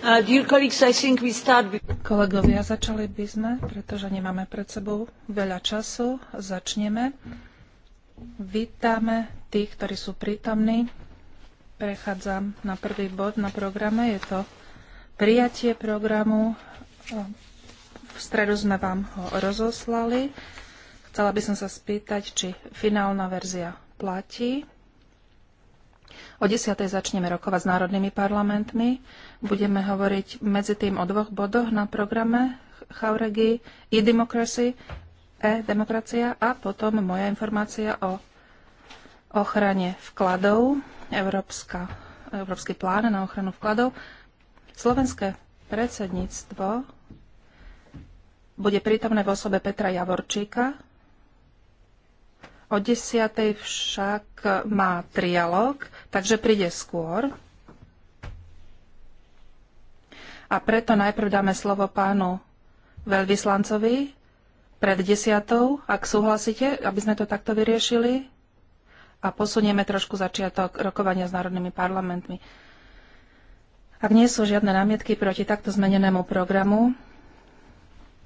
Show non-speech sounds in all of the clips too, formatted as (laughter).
Uh, Kolegovia, začali by sme, pretože nemáme pred sebou veľa času. Začneme. Vítame tých, ktorí sú prítomní. Prechádzam na prvý bod na programe. Je to prijatie programu. V stredu sme vám ho rozoslali. Chcela by som sa spýtať, či finálna verzia platí. O 10. začneme rokovať s národnými parlamentmi. Budeme hovoriť medzi tým o dvoch bodoch na programe Chauregi, e-democracy, e-demokracia a potom moja informácia o ochrane vkladov, Európska, Európsky plán na ochranu vkladov. Slovenské predsedníctvo bude prítomné v osobe Petra Javorčíka. O 10. však má trialog takže príde skôr. A preto najprv dáme slovo pánu veľvyslancovi pred desiatou, ak súhlasíte, aby sme to takto vyriešili a posunieme trošku začiatok rokovania s národnými parlamentmi. Ak nie sú žiadne námietky proti takto zmenenému programu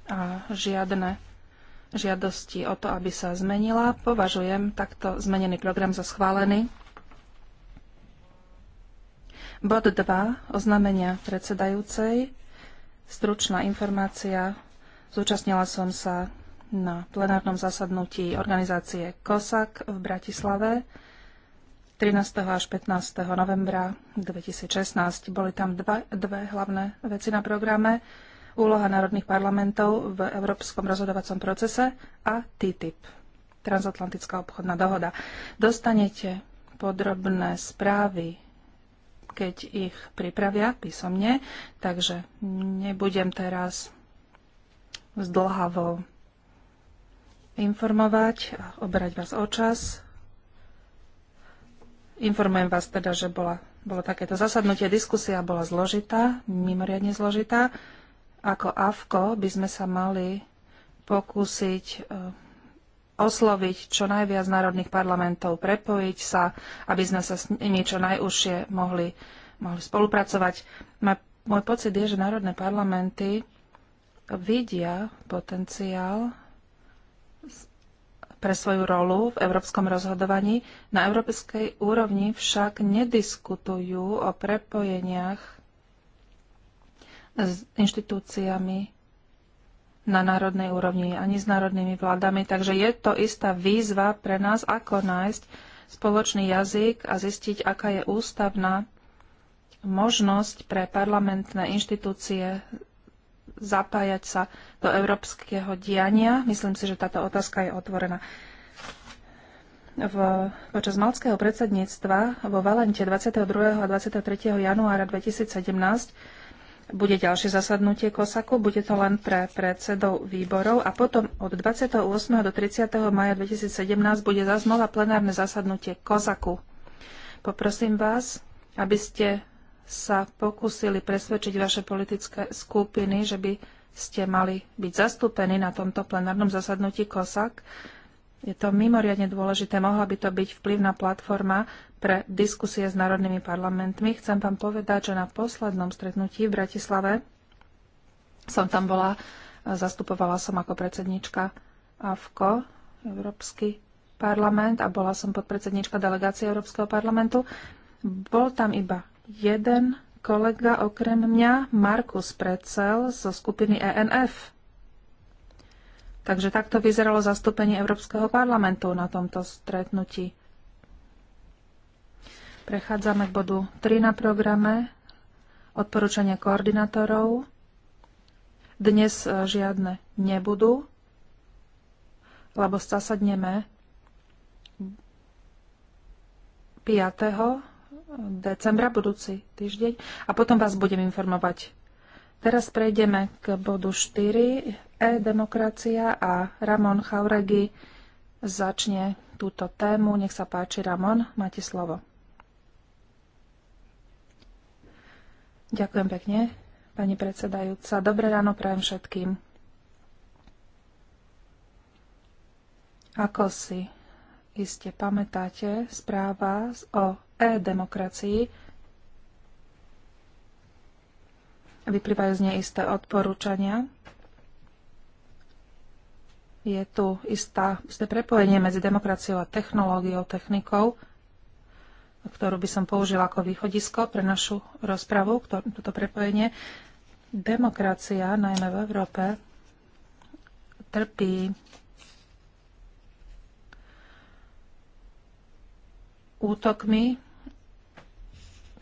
a žiadne žiadosti o to, aby sa zmenila, považujem takto zmenený program za schválený. Bod 2. Oznamenia predsedajúcej. Stručná informácia. Zúčastnila som sa na plenárnom zasadnutí organizácie COSAC v Bratislave 13. až 15. novembra 2016. Boli tam dva, dve hlavné veci na programe. Úloha národných parlamentov v európskom rozhodovacom procese a TTIP, transatlantická obchodná dohoda. Dostanete podrobné správy keď ich pripravia písomne, takže nebudem teraz zdlhavo informovať a obrať vás o čas. Informujem vás teda, že bola, bolo takéto zasadnutie, diskusia bola zložitá, mimoriadne zložitá. Ako AFKO by sme sa mali pokúsiť e, osloviť čo najviac národných parlamentov, prepojiť sa, aby sme sa s nimi čo najúžšie mohli, mohli spolupracovať. Môj pocit je, že národné parlamenty vidia potenciál pre svoju rolu v európskom rozhodovaní. Na európskej úrovni však nediskutujú o prepojeniach s inštitúciami na národnej úrovni ani s národnými vládami, takže je to istá výzva pre nás, ako nájsť spoločný jazyk a zistiť, aká je ústavná možnosť pre parlamentné inštitúcie zapájať sa do európskeho diania. Myslím si, že táto otázka je otvorená. V, počas malckého predsedníctva vo Valente 22. a 23. januára 2017 bude ďalšie zasadnutie Kosaku, bude to len pre predsedov výborov a potom od 28. do 30. maja 2017 bude zaznova plenárne zasadnutie Kosaku. Poprosím vás, aby ste sa pokúsili presvedčiť vaše politické skupiny, že by ste mali byť zastúpení na tomto plenárnom zasadnutí Kosak, je to mimoriadne dôležité. Mohla by to byť vplyvná platforma pre diskusie s národnými parlamentmi. Chcem vám povedať, že na poslednom stretnutí v Bratislave som tam bola, e, zastupovala som ako predsednička AVKO, Európsky parlament a bola som podpredsednička delegácie Európskeho parlamentu. Bol tam iba jeden kolega okrem mňa, Markus Precel zo skupiny ENF. Takže takto vyzeralo zastúpenie Európskeho parlamentu na tomto stretnutí. Prechádzame k bodu 3 na programe. Odporúčania koordinátorov. Dnes e, žiadne nebudú, lebo zasadneme 5. decembra budúci týždeň a potom vás budem informovať. Teraz prejdeme k bodu 4 e-demokracia a Ramon Chauregi začne túto tému. Nech sa páči, Ramon, máte slovo. Ďakujem pekne, pani predsedajúca. Dobré ráno prajem všetkým. Ako si iste pamätáte, správa o e-demokracii vyplývajú z nej isté odporúčania, je tu istá, isté prepojenie medzi demokraciou a technológiou, technikou, ktorú by som použila ako východisko pre našu rozpravu, ktor- toto prepojenie. Demokracia, najmä v Európe, trpí útokmi.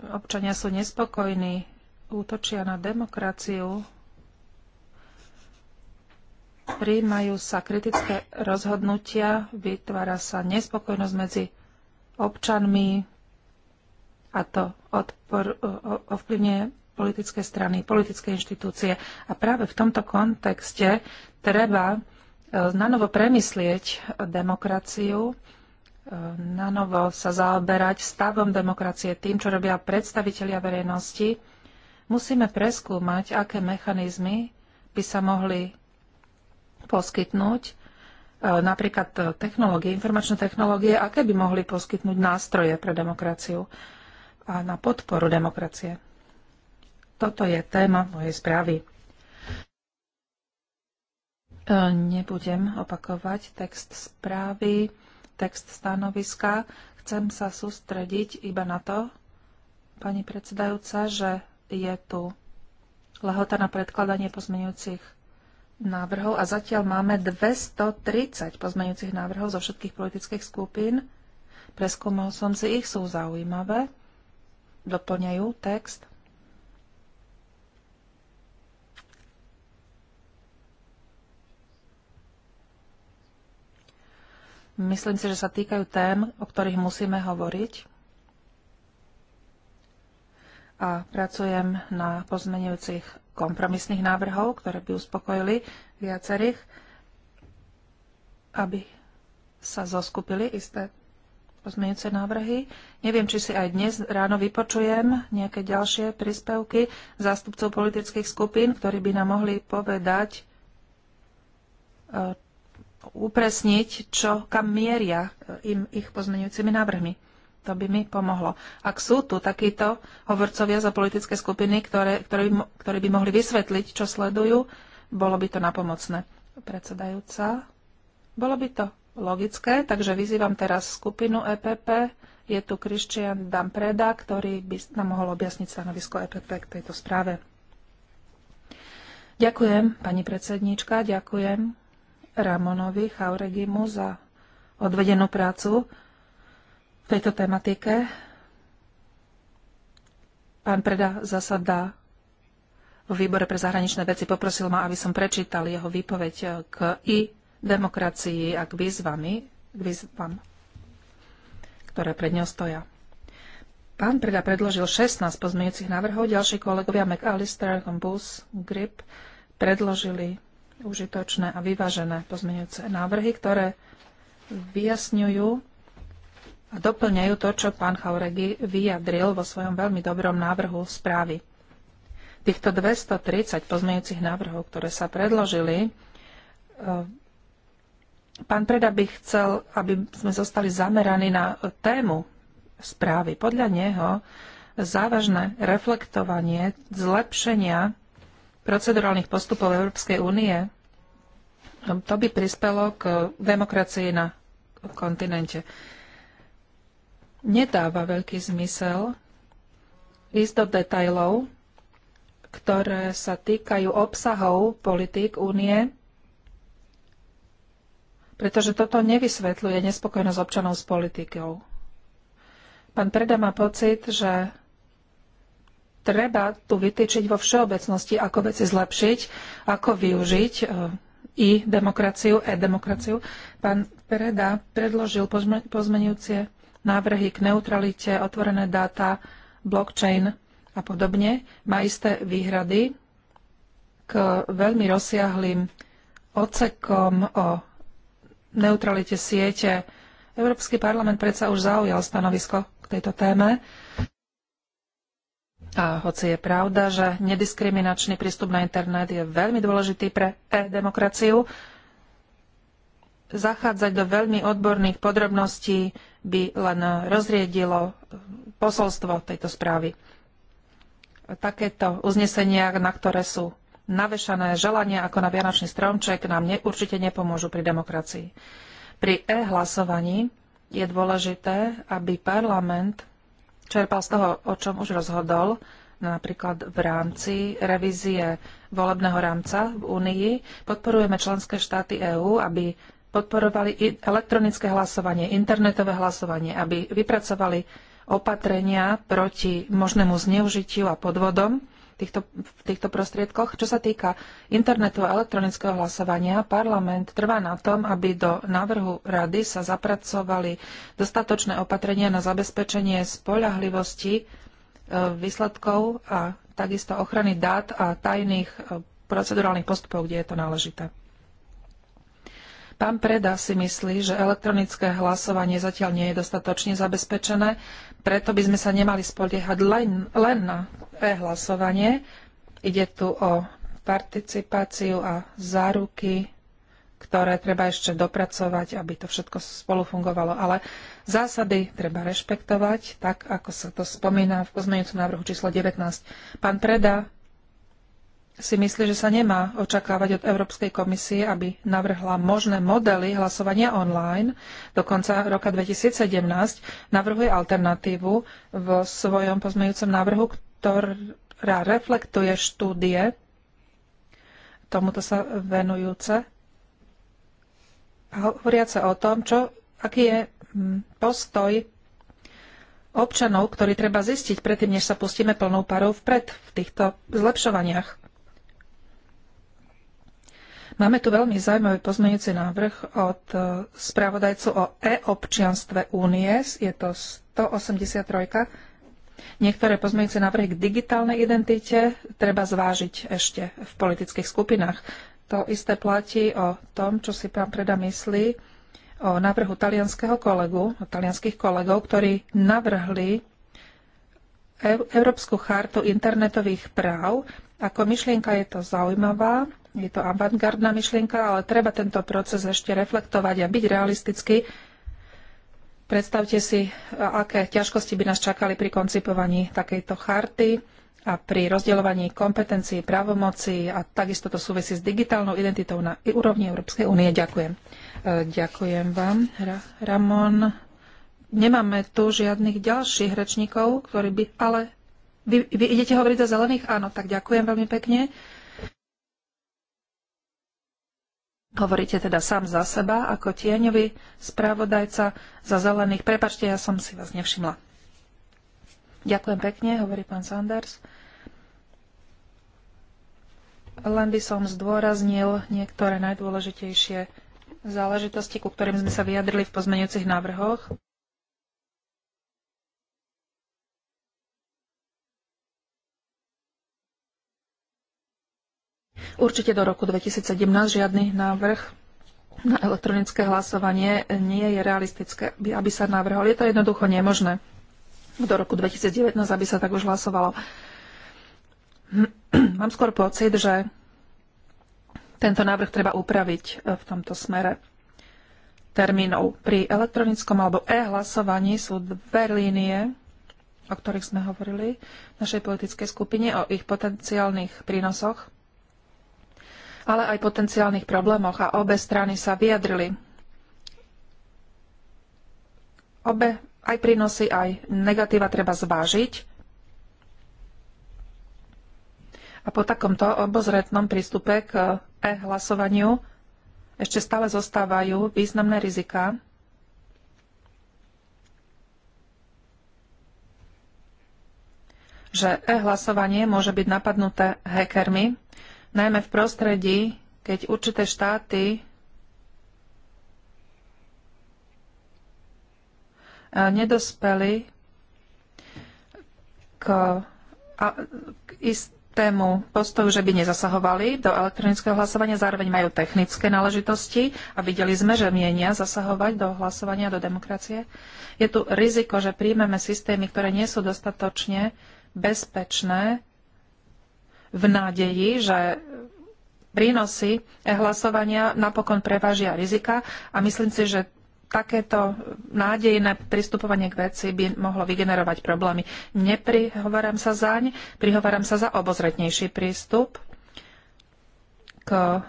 Občania sú nespokojní, útočia na demokraciu, prijímajú sa kritické rozhodnutia, vytvára sa nespokojnosť medzi občanmi a to odpor, ovplyvňuje politické strany, politické inštitúcie. A práve v tomto kontexte treba e, nanovo premyslieť demokraciu, e, nanovo sa zaoberať stavom demokracie, tým, čo robia predstavitelia verejnosti. Musíme preskúmať, aké mechanizmy by sa mohli poskytnúť e, napríklad e, technológie, informačné technológie, aké by mohli poskytnúť nástroje pre demokraciu a na podporu demokracie. Toto je téma mojej správy. E, nebudem opakovať text správy, text stanoviska. Chcem sa sústrediť iba na to, pani predsedajúca, že je tu lehota na predkladanie pozmenujúcich návrhov a zatiaľ máme 230 pozmeňujúcich návrhov zo všetkých politických skupín. Preskúmal som si ich, sú zaujímavé. Doplňajú text. Myslím si, že sa týkajú tém, o ktorých musíme hovoriť. A pracujem na pozmenujúcich kompromisných návrhov, ktoré by uspokojili viacerých, aby sa zoskupili isté pozmeňujúce návrhy. Neviem, či si aj dnes ráno vypočujem nejaké ďalšie príspevky zástupcov politických skupín, ktorí by nám mohli povedať, e, upresniť, čo, kam mieria im ich pozmeňujúcimi návrhmi. To by mi pomohlo. Ak sú tu takíto hovorcovia za politické skupiny, ktoré, by, by mohli vysvetliť, čo sledujú, bolo by to napomocné. Predsedajúca, bolo by to logické, takže vyzývam teraz skupinu EPP. Je tu Christian Dampreda, ktorý by nám mohol objasniť stanovisko EPP k tejto správe. Ďakujem, pani predsedníčka, ďakujem Ramonovi Chauregimu za odvedenú prácu v tejto tematike. Pán Preda zasadá vo výbore pre zahraničné veci. Poprosil ma, aby som prečítal jeho výpoveď k i demokracii a k výzvami, k výzvam, ktoré pred ňou stoja. Pán Preda predložil 16 pozmeňujúcich návrhov, ďalší kolegovia McAllister, Bus, Grip predložili užitočné a vyvážené pozmeňujúce návrhy, ktoré vyjasňujú a doplňajú to, čo pán Chauregi vyjadril vo svojom veľmi dobrom návrhu správy. Týchto 230 pozmejúcich návrhov, ktoré sa predložili, e, pán Preda by chcel, aby sme zostali zameraní na tému správy. Podľa neho závažné reflektovanie zlepšenia procedurálnych postupov Európskej únie no, to by prispelo k demokracii na kontinente nedáva veľký zmysel ísť do detajlov, ktoré sa týkajú obsahov politík únie, pretože toto nevysvetľuje nespokojnosť občanov s politikou. Pán Preda má pocit, že treba tu vytýčiť vo všeobecnosti, ako veci zlepšiť, ako využiť e, i demokraciu, e-demokraciu. Pán Preda predložil pozmenujúcie návrhy k neutralite, otvorené dáta, blockchain a podobne, má isté výhrady k veľmi rozsiahlým ocekom o neutralite siete. Európsky parlament predsa už zaujal stanovisko k tejto téme. A hoci je pravda, že nediskriminačný prístup na internet je veľmi dôležitý pre e-demokraciu, zachádzať do veľmi odborných podrobností by len rozriedilo posolstvo tejto správy. Takéto uznesenia, na ktoré sú navešané želania ako na vianočný stromček, nám ne, určite nepomôžu pri demokracii. Pri e-hlasovaní je dôležité, aby parlament čerpal z toho, o čom už rozhodol, napríklad v rámci revízie volebného rámca v Únii. Podporujeme členské štáty EÚ, aby podporovali elektronické hlasovanie, internetové hlasovanie, aby vypracovali opatrenia proti možnému zneužitiu a podvodom týchto, v týchto prostriedkoch. Čo sa týka internetu a elektronického hlasovania, parlament trvá na tom, aby do návrhu rady sa zapracovali dostatočné opatrenia na zabezpečenie spoľahlivosti e, výsledkov a takisto ochrany dát a tajných e, procedurálnych postupov, kde je to náležité. Pán Preda si myslí, že elektronické hlasovanie zatiaľ nie je dostatočne zabezpečené, preto by sme sa nemali spoliehať len, len na e-hlasovanie. Ide tu o participáciu a záruky, ktoré treba ešte dopracovať, aby to všetko spolu fungovalo. Ale zásady treba rešpektovať, tak ako sa to spomína v pozmeňujúcom návrhu číslo 19. Pán Preda si myslí, že sa nemá očakávať od Európskej komisie, aby navrhla možné modely hlasovania online do konca roka 2017, navrhuje alternatívu vo svojom pozmejúcom návrhu, ktorá reflektuje štúdie tomuto sa venujúce, hovoriace o tom, čo, aký je mm, postoj občanov, ktorý treba zistiť predtým, než sa pustíme plnou parou vpred v týchto zlepšovaniach. Máme tu veľmi zaujímavý pozmeňujúci návrh od e, správodajcu o e-občianstve únie. Je to 183. Niektoré pozmeňujúce návrhy k digitálnej identite treba zvážiť ešte v politických skupinách. To isté platí o tom, čo si pán Preda myslí o návrhu talianského kolegu, o talianských kolegov, ktorí navrhli e-, Európsku chartu internetových práv. Ako myšlienka je to zaujímavá, je to avantgardná myšlienka, ale treba tento proces ešte reflektovať a byť realistický. Predstavte si, aké ťažkosti by nás čakali pri koncipovaní takejto charty a pri rozdeľovaní kompetencií, právomoci a takisto to súvisí s digitálnou identitou na úrovni Európskej únie. Ďakujem. E, ďakujem vám, Ramon. Nemáme tu žiadnych ďalších rečníkov, ktorí by... Ale vy, vy idete hovoriť za zelených? Áno, tak ďakujem veľmi pekne. Hovoríte teda sám za seba ako tieňový správodajca za zelených. Prepačte, ja som si vás nevšimla. Ďakujem pekne, hovorí pán Sanders. Len by som zdôraznil niektoré najdôležitejšie záležitosti, ku ktorým sme sa vyjadrili v pozmeňujúcich návrhoch. Určite do roku 2017 žiadny návrh na elektronické hlasovanie nie je realistické, aby sa navrhol. Je to jednoducho nemožné do roku 2019, aby sa tak už hlasovalo. (clears throat) Mám skôr pocit, že tento návrh treba upraviť e, v tomto smere termínov. Pri elektronickom alebo e-hlasovaní sú dve línie, o ktorých sme hovorili v našej politickej skupine, o ich potenciálnych prínosoch ale aj potenciálnych problémoch a obe strany sa vyjadrili. Obe aj prínosy, aj negatíva treba zvážiť. A po takomto obozretnom prístupe k e-hlasovaniu ešte stále zostávajú významné rizika. že e-hlasovanie môže byť napadnuté hackermi najmä v prostredí, keď určité štáty eh, nedospeli k, a, k istému postoju, že by nezasahovali do elektronického hlasovania, zároveň majú technické náležitosti a videli sme, že mienia zasahovať do hlasovania, do demokracie. Je tu riziko, že príjmeme systémy, ktoré nie sú dostatočne bezpečné v nádeji, že prínosy e-hlasovania napokon prevážia rizika a myslím si, že takéto nádejné pristupovanie k veci by mohlo vygenerovať problémy. Neprihovorám sa zaň, prihovorám sa za obozretnejší prístup k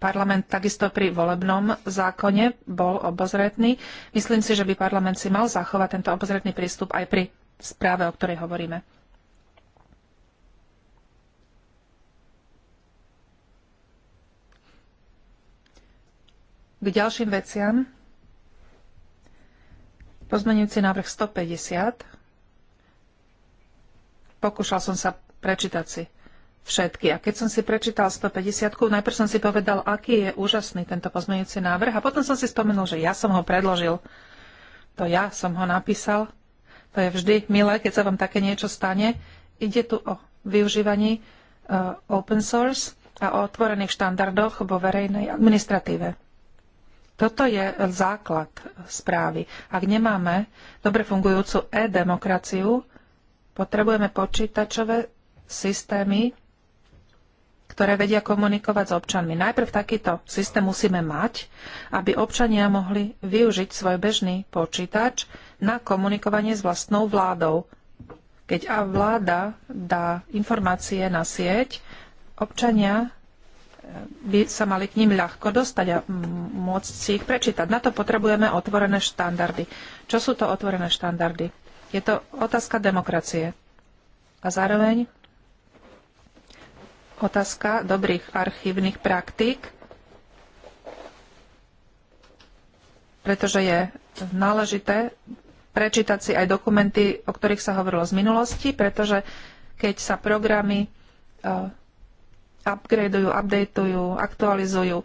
parlament takisto pri volebnom zákone bol obozretný. Myslím si, že by parlament si mal zachovať tento obozretný prístup aj pri správe, o ktorej hovoríme. K ďalším veciam pozmenujúci návrh 150. Pokúšal som sa prečítať si všetky. A keď som si prečítal 150, najprv som si povedal, aký je úžasný tento pozmenujúci návrh a potom som si spomenul, že ja som ho predložil. To ja som ho napísal. To je vždy milé, keď sa vám také niečo stane. Ide tu o využívaní uh, eh, open source a o otvorených štandardoch vo verejnej administratíve. Toto je základ správy. Ak nemáme dobre fungujúcu e-demokraciu, potrebujeme počítačové systémy, ktoré vedia komunikovať s občanmi. Najprv takýto systém musíme mať, aby občania mohli využiť svoj bežný počítač na komunikovanie s vlastnou vládou. Keď a vláda dá informácie na sieť, občania by sa mali k ním ľahko dostať a môcť si ich prečítať. Na to potrebujeme otvorené štandardy. Čo sú to otvorené štandardy? Je to otázka demokracie. A zároveň otázka dobrých archívnych praktík, pretože je náležité prečítať si aj dokumenty, o ktorých sa hovorilo z minulosti, pretože keď sa programy e, upgradeujú, updateujú, aktualizujú.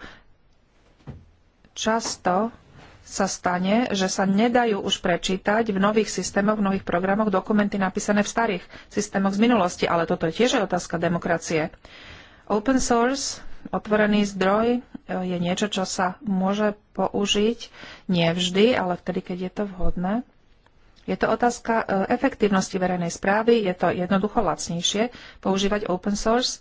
Často sa stane, že sa nedajú už prečítať v nových systémoch, v nových programoch dokumenty napísané v starých systémoch z minulosti, ale toto je tiež otázka demokracie. Open source, otvorený zdroj, e, je niečo, čo sa môže použiť nevždy, ale vtedy, keď je to vhodné. Je to otázka e, efektívnosti verejnej správy, je to jednoducho lacnejšie používať open source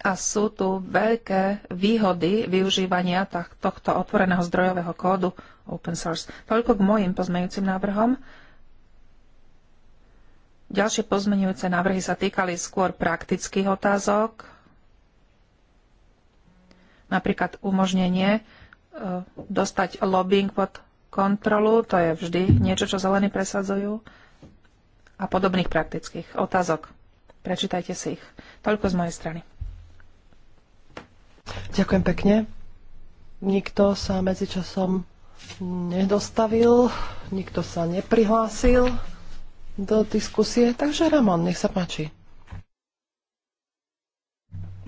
A sú tu veľké výhody využívania tohto otvoreného zdrojového kódu open source. Toľko k mojim pozmeňujúcim návrhom. Ďalšie pozmeňujúce návrhy sa týkali skôr praktických otázok, napríklad umožnenie e, dostať lobbying pod kontrolu, to je vždy niečo, čo zelení presadzujú, a podobných praktických otázok. Prečítajte si ich. Toľko z mojej strany. Ďakujem pekne. Nikto sa medzičasom nedostavil, nikto sa neprihlásil do diskusie, takže Ramon, nech sa páči.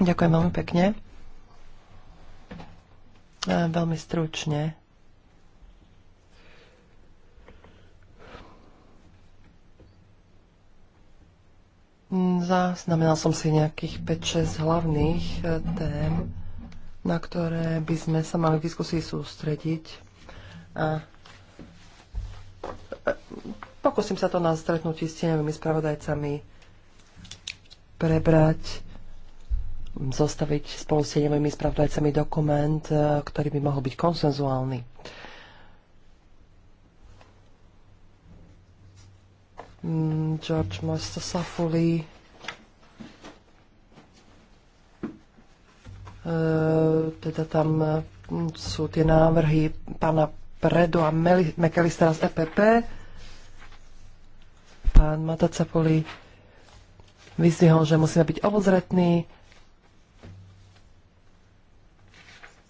Ďakujem veľmi pekne. Veľmi stručne. Zaznamenal som si nejakých 5-6 hlavných eh, tém na ktoré by sme sa mali v diskusii sústrediť. A pokúsim sa to na stretnutí s tieňovými spravodajcami prebrať, zostaviť spolu s tieňovými spravodajcami dokument, e, ktorý by mohol byť konsenzuálny. Mm, George Mostosafouli E, teda tam e, sú tie návrhy pána Predu a McAllistera z EPP. Pán Matacapoli vyzdvihol, že musíme byť obozretní,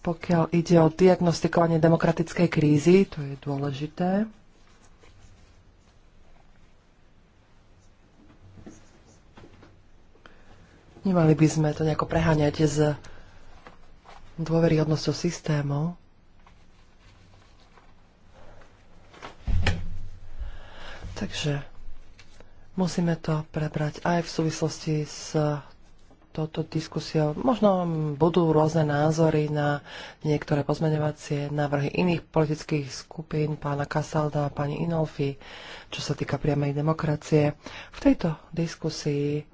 pokiaľ ide o diagnostikovanie demokratickej krízy, to je dôležité. Nemali by sme to nejako preháňať s so systémov. Takže musíme to prebrať aj v súvislosti s touto diskusiou. Možno budú rôzne názory na niektoré pozmeňovacie návrhy iných politických skupín, pána Kasalda a pani Inolfi, čo sa týka priamej demokracie. V tejto diskusii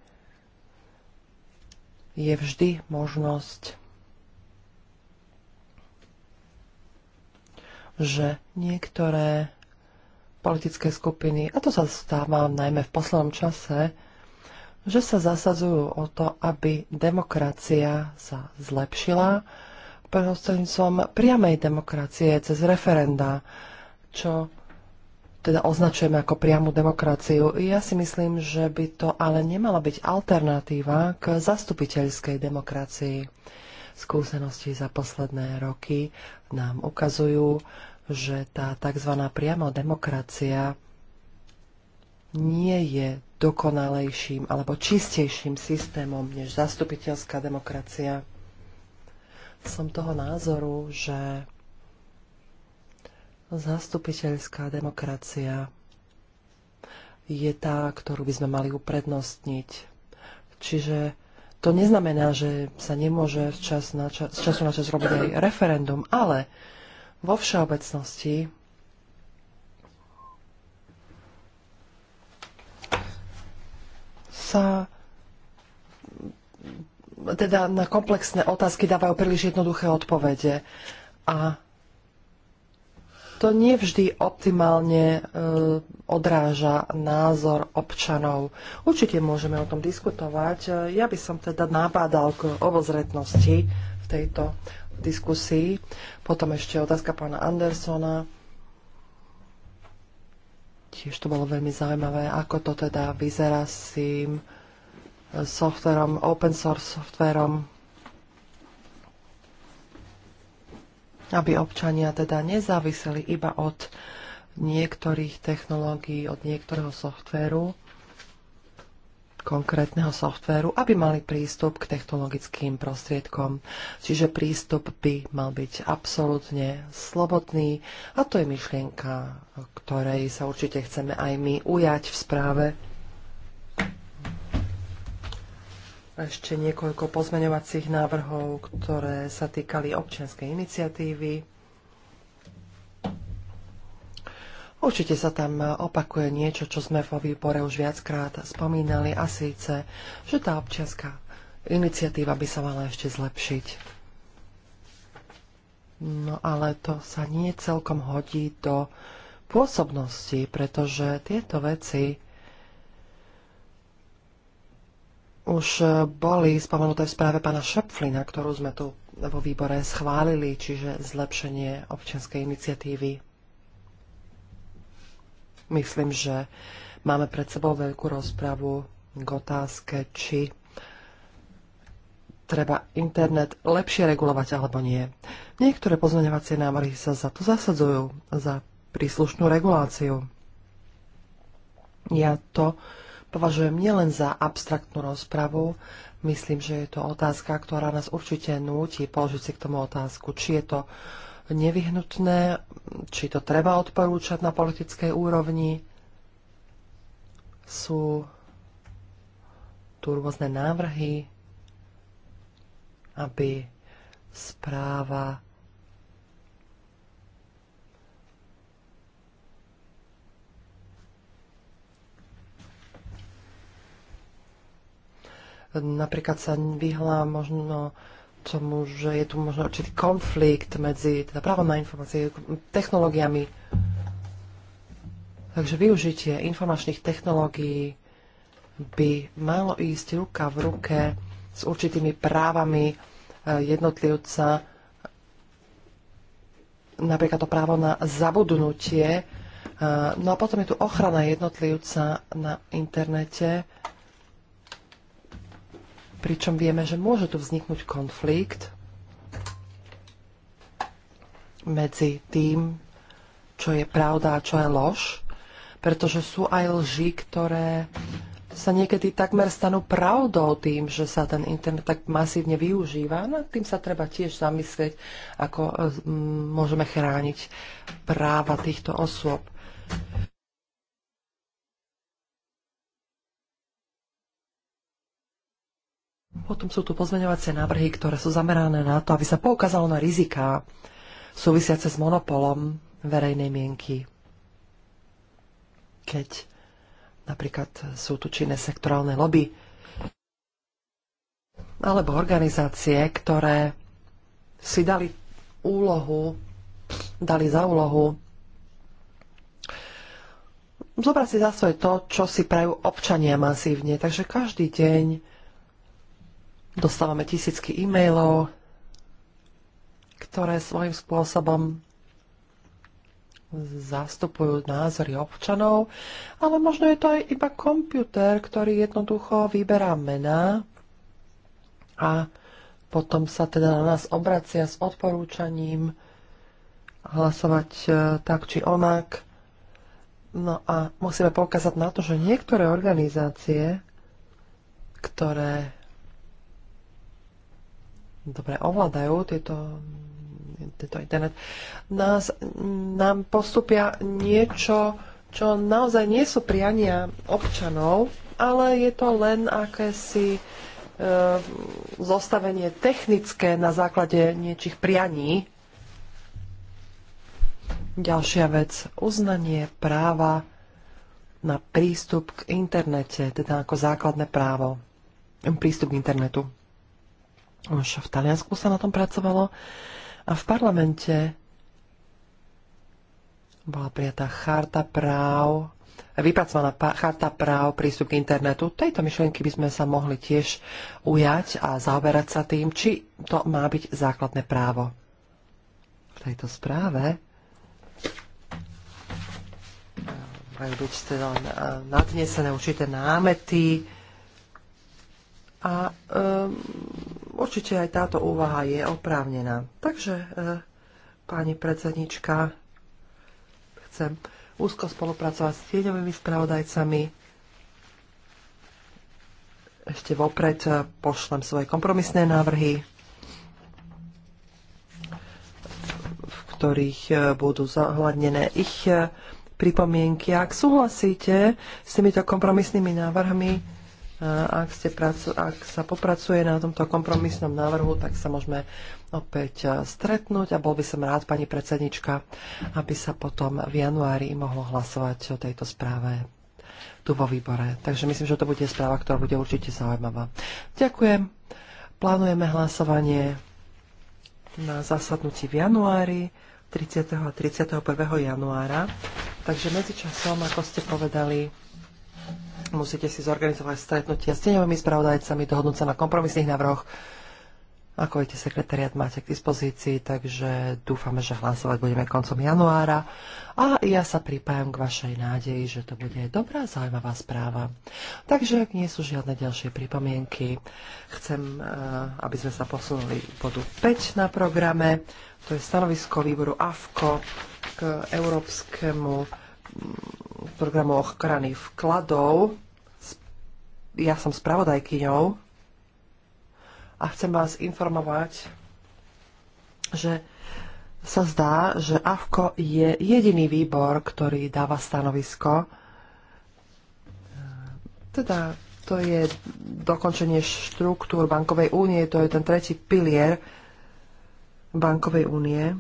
je vždy možnosť že niektoré politické skupiny, a to sa stáva najmä v poslednom čase, že sa zasadzujú o to, aby demokracia sa zlepšila prostredníctvom priamej demokracie cez referenda, čo teda označujeme ako priamu demokraciu. Ja si myslím, že by to ale nemala byť alternatíva k zastupiteľskej demokracii. Skúsenosti za posledné roky nám ukazujú, že tá tzv. priamo demokracia nie je dokonalejším alebo čistejším systémom než zastupiteľská demokracia. Som toho názoru, že zastupiteľská demokracia je tá, ktorú by sme mali uprednostniť. Čiže to neznamená, že sa nemôže z, čas čas, času na čas robiť aj referendum, ale vo všeobecnosti sa teda na komplexné otázky dávajú príliš jednoduché odpovede. A to nevždy optimálne e, odráža názor občanov. Určite môžeme o tom diskutovať. E, ja by som teda nabádal k obozretnosti v tejto diskusii. Potom ešte otázka pána Andersona. Tiež to bolo veľmi zaujímavé, ako to teda vyzerá s tým e, softverom, open source softverom aby občania teda nezáviseli iba od niektorých technológií, od niektorého softvéru, konkrétneho softvéru, aby mali prístup k technologickým prostriedkom. Čiže prístup by mal byť absolútne slobodný a to je myšlienka, ktorej sa určite chceme aj my ujať v správe ešte niekoľko pozmeňovacích návrhov, ktoré sa týkali občianskej iniciatívy. Určite sa tam opakuje niečo, čo sme vo výbore už viackrát spomínali, a síce, že tá občianská iniciatíva by sa mala ešte zlepšiť. No ale to sa nie celkom hodí do pôsobnosti, pretože tieto veci už eh, boli spomenuté v správe pána Šepflina, ktorú sme tu vo výbore schválili, čiže zlepšenie občianskej iniciatívy. Myslím, že máme pred sebou veľkú rozpravu k otázke, či treba internet lepšie regulovať alebo nie. Niektoré pozmeňovacie návrhy sa za to zasadzujú, za príslušnú reguláciu. Ja to považujem nielen za abstraktnú rozpravu, myslím, že je to otázka, ktorá nás určite núti položiť si k tomu otázku, či je to nevyhnutné, či to treba odporúčať na politickej úrovni. Sú tu rôzne návrhy, aby správa Napríklad sa vyhla možno tomu, že je tu možno určitý konflikt medzi teda právom na informácie, technológiami. Takže využitie informačných technológií by malo ísť ruka v ruke s určitými právami e, jednotlivca, napríklad to právo na zabudnutie. E, no a potom je tu ochrana jednotlivca na internete, pričom vieme, že môže tu vzniknúť konflikt medzi tým, čo je pravda a čo je lož, pretože sú aj lži, ktoré sa niekedy takmer stanú pravdou tým, že sa ten internet tak masívne využíva. No, tým sa treba tiež zamyslieť, ako e, môžeme chrániť práva týchto osôb. Potom sú tu pozmeňovacie návrhy, ktoré sú zamerané na to, aby sa poukázalo na riziká súvisiace s monopolom verejnej mienky. Keď napríklad sú tu činné sektorálne lobby alebo organizácie, ktoré si dali úlohu, dali za úlohu zobrať si za svoje to, čo si prajú občania masívne. Takže každý deň Dostávame tisícky e-mailov, ktoré svojím spôsobom zastupujú názory občanov, ale možno je to aj iba počítač, ktorý jednoducho vyberá mená a potom sa teda na nás obracia s odporúčaním hlasovať e, tak či onak. No a musíme poukázať na to, že niektoré organizácie, ktoré dobre ovládajú tieto, tieto internet, nás, nám postupia niečo, čo naozaj nie sú priania občanov, ale je to len akési e, zostavenie technické na základe niečich prianí. Ďalšia vec, uznanie práva na prístup k internete, teda ako základné právo, prístup k internetu. Už v Taliansku sa na tom pracovalo a v parlamente bola prijatá charta práv, vypracovaná charta práv prístup k internetu. Tejto myšlienky by sme sa mohli tiež ujať a zaoberať sa tým, či to má byť základné právo. V tejto správe eh, majú byť teda nadnesené určité námety a um, Určite aj táto úvaha je oprávnená. Takže, e, pani predsednička, chcem úzko spolupracovať s tieňovými spravodajcami. Ešte vopred e, pošlem svoje kompromisné návrhy, v ktorých e, budú zahľadnené ich pripomienky. Ak súhlasíte s týmito kompromisnými návrhmi, ak, ste pracu- ak sa popracuje na tomto kompromisnom návrhu, tak sa môžeme opäť e, stretnúť a bol by som rád, pani predsednička, aby sa potom v januári mohlo hlasovať o tejto správe tu vo výbore. Takže myslím, že to bude správa, ktorá bude určite zaujímavá. Ďakujem. Plánujeme hlasovanie na zasadnutí v januári. 30. a 31. januára. Takže medzičasom, ako ste povedali, Musíte si zorganizovať stretnutia s tieňovými spravodajcami, dohodnúť sa na kompromisných návrhoch. Ako viete, sekretariat máte k dispozícii, takže dúfame, že hlasovať budeme koncom januára. A ja sa pripájam k vašej nádeji, že to bude dobrá, zaujímavá správa. Takže, ak nie sú žiadne ďalšie pripomienky, chcem, eh, aby sme sa posunuli bodu 5 na programe. To je stanovisko výboru AFKO k Európskemu programu ochrany vkladov. Ja som spravodajkyňou a chcem vás informovať, že sa zdá, že AFKO je jediný výbor, ktorý dáva stanovisko. Teda to je dokončenie štruktúr bankovej únie, to je ten tretí pilier bankovej únie.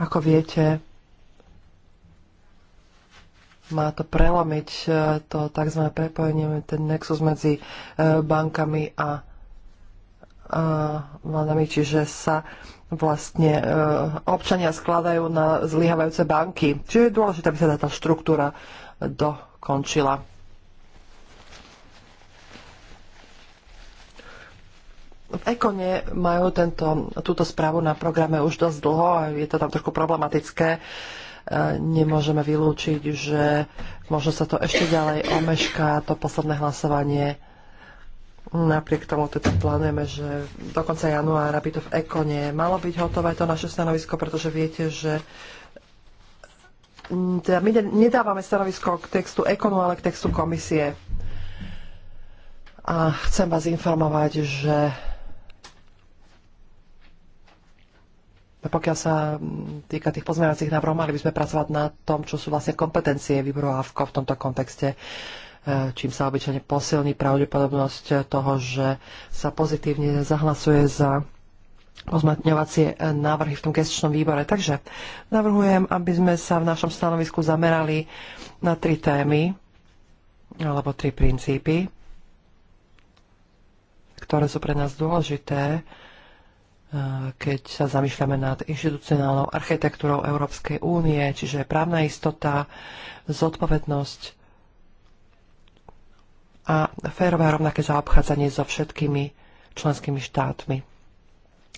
Ako viete, má to prelomiť e, to tzv. prepojenie, ten nexus medzi e, bankami a vládami, čiže sa vlastne e, občania skladajú na zlyhávajúce banky. Čiže je dôležité, aby sa tá štruktúra dokončila. v Ekone majú tento, túto správu na programe už dosť dlho a je to tam trošku problematické nemôžeme vylúčiť, že možno sa to ešte ďalej omešká, to posledné hlasovanie. Napriek tomu teda plánujeme, že do konca januára by to v Ekone malo byť hotové, to naše stanovisko, pretože viete, že teda my nedávame stanovisko k textu Ekonu, ale k textu komisie. A chcem vás informovať, že No pokiaľ sa mm, týka tých pozmeňovacích návrhov, mali by sme pracovať na tom, čo sú vlastne kompetencie výboru AFKO v tomto kontexte, e, čím sa obyčajne posilní pravdepodobnosť toho, že sa pozitívne zahlasuje za pozmeňovacie e, návrhy v tom gestičnom výbore. Takže navrhujem, aby sme sa v našom stanovisku zamerali na tri témy alebo tri princípy, ktoré sú pre nás dôležité keď sa zamýšľame nad inštitucionálnou architektúrou Európskej únie, čiže právna istota, zodpovednosť a férové a rovnaké zaobchádzanie so všetkými členskými štátmi.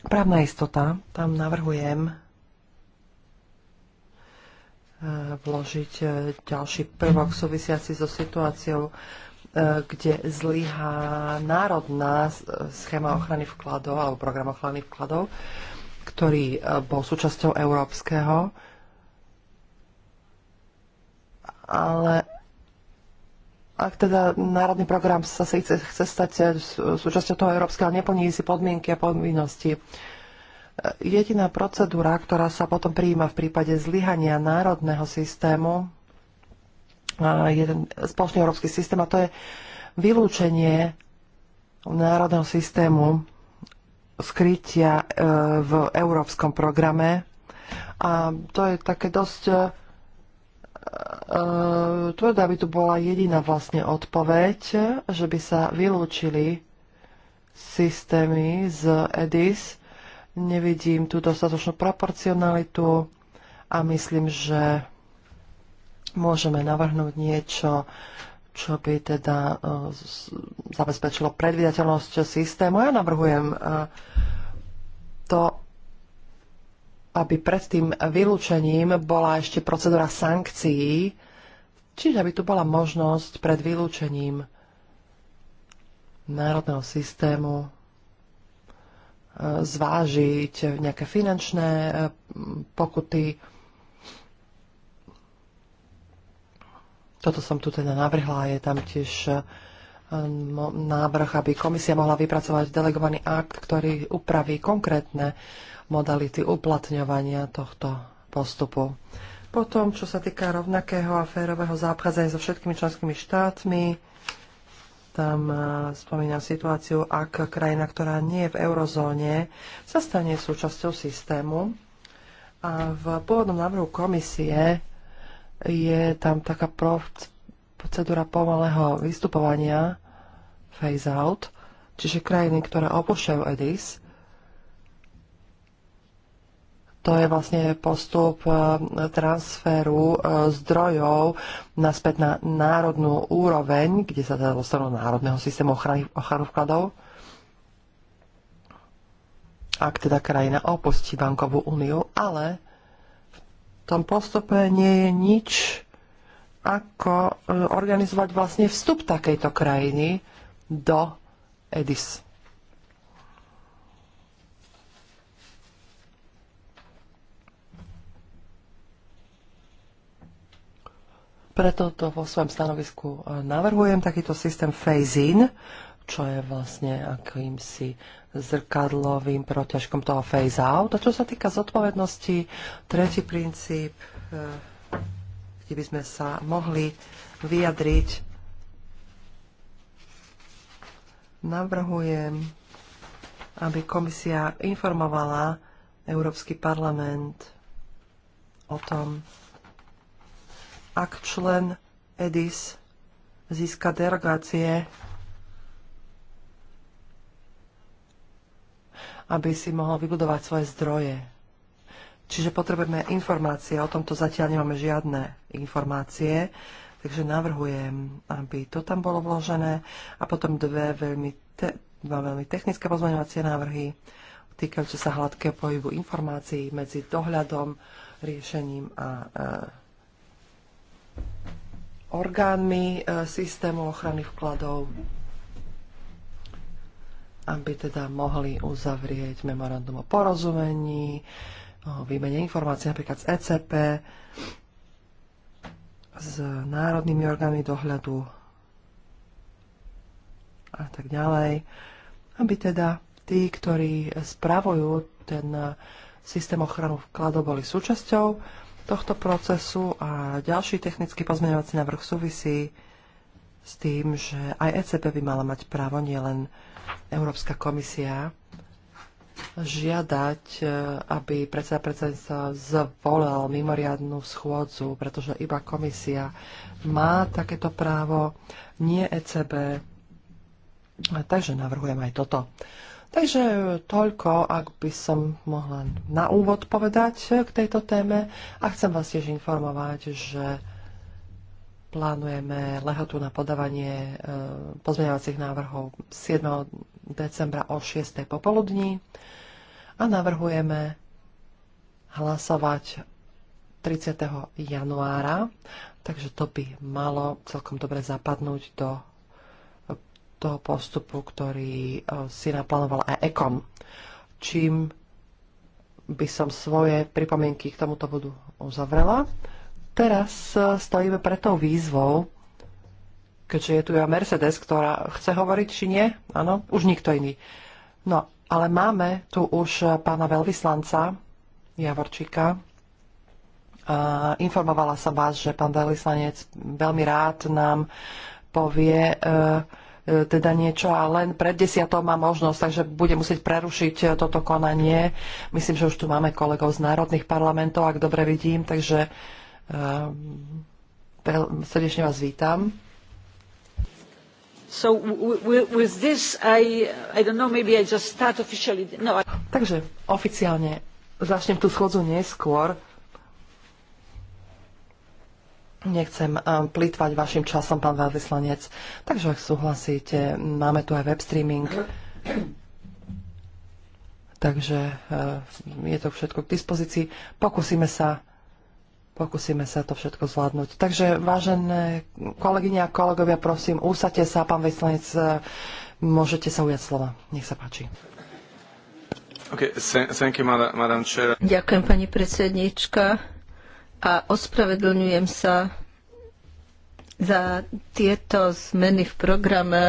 Právna istota, tam navrhujem e, vložiť e, ďalší prvok súvisiaci so situáciou E, kde zlyhá národná schéma ochrany vkladov alebo program ochrany vkladov, ktorý e, bol súčasťou európskeho. Ale ak teda národný program sa síce chce stať e, súčasťou toho európskeho, ale neplní si podmienky a povinnosti, jediná procedúra, ktorá sa potom prijíma v prípade zlyhania národného systému, jeden spoločný európsky systém a to je vylúčenie národného systému skrytia e, v európskom programe. A to je také dosť e, e, tvrdá by tu bola jediná vlastne odpoveď, že by sa vylúčili systémy z EDIS. Nevidím tú dostatočnú proporcionalitu a myslím, že môžeme navrhnúť niečo, čo by teda e, zabezpečilo predvydateľnosť systému. Ja navrhujem e, to, aby pred tým vylúčením bola ešte procedúra sankcií, čiže aby tu bola možnosť pred vylúčením národného systému e, zvážiť nejaké finančné pokuty, Toto som tu teda navrhla, je tam tiež e, návrh, aby komisia mohla vypracovať delegovaný akt, ktorý upraví konkrétne modality uplatňovania tohto postupu. Potom, čo sa týka rovnakého a férového zaobchádzania so všetkými členskými štátmi, tam e, spomínam situáciu, ak krajina, ktorá nie je v eurozóne, sa stane súčasťou systému. A v pôvodnom návrhu komisie je tam taká procedúra pomalého vystupovania, phase out, čiže krajiny, ktoré opúšťajú EDIS, to je vlastne postup e, transferu e, zdrojov naspäť na národnú úroveň, kde sa teda dostanú národného systému ochrany, ochranu vkladov. Ak teda krajina opustí bankovú úniu, ale tom postupe nie je nič, ako e, organizovať vlastne vstup takejto krajiny do EDIS. Preto to vo svojom stanovisku e, navrhujem takýto systém phase-in, čo je vlastne akýmsi zrkadlovým protiažkom toho phase-out. A čo sa týka zodpovednosti, tretí princíp, eh, kde by sme sa mohli vyjadriť, navrhujem, aby komisia informovala Európsky parlament o tom, ak člen EDIS získa derogácie aby si mohol vybudovať svoje zdroje. Čiže potrebujeme informácie, o tomto zatiaľ nemáme žiadne informácie, takže navrhujem, aby to tam bolo vložené a potom dve veľmi, te, dva veľmi technické pozmeňovacie návrhy týkajúce sa hladkého pohybu informácií medzi dohľadom, riešením a e, orgánmi e, systému ochrany vkladov aby teda mohli uzavrieť memorandum o porozumení, o výmene informácií napríklad z ECP, s národnými orgánmi dohľadu a tak ďalej, aby teda tí, ktorí spravujú ten systém ochranu vkladov, boli súčasťou tohto procesu a ďalší technický pozmeňovací návrh súvisí s tým, že aj ECB by mala mať právo, nielen Európska komisia, žiadať, e, aby predseda predsedníctva zvolal mimoriadnú schôdzu, pretože iba komisia má takéto právo, nie ECB. Takže navrhujem aj toto. Takže toľko, ak by som mohla na úvod povedať e, k tejto téme a chcem vás tiež informovať, že Plánujeme lehotu na podávanie e, pozmeňovacích návrhov 7. decembra o 6. popoludní a navrhujeme hlasovať 30. januára, takže to by malo celkom dobre zapadnúť do toho postupu, ktorý e, si naplánoval aj EKOM. Čím by som svoje pripomienky k tomuto bodu uzavrela. Teraz e, stojíme pred tou výzvou, keďže je tu ja Mercedes, ktorá chce hovoriť, či nie? Áno, už nikto iný. No, ale máme tu už e, pána veľvyslanca Javorčíka. A e, informovala som vás, že pán veľvyslanec veľmi rád nám povie e, teda niečo a len pred desiatou má možnosť, takže bude musieť prerušiť toto konanie. Myslím, že už tu máme kolegov z národných parlamentov, ak dobre vidím, takže Ehm, srdečne vás vítam. So with this I, I don't know, maybe I just start officially. No, I... Takže oficiálne začnem tú schodzu neskôr. Nechcem ehm, plýtvať vašim časom, pán veľvyslanec. Takže ak súhlasíte, máme tu aj web streaming. Takže ehm, je to všetko k dispozícii. Pokúsime sa Pokúsime sa to všetko zvládnuť. Takže, vážené kolegyne a kolegovia, prosím, úsate sa, pán veslanec, e, môžete sa ujať slova. Nech sa páči. Okay, you, madam, madam Ďakujem, pani predsednička. A ospravedlňujem sa za tieto zmeny v programe,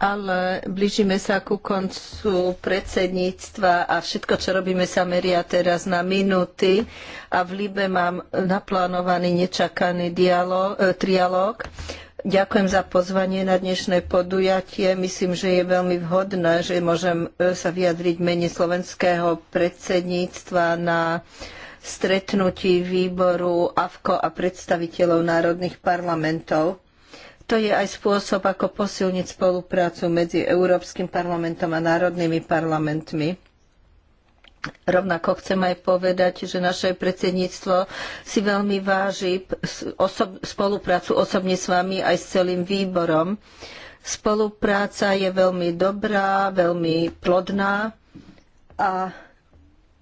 ale blížime sa ku koncu predsedníctva a všetko, čo robíme, sa meria teraz na minúty a v Libe mám naplánovaný nečakaný dialog, e, trialog. Ďakujem za pozvanie na dnešné podujatie. Myslím, že je veľmi vhodné, že môžem e, sa vyjadriť mene slovenského predsedníctva na stretnutí výboru AFKO a predstaviteľov národných parlamentov to je aj spôsob, ako posilniť spoluprácu medzi Európskym parlamentom a národnými parlamentmi. Rovnako chcem aj povedať, že naše predsedníctvo si veľmi váži spoluprácu osobne s vami aj s celým výborom. Spolupráca je veľmi dobrá, veľmi plodná a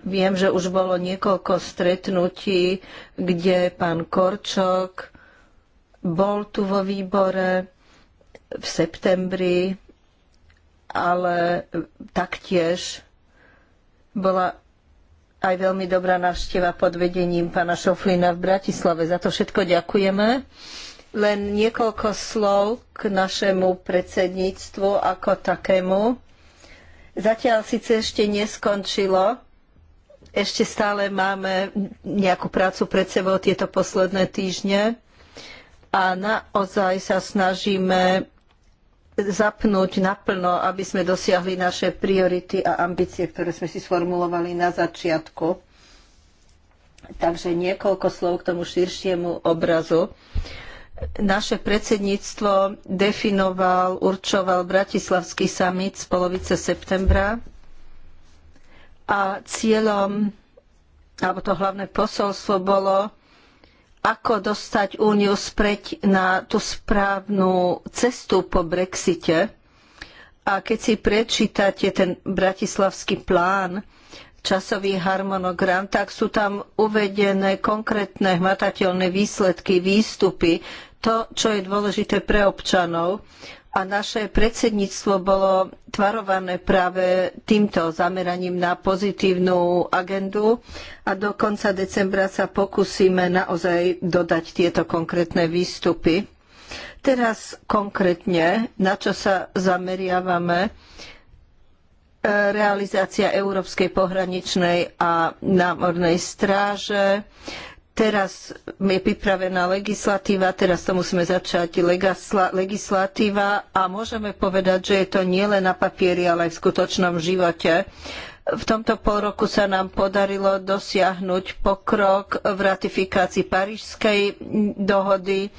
viem, že už bolo niekoľko stretnutí, kde pán Korčok, bol tu vo výbore v septembri, ale taktiež bola aj veľmi dobrá návšteva pod vedením pána Šoflina v Bratislave. Za to všetko ďakujeme. Len niekoľko slov k našemu predsedníctvu ako takému. Zatiaľ síce ešte neskončilo, ešte stále máme nejakú prácu pred sebou tieto posledné týždne a naozaj sa snažíme zapnúť naplno, aby sme dosiahli naše priority a ambície, ktoré sme si sformulovali na začiatku. Takže niekoľko slov k tomu širšiemu obrazu. Naše predsedníctvo definoval, určoval Bratislavský summit z polovice septembra a cieľom, alebo to hlavné posolstvo bolo ako dostať úniu späť na tú správnu cestu po Brexite. A keď si prečítate ten bratislavský plán, časový harmonogram, tak sú tam uvedené konkrétne hmatateľné výsledky, výstupy, to, čo je dôležité pre občanov a naše predsedníctvo bolo tvarované práve týmto zameraním na pozitívnu agendu a do konca decembra sa pokúsime naozaj dodať tieto konkrétne výstupy. Teraz konkrétne, na čo sa zameriavame, e, realizácia Európskej pohraničnej a námornej stráže, Teraz je pripravená legislatíva, teraz to musíme začať legislatíva a môžeme povedať, že je to nielen na papieri, ale aj v skutočnom živote. V tomto pol roku sa nám podarilo dosiahnuť pokrok v ratifikácii Parížskej dohody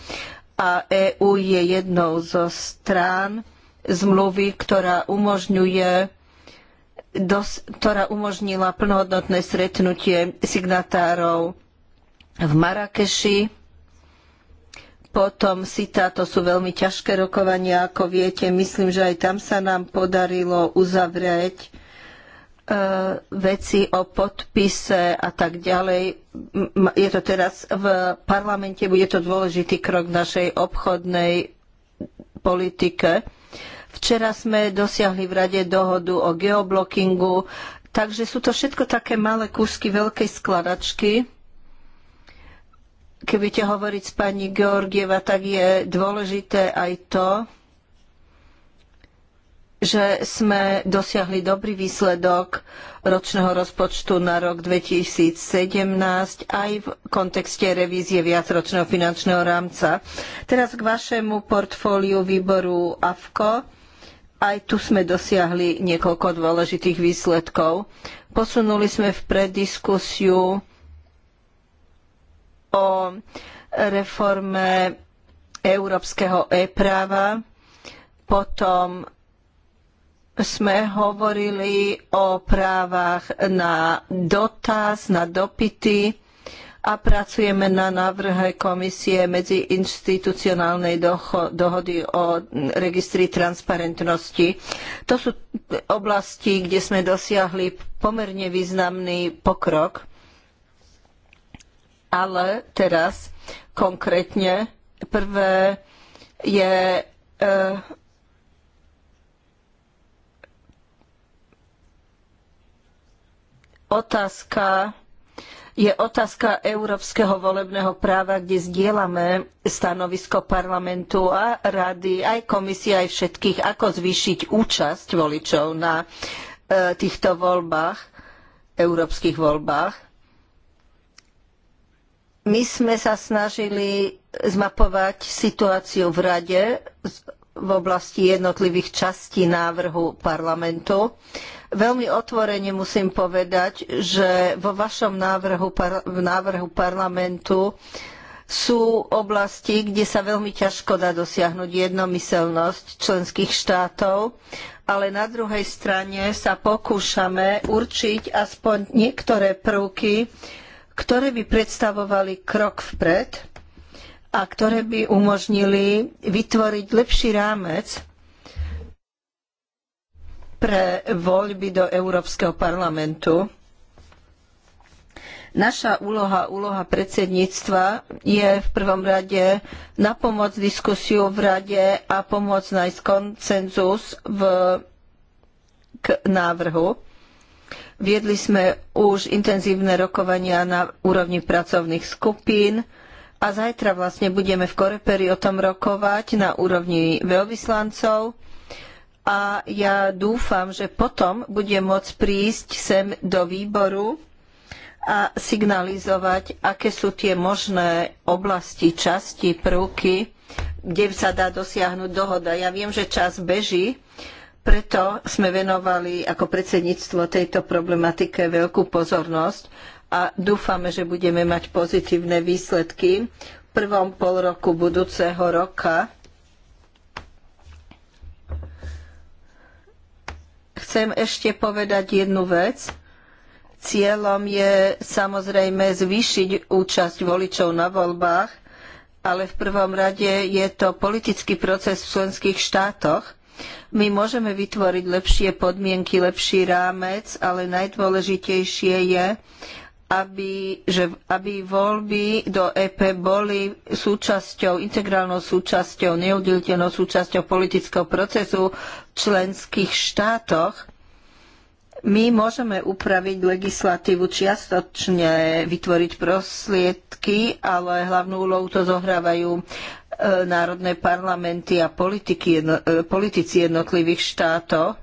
a EÚ je jednou zo strán zmluvy, ktorá umožňuje ktorá umožnila plnohodnotné stretnutie signatárov v Marakeši. Potom SITA, to sú veľmi ťažké rokovania, ako viete. Myslím, že aj tam sa nám podarilo uzavrieť e, veci o podpise a tak ďalej. Je to teraz v parlamente, bude to dôležitý krok v našej obchodnej politike. Včera sme dosiahli v rade dohodu o geoblockingu, takže sú to všetko také malé kúsky veľkej skladačky keď budete hovoriť s pani Georgieva, tak je dôležité aj to, že sme dosiahli dobrý výsledok ročného rozpočtu na rok 2017 aj v kontexte revízie viacročného finančného rámca. Teraz k vašemu portfóliu výboru AFKO. Aj tu sme dosiahli niekoľko dôležitých výsledkov. Posunuli sme vpred diskusiu o reforme európskeho e-práva. Potom sme hovorili o právach na dotaz, na dopity a pracujeme na návrhe komisie institucionálnej dohody o registri transparentnosti. To sú oblasti, kde sme dosiahli pomerne významný pokrok. Ale teraz konkrétne prvé je e, otázka je otázka európskeho volebného práva, kde zdieľame stanovisko parlamentu a rady, aj komisie, aj všetkých, ako zvýšiť účasť voličov na eh, týchto voľbách, európskych voľbách my sme sa snažili zmapovať situáciu v rade v oblasti jednotlivých častí návrhu parlamentu. Veľmi otvorene musím povedať, že vo vašom návrhu, v návrhu parlamentu sú oblasti, kde sa veľmi ťažko dá dosiahnuť jednomyseľnosť členských štátov, ale na druhej strane sa pokúšame určiť aspoň niektoré prvky, ktoré by predstavovali krok vpred a ktoré by umožnili vytvoriť lepší rámec pre voľby do Európskeho parlamentu. Naša úloha, úloha predsedníctva je v prvom rade napomôcť diskusiu v rade a pomôcť nájsť koncenzus v, k návrhu. Viedli sme už intenzívne rokovania na úrovni pracovných skupín a zajtra vlastne budeme v Koreperi o tom rokovať na úrovni veľvyslancov a ja dúfam, že potom bude môcť prísť sem do výboru a signalizovať, aké sú tie možné oblasti, časti, prvky, kde sa dá dosiahnuť dohoda. Ja viem, že čas beží, preto sme venovali ako predsedníctvo tejto problematike veľkú pozornosť a dúfame, že budeme mať pozitívne výsledky v prvom pol roku budúceho roka. Chcem ešte povedať jednu vec. Cieľom je samozrejme zvýšiť účasť voličov na voľbách, ale v prvom rade je to politický proces v členských štátoch my môžeme vytvoriť lepšie podmienky, lepší rámec, ale najdôležitejšie je, aby, že, aby voľby do EP boli súčasťou, integrálnou súčasťou, neudeliteľnou súčasťou politického procesu v členských štátoch. My môžeme upraviť legislatívu čiastočne, vytvoriť prostriedky, ale hlavnú úlohu to zohrávajú E, národné parlamenty a politiky, e, politici jednotlivých štátov.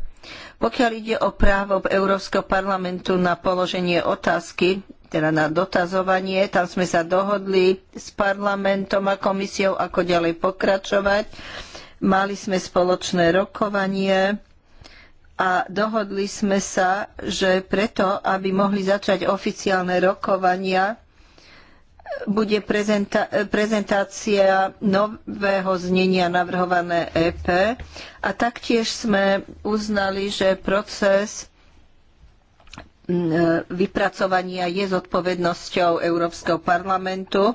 Pokiaľ ide o právo Európskeho parlamentu na položenie otázky, teda na dotazovanie, tam sme sa dohodli s parlamentom a komisiou, ako ďalej pokračovať. Mali sme spoločné rokovanie a dohodli sme sa, že preto, aby mohli začať oficiálne rokovania, bude prezenta- prezentácia nového znenia navrhované EP a taktiež sme uznali, že proces e, vypracovania je zodpovednosťou Európskeho parlamentu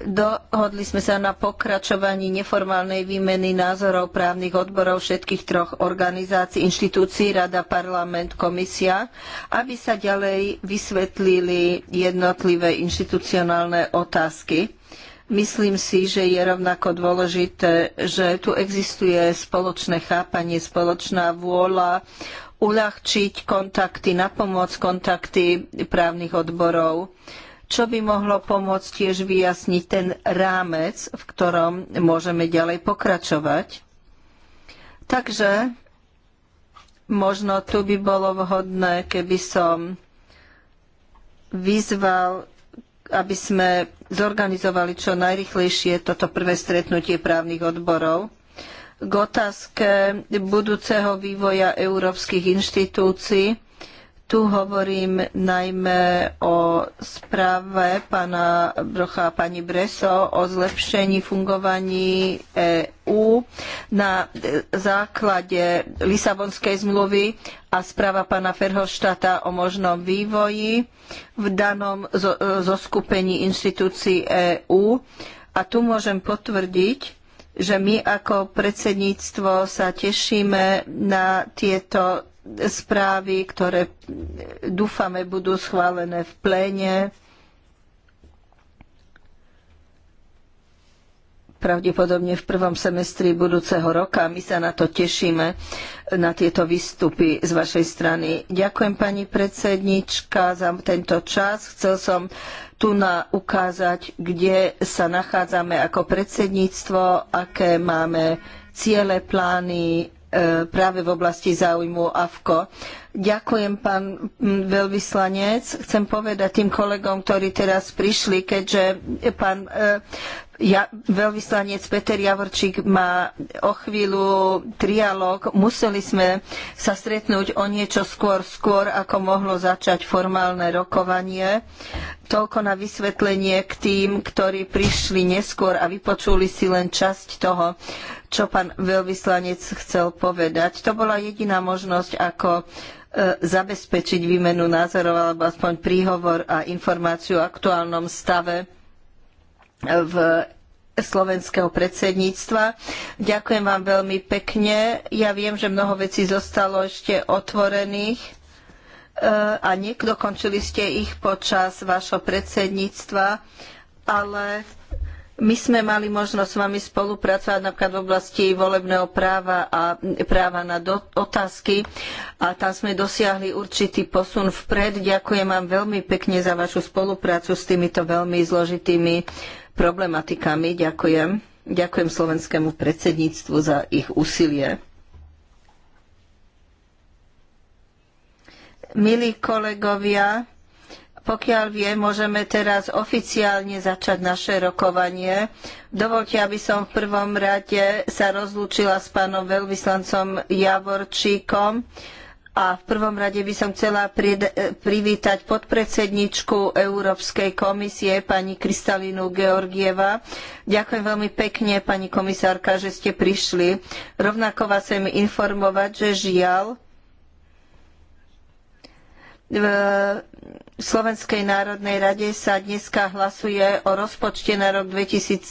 Dohodli sme sa na pokračovaní neformálnej výmeny názorov právnych odborov všetkých troch organizácií, inštitúcií, Rada, Parlament, Komisia, aby sa ďalej vysvetlili jednotlivé inštitucionálne otázky. Myslím si, že je rovnako dôležité, že tu existuje spoločné chápanie, spoločná vôľa uľahčiť kontakty, na pomoc kontakty právnych odborov čo by mohlo pomôcť tiež vyjasniť ten rámec, v ktorom môžeme ďalej pokračovať. Takže možno tu by bolo vhodné, keby som vyzval, aby sme zorganizovali čo najrychlejšie toto prvé stretnutie právnych odborov k otázke budúceho vývoja európskych inštitúcií tu hovorím najmä o správe pána Brocha a pani Breso o zlepšení fungovaní EÚ na základe Lisabonskej zmluvy a správa pána Ferhoštata o možnom vývoji v danom zoskupení inštitúcií EÚ. A tu môžem potvrdiť, že my ako predsedníctvo sa tešíme na tieto správy, ktoré dúfame budú schválené v pléne. pravdepodobne v prvom semestri budúceho roka. My sa na to tešíme, na tieto výstupy z vašej strany. Ďakujem pani predsednička za tento čas. Chcel som tu na ukázať, kde sa nachádzame ako predsedníctvo, aké máme ciele, plány práve v oblasti záujmu AFKO. Ďakujem, pán mm, veľvyslanec. Chcem povedať tým kolegom, ktorí teraz prišli, keďže pán e, ja, veľvyslanec Peter Javorčík má o chvíľu trialog. Museli sme sa stretnúť o niečo skôr, skôr, ako mohlo začať formálne rokovanie. Toľko na vysvetlenie k tým, ktorí prišli neskôr a vypočuli si len časť toho, čo pán veľvyslanec chcel povedať. To bola jediná možnosť, ako E, zabezpečiť výmenu názorov alebo aspoň príhovor a informáciu o aktuálnom stave e, v slovenského predsedníctva. Ďakujem vám veľmi pekne. Ja viem, že mnoho vecí zostalo ešte otvorených e, a nedokončili ste ich počas vášho predsedníctva, ale my sme mali možnosť s vami spolupracovať napríklad v oblasti volebného práva a práva na otázky a tam sme dosiahli určitý posun vpred. Ďakujem vám veľmi pekne za vašu spoluprácu s týmito veľmi zložitými problematikami. Ďakujem. Ďakujem slovenskému predsedníctvu za ich úsilie. Milí kolegovia, pokiaľ viem, môžeme teraz oficiálne začať naše rokovanie. Dovolte, aby som v prvom rade sa rozlúčila s pánom veľvyslancom Javorčíkom. A v prvom rade by som chcela privítať podpredsedničku Európskej komisie, pani Kristalinu Georgieva. Ďakujem veľmi pekne, pani komisárka, že ste prišli. Rovnako vás chcem informovať, že žiaľ, v e, Slovenskej národnej rade sa dneska hlasuje o rozpočte na rok 2017,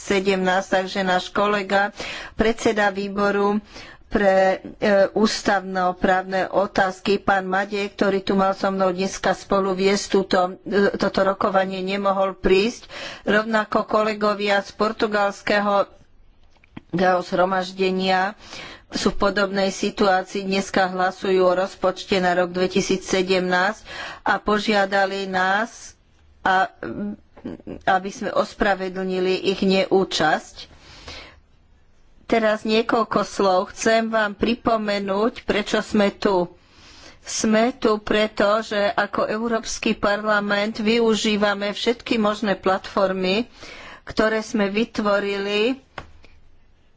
takže náš kolega, predseda výboru pre e, ústavnoprávne otázky, pán Madej, ktorý tu mal so mnou dneska spolu viesť túto, e, toto rokovanie, nemohol prísť. Rovnako kolegovia z portugalského zhromaždenia uh, sú v podobnej situácii, dneska hlasujú o rozpočte na rok 2017 a požiadali nás, a, aby sme ospravedlnili ich neúčasť. Teraz niekoľko slov. Chcem vám pripomenúť, prečo sme tu. Sme tu preto, že ako Európsky parlament využívame všetky možné platformy, ktoré sme vytvorili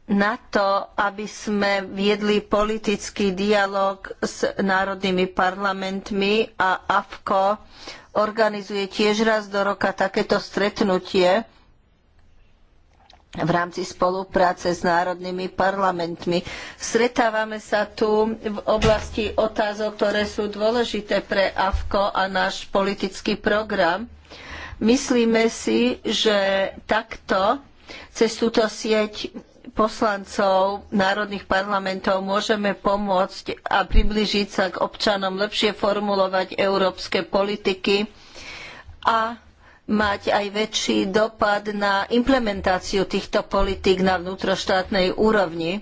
na to, aby sme viedli politický dialog s národnými parlamentmi a AFKO organizuje tiež raz do roka takéto stretnutie v rámci spolupráce s národnými parlamentmi. Stretávame sa tu v oblasti otázok, ktoré sú dôležité pre AFKO a náš politický program. Myslíme si, že takto cez túto sieť poslancov národných parlamentov môžeme pomôcť a priblížiť sa k občanom, lepšie formulovať európske politiky a mať aj väčší dopad na implementáciu týchto politík na vnútroštátnej úrovni.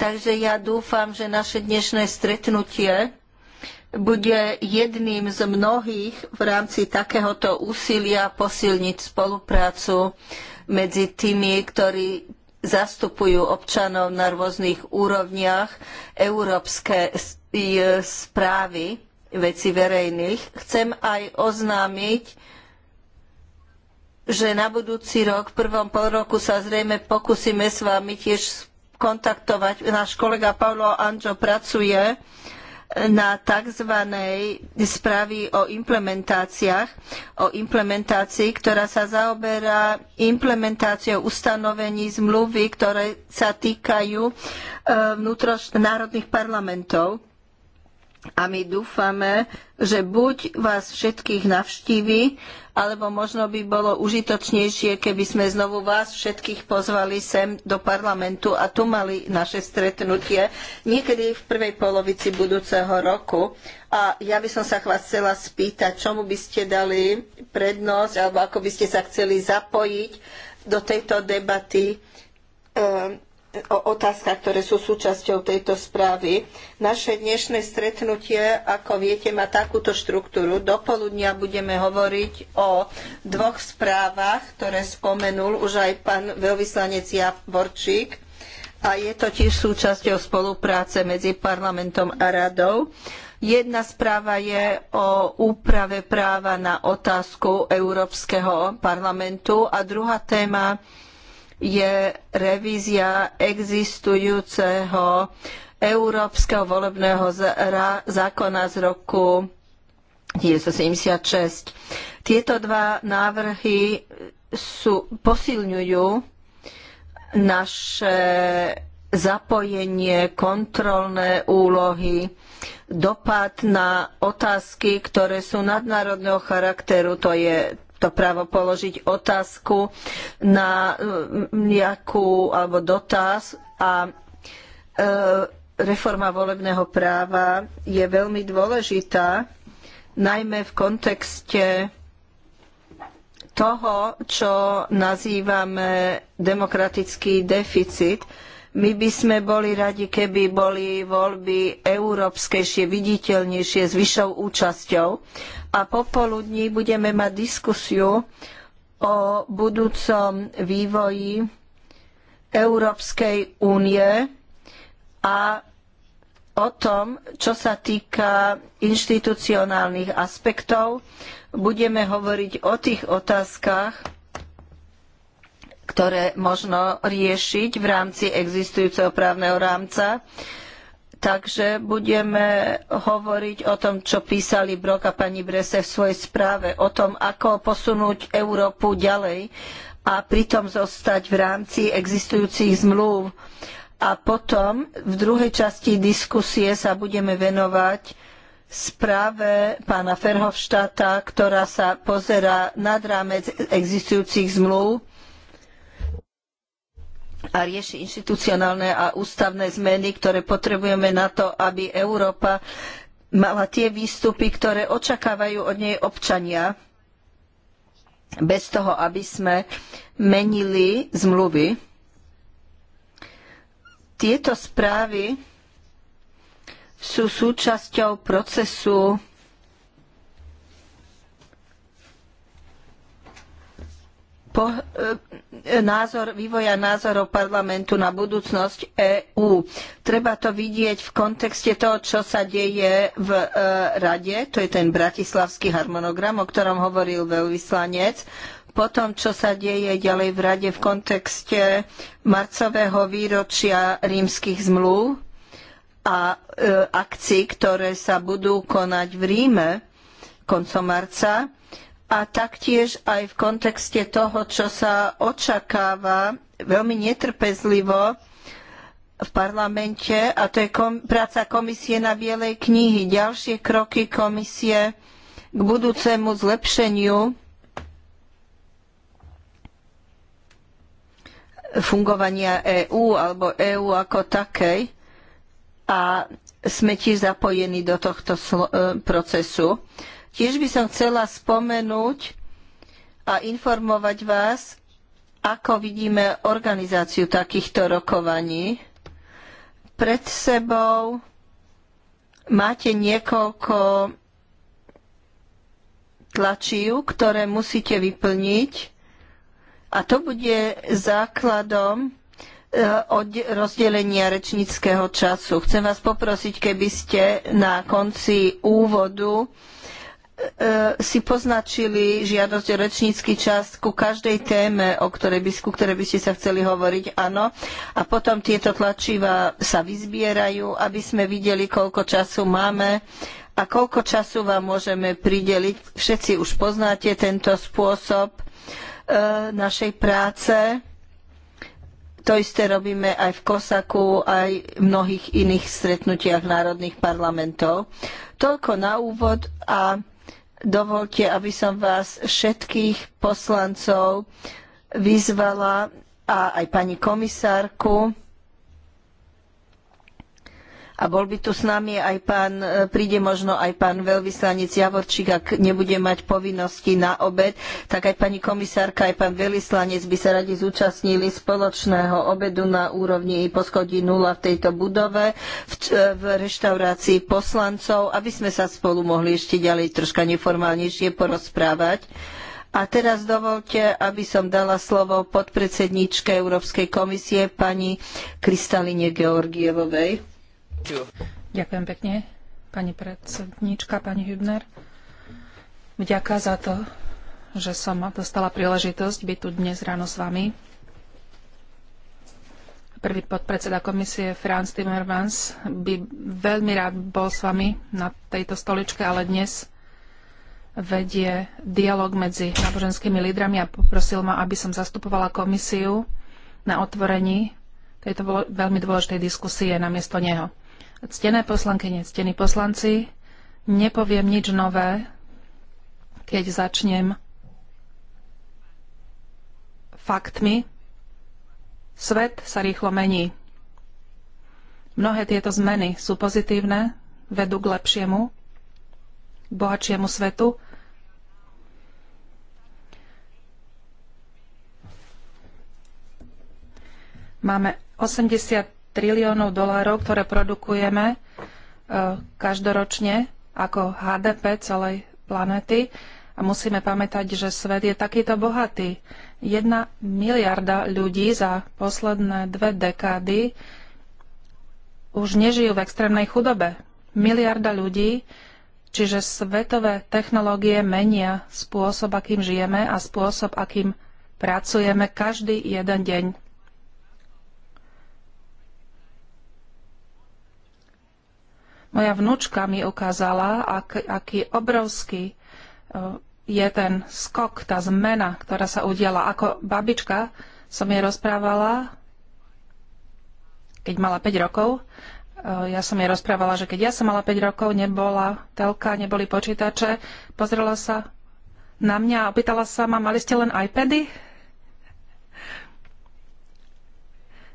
Takže ja dúfam, že naše dnešné stretnutie bude jedným z mnohých v rámci takéhoto úsilia posilniť spoluprácu medzi tými, ktorí zastupujú občanov na rôznych úrovniach európske e, správy veci verejných. Chcem aj oznámiť, že na budúci rok, v prvom polroku sa zrejme pokúsime s vami tiež kontaktovať. Náš kolega Paolo Anjo pracuje uh, na tzv. správy o implementáciách, o implementácii, ktorá sa zaoberá implementáciou ustanovení zmluvy, ktoré sa týkajú eh, vnútronárodných parlamentov a my dúfame, že buď vás všetkých navštívi, alebo možno by bolo užitočnejšie, keby sme znovu vás všetkých pozvali sem do parlamentu a tu mali naše stretnutie niekedy v prvej polovici budúceho roku. A ja by som sa vás chcela spýtať, čomu by ste dali prednosť, alebo ako by ste sa chceli zapojiť do tejto debaty ehm, otázkach, ktoré sú súčasťou tejto správy. Naše dnešné stretnutie, ako viete, má takúto štruktúru. Do poludnia budeme hovoriť o dvoch správach, ktoré spomenul už aj pán veľvyslanec Javorčík. A je to tiež súčasťou spolupráce medzi parlamentom a radou. Jedna správa je o úprave práva na otázku Európskeho parlamentu a druhá téma je revízia existujúceho Európskeho volebného zákona z roku 1976. Tieto dva návrhy sú, posilňujú naše zapojenie, kontrolné úlohy, dopad na otázky, ktoré sú nadnárodného charakteru, to je to právo položiť otázku na mm, nejakú alebo dotaz a e, reforma volebného práva je veľmi dôležitá, najmä v kontexte toho, čo nazývame demokratický deficit. My by sme boli radi, keby boli voľby európskejšie, viditeľnejšie, s vyššou účasťou a popoludní budeme mať diskusiu o budúcom vývoji Európskej únie a o tom, čo sa týka inštitucionálnych aspektov. Budeme hovoriť o tých otázkach, ktoré možno riešiť v rámci existujúceho právneho rámca Takže budeme hovoriť o tom, čo písali Brok a pani Brese v svojej správe, o tom, ako posunúť Európu ďalej a pritom zostať v rámci existujúcich zmluv. A potom v druhej časti diskusie sa budeme venovať správe pána Ferhovštáta, ktorá sa pozerá nad rámec existujúcich zmluv a rieši inštitucionálne a ústavné zmeny, ktoré potrebujeme na to, aby Európa mala tie výstupy, ktoré očakávajú od nej občania, bez toho, aby sme menili zmluvy. Tieto správy sú súčasťou procesu po, e, názor, vývoja názorov parlamentu na budúcnosť EÚ. Treba to vidieť v kontexte toho, čo sa deje v e, Rade, to je ten bratislavský harmonogram, o ktorom hovoril veľvyslanec, potom, čo sa deje ďalej v Rade v kontexte marcového výročia rímskych zmluv a e, akcií, ktoré sa budú konať v Ríme koncom marca a taktiež aj v kontexte toho, čo sa očakáva veľmi netrpezlivo v parlamente, a to je kom práca komisie na Bielej knihy, ďalšie kroky komisie k budúcemu zlepšeniu fungovania EÚ alebo EÚ ako takej. A sme tiež zapojení do tohto e, procesu. Tiež by som chcela spomenúť a informovať vás, ako vidíme organizáciu takýchto rokovaní. Pred sebou máte niekoľko tlačiv, ktoré musíte vyplniť a to bude základom e, rozdelenia rečníckého času. Chcem vás poprosiť, keby ste na konci úvodu E, si poznačili žiadosť o rečnícky čas ku každej téme, o ktorej by, ku ktorej by ste sa chceli hovoriť, áno. A potom tieto tlačiva sa vyzbierajú, aby sme videli, koľko času máme a koľko času vám môžeme prideliť. Všetci už poznáte tento spôsob e, našej práce. To isté robíme aj v Kosaku, aj v mnohých iných stretnutiach národných parlamentov. Toľko na úvod a Dovolte, aby som vás všetkých poslancov vyzvala a aj pani komisárku, a bol by tu s nami aj pán, e, príde možno aj pán veľvyslanec Javorčík, ak nebude mať povinnosti na obed, tak aj pani komisárka, aj pán veľvyslanec by sa radi zúčastnili spoločného obedu na úrovni poschodí nula v tejto budove, v, e, v reštaurácii poslancov, aby sme sa spolu mohli ešte ďalej troška neformálnejšie porozprávať. A teraz dovolte, aby som dala slovo podpredsedníčke Európskej komisie pani Kristaline Georgievovej. Ďakujem pekne, pani predsedníčka, pani Hübner. Vďaka za to, že som dostala príležitosť byť tu dnes ráno s vami. Prvý podpredseda komisie Franz Timmermans by veľmi rád bol s vami na tejto stoličke, ale dnes vedie dialog medzi náboženskými lídrami a poprosil ma, aby som zastupovala komisiu na otvorení tejto veľmi dôležitej diskusie namiesto neho. Ctené poslankyne, ctení poslanci, nepoviem nič nové, keď začnem faktmi. Svet sa rýchlo mení. Mnohé tieto zmeny sú pozitívne, vedú k lepšiemu, bohatšiemu svetu. Máme 80 triliónov dolárov, ktoré produkujeme e, každoročne ako HDP celej planety. A musíme pamätať, že svet je takýto bohatý. Jedna miliarda ľudí za posledné dve dekády už nežijú v extrémnej chudobe. Miliarda ľudí, čiže svetové technológie menia spôsob, akým žijeme a spôsob, akým pracujeme každý jeden deň. Moja vnúčka mi ukázala, ak, aký obrovský e, je ten skok, tá zmena, ktorá sa udiala. Ako babička som jej rozprávala, keď mala 5 rokov, e, ja som jej rozprávala, že keď ja som mala 5 rokov, nebola telka, neboli počítače, pozrela sa na mňa a opýtala sa ma, mali ste len iPady?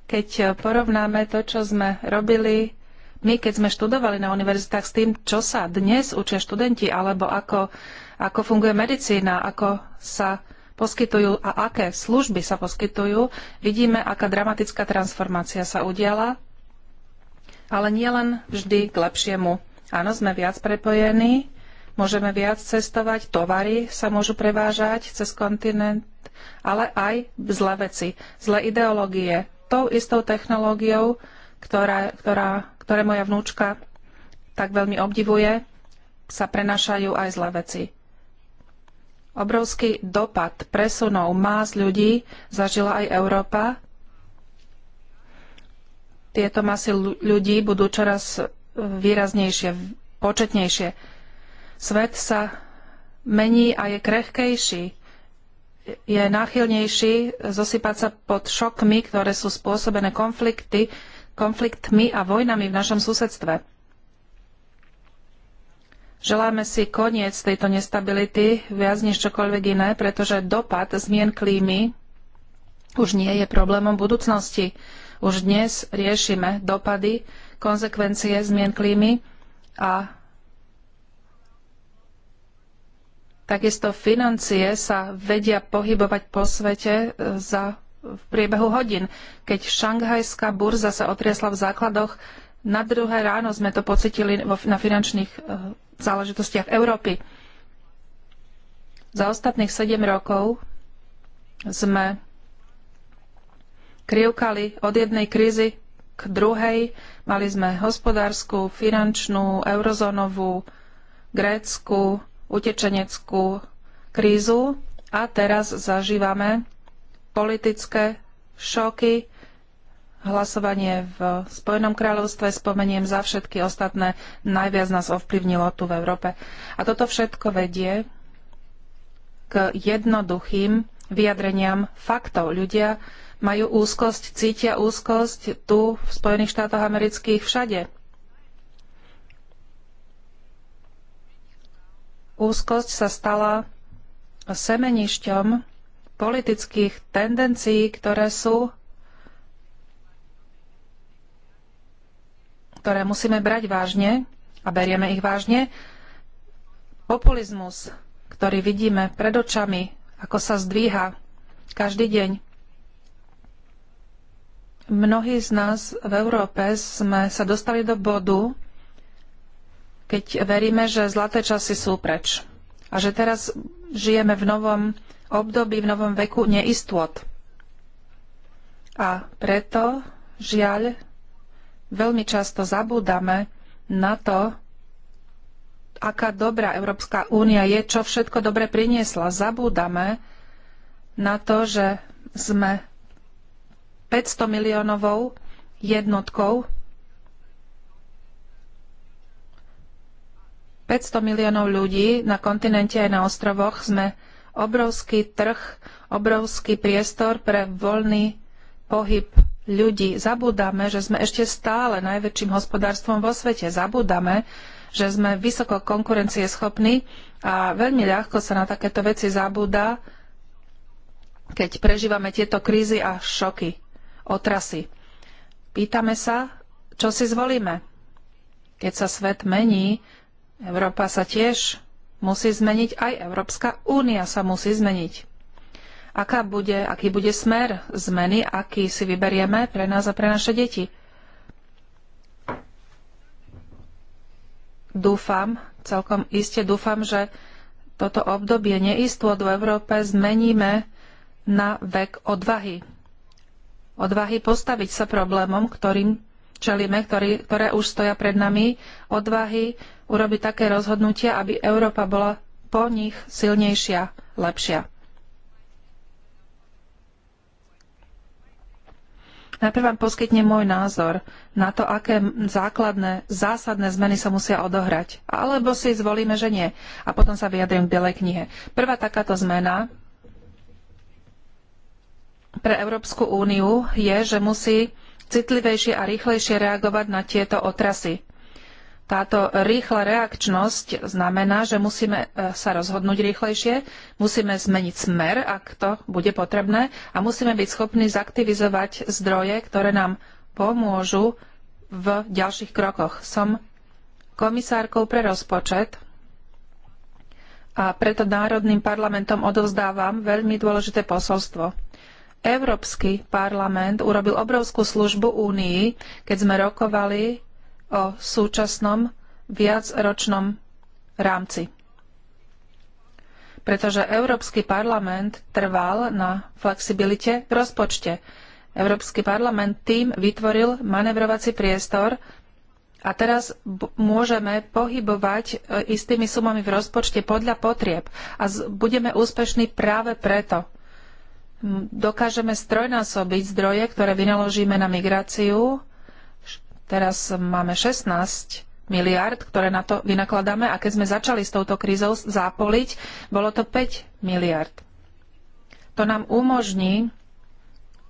Keď porovnáme to, čo sme robili my, keď sme študovali na univerzitách s tým, čo sa dnes učia študenti, alebo ako, ako funguje medicína, ako sa poskytujú a aké služby sa poskytujú, vidíme, aká dramatická transformácia sa udiala, ale nie len vždy k lepšiemu. Áno, sme viac prepojení, môžeme viac cestovať, tovary sa môžu prevážať cez kontinent, ale aj zlé veci, zlé ideológie, tou istou technológiou, ktorá, ktorá ktoré moja vnúčka tak veľmi obdivuje, sa prenašajú aj zlé veci. Obrovský dopad presunov más ľudí zažila aj Európa. Tieto masy ľudí budú čoraz výraznejšie, početnejšie. Svet sa mení a je krehkejší, je náchylnejší zosypať sa pod šokmi, ktoré sú spôsobené konflikty, konfliktmi a vojnami v našom susedstve. Želáme si koniec tejto nestability viac než čokoľvek iné, pretože dopad zmien klímy už nie je problémom budúcnosti. Už dnes riešime dopady, konsekvencie zmien klímy a takisto financie sa vedia pohybovať po svete e, za v priebehu hodín. Keď šanghajská burza sa otriasla v základoch, na druhé ráno sme to pocitili na finančných eh, záležitostiach Európy. Za ostatných 7 rokov sme krivkali od jednej krízy k druhej. Mali sme hospodárskú, finančnú, eurozónovú, grécku, utečeneckú krízu a teraz zažívame politické šoky. Hlasovanie v Spojenom kráľovstve, spomeniem za všetky ostatné, najviac nás ovplyvnilo tu v Európe. A toto všetko vedie k jednoduchým vyjadreniam faktov. Ľudia majú úzkosť, cítia úzkosť tu v Spojených štátoch amerických všade. Úzkosť sa stala semenišťom politických tendencií, ktoré sú ktoré musíme brať vážne a berieme ich vážne. Populizmus, ktorý vidíme pred očami, ako sa zdvíha každý deň. Mnohí z nás v Európe sme sa dostali do bodu, keď veríme, že zlaté časy sú preč a že teraz žijeme v novom období, v novom veku neistôt. A preto, žiaľ, veľmi často zabúdame na to, aká dobrá Európska únia je, čo všetko dobre priniesla. Zabúdame na to, že sme 500 miliónovou jednotkou 500 miliónov ľudí na kontinente aj na ostrovoch sme obrovský trh, obrovský priestor pre voľný pohyb ľudí. Zabúdame, že sme ešte stále najväčším hospodárstvom vo svete. Zabúdame, že sme vysoko konkurencieschopní a veľmi ľahko sa na takéto veci zabúda, keď prežívame tieto krízy a šoky, otrasy. Pýtame sa, čo si zvolíme. Keď sa svet mení, Európa sa tiež musí zmeniť, aj Európska únia sa musí zmeniť. Aká bude, aký bude smer zmeny, aký si vyberieme pre nás a pre naše deti. Dúfam, celkom iste dúfam, že toto obdobie neistôt v Európe zmeníme na vek odvahy. Odvahy postaviť sa problémom, ktorým čelíme, ktorý, ktoré už stoja pred nami, odvahy urobiť také rozhodnutia, aby Európa bola po nich silnejšia, lepšia. Najprv vám poskytnem môj názor na to, aké základné, zásadné zmeny sa musia odohrať. Alebo si zvolíme, že nie. A potom sa vyjadrím k Bielej knihe. Prvá takáto zmena pre Európsku úniu je, že musí citlivejšie a rýchlejšie reagovať na tieto otrasy. Táto rýchla reakčnosť znamená, že musíme e, sa rozhodnúť rýchlejšie, musíme zmeniť smer, ak to bude potrebné, a musíme byť schopní zaktivizovať zdroje, ktoré nám pomôžu v ďalších krokoch. Som komisárkou pre rozpočet a preto Národným parlamentom odovzdávam veľmi dôležité posolstvo. Európsky parlament urobil obrovskú službu Únii, keď sme rokovali o súčasnom viacročnom rámci. Pretože Európsky parlament trval na flexibilite v rozpočte. Európsky parlament tým vytvoril manevrovací priestor a teraz môžeme pohybovať e, istými sumami v rozpočte podľa potrieb a budeme úspešní práve preto, dokážeme strojnásobiť zdroje, ktoré vynaložíme na migráciu. Teraz máme 16 miliard, ktoré na to vynakladáme a keď sme začali s touto krízou zápoliť, bolo to 5 miliard. To nám umožní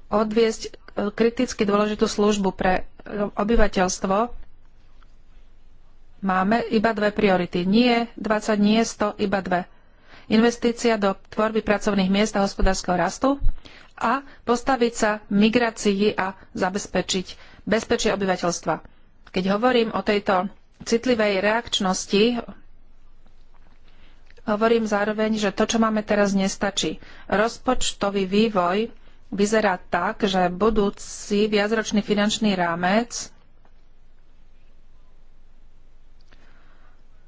odviesť e, kriticky dôležitú službu pre e, obyvateľstvo. Máme iba dve priority. Nie 20, nie 100, iba dve investícia do tvorby pracovných miest a hospodárskeho rastu a postaviť sa migrácii a zabezpečiť bezpečie obyvateľstva. Keď hovorím o tejto citlivej reakčnosti, hovorím zároveň, že to, čo máme teraz, nestačí. Rozpočtový vývoj vyzerá tak, že budúci viacročný finančný rámec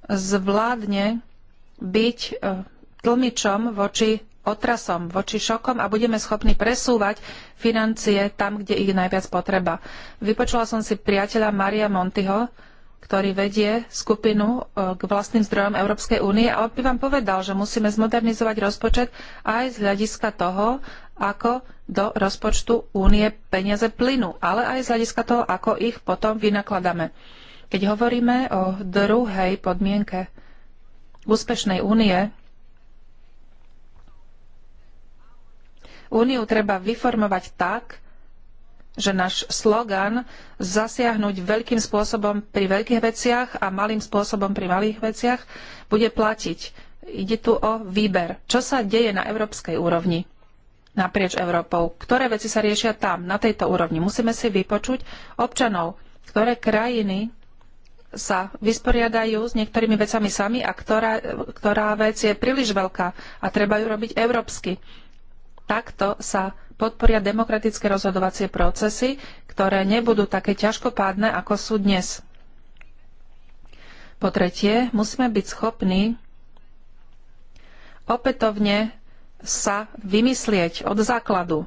zvládne byť eh, tlmičom voči otrasom, voči šokom a budeme schopní presúvať financie tam, kde ich najviac potreba. Vypočula som si priateľa Maria Montyho, ktorý vedie skupinu e, k vlastným zdrojom Európskej únie a on by vám povedal, že musíme zmodernizovať rozpočet aj z hľadiska toho, ako do rozpočtu únie peniaze plynú, ale aj z hľadiska toho, ako ich potom vynakladáme. Keď hovoríme o druhej podmienke úspešnej únie, Úniu treba vyformovať tak, že náš slogan zasiahnuť veľkým spôsobom pri veľkých veciach a malým spôsobom pri malých veciach bude platiť. Ide tu o výber. Čo sa deje na európskej úrovni? naprieč Európou. Ktoré veci sa riešia tam, na tejto úrovni? Musíme si vypočuť občanov, ktoré krajiny sa vysporiadajú s niektorými vecami sami a ktorá, ktorá vec je príliš veľká a treba ju robiť európsky. Takto sa podporia demokratické rozhodovacie procesy, ktoré nebudú také ťažkopádne, ako sú dnes. Po tretie, musíme byť schopní opätovne sa vymyslieť od základu,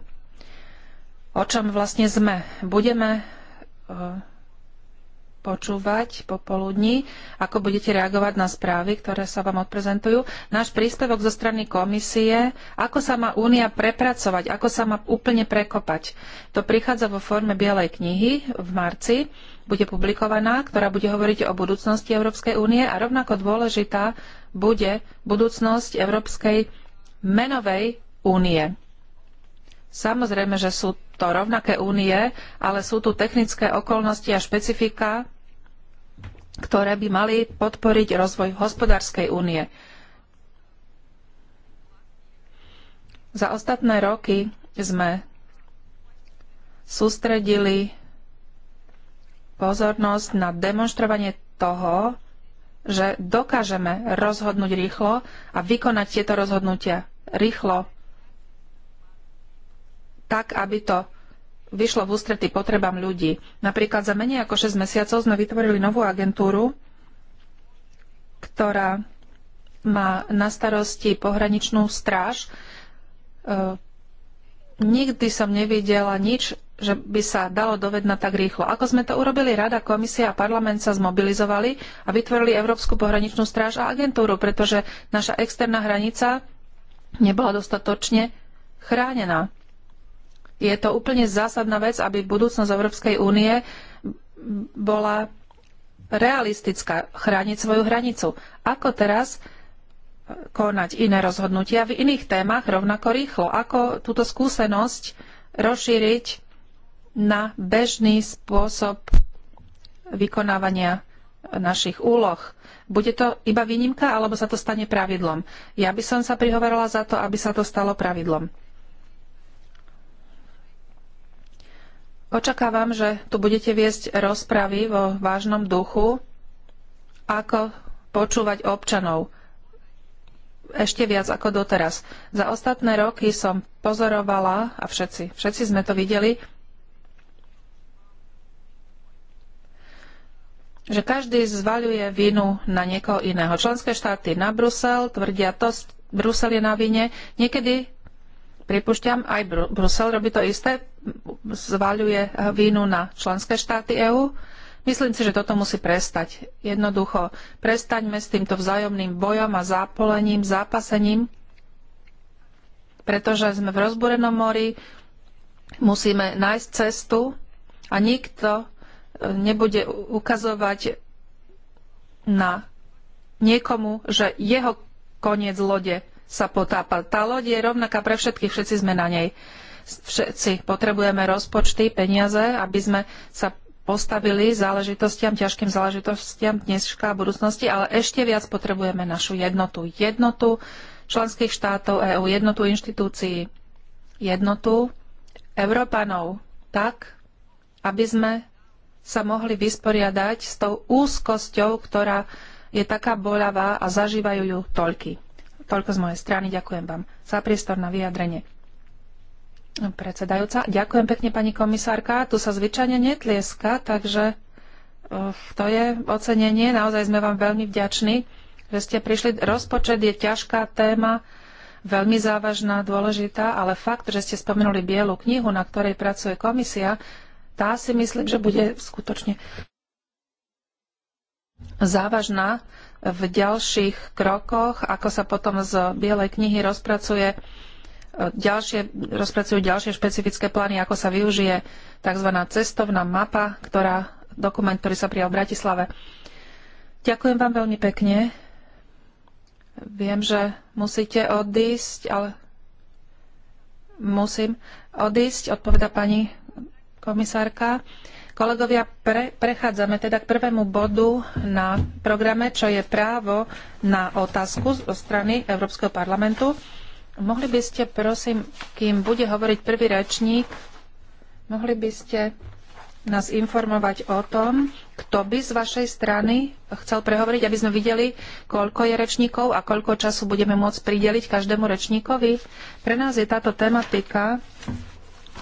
o čom vlastne sme. Budeme eh, počúvať popoludní, ako budete reagovať na správy, ktoré sa vám odprezentujú. Náš príspevok zo strany komisie, ako sa má únia prepracovať, ako sa má úplne prekopať. To prichádza vo forme Bielej knihy v marci, bude publikovaná, ktorá bude hovoriť o budúcnosti Európskej únie a rovnako dôležitá bude budúcnosť Európskej menovej únie. Samozrejme, že sú to rovnaké únie, ale sú tu technické okolnosti a špecifika ktoré by mali podporiť rozvoj hospodárskej únie. Za ostatné roky sme sústredili pozornosť na demonstrovanie toho, že dokážeme rozhodnúť rýchlo a vykonať tieto rozhodnutia rýchlo, tak aby to vyšlo v ústrety potrebám ľudí. Napríklad za menej ako 6 mesiacov sme vytvorili novú agentúru, ktorá má na starosti pohraničnú stráž. E, nikdy som nevidela nič, že by sa dalo dovednať tak rýchlo. Ako sme to urobili, Rada, Komisia a Parlament sa zmobilizovali a vytvorili Európsku pohraničnú stráž a agentúru, pretože naša externá hranica nebola dostatočne chránená je to úplne zásadná vec, aby budúcnosť Európskej únie bola realistická, chrániť svoju hranicu. Ako teraz konať iné rozhodnutia v iných témach rovnako rýchlo? Ako túto skúsenosť rozšíriť na bežný spôsob vykonávania našich úloh? Bude to iba výnimka, alebo sa to stane pravidlom? Ja by som sa prihovorila za to, aby sa to stalo pravidlom. Očakávam, že tu budete viesť rozpravy vo vážnom duchu, ako počúvať občanov ešte viac ako doteraz. Za ostatné roky som pozorovala, a všetci, všetci sme to videli, že každý zvaľuje vinu na niekoho iného. Členské štáty na Brusel tvrdia to, Brusel je na vine. Niekedy Pripušťam, aj Br- Brusel robí to isté, zvaľuje vínu na členské štáty EÚ. Myslím si, že toto musí prestať. Jednoducho, prestaňme s týmto vzájomným bojom a zápolením, zápasením, pretože sme v rozbúrenom mori, musíme nájsť cestu a nikto e, nebude ukazovať na niekomu, že jeho koniec lode sa potápa. Tá loď je rovnaká pre všetkých, všetci sme na nej. Všetci potrebujeme rozpočty, peniaze, aby sme sa postavili záležitostiam, ťažkým záležitostiam dneska a budúcnosti, ale ešte viac potrebujeme našu jednotu. Jednotu členských štátov EÚ, jednotu inštitúcií, jednotu Európanov, tak, aby sme sa mohli vysporiadať s tou úzkosťou, ktorá je taká boľavá a zažívajú ju toľky. Toľko z mojej strany. Ďakujem vám za priestor na vyjadrenie. Predsedajúca, ďakujem pekne pani komisárka. Tu sa zvyčajne netlieska, takže to je ocenenie. Naozaj sme vám veľmi vďační, že ste prišli. Rozpočet je ťažká téma, veľmi závažná, dôležitá, ale fakt, že ste spomenuli bielu knihu, na ktorej pracuje komisia, tá si myslím, že bude skutočne závažná v ďalších krokoch, ako sa potom z Bielej knihy rozpracuje ďalšie, rozpracujú ďalšie špecifické plány, ako sa využije tzv. cestovná mapa, ktorá, dokument, ktorý sa prijal v Bratislave. Ďakujem vám veľmi pekne. Viem, že musíte odísť, ale musím odísť, odpoveda pani komisárka. Kolegovia, pre, prechádzame teda k prvému bodu na programe, čo je právo na otázku zo strany Európskeho parlamentu. Mohli by ste, prosím, kým bude hovoriť prvý rečník, mohli by ste nás informovať o tom, kto by z vašej strany chcel prehovoriť, aby sme videli, koľko je rečníkov a koľko času budeme môcť prideliť každému rečníkovi. Pre nás je táto tematika,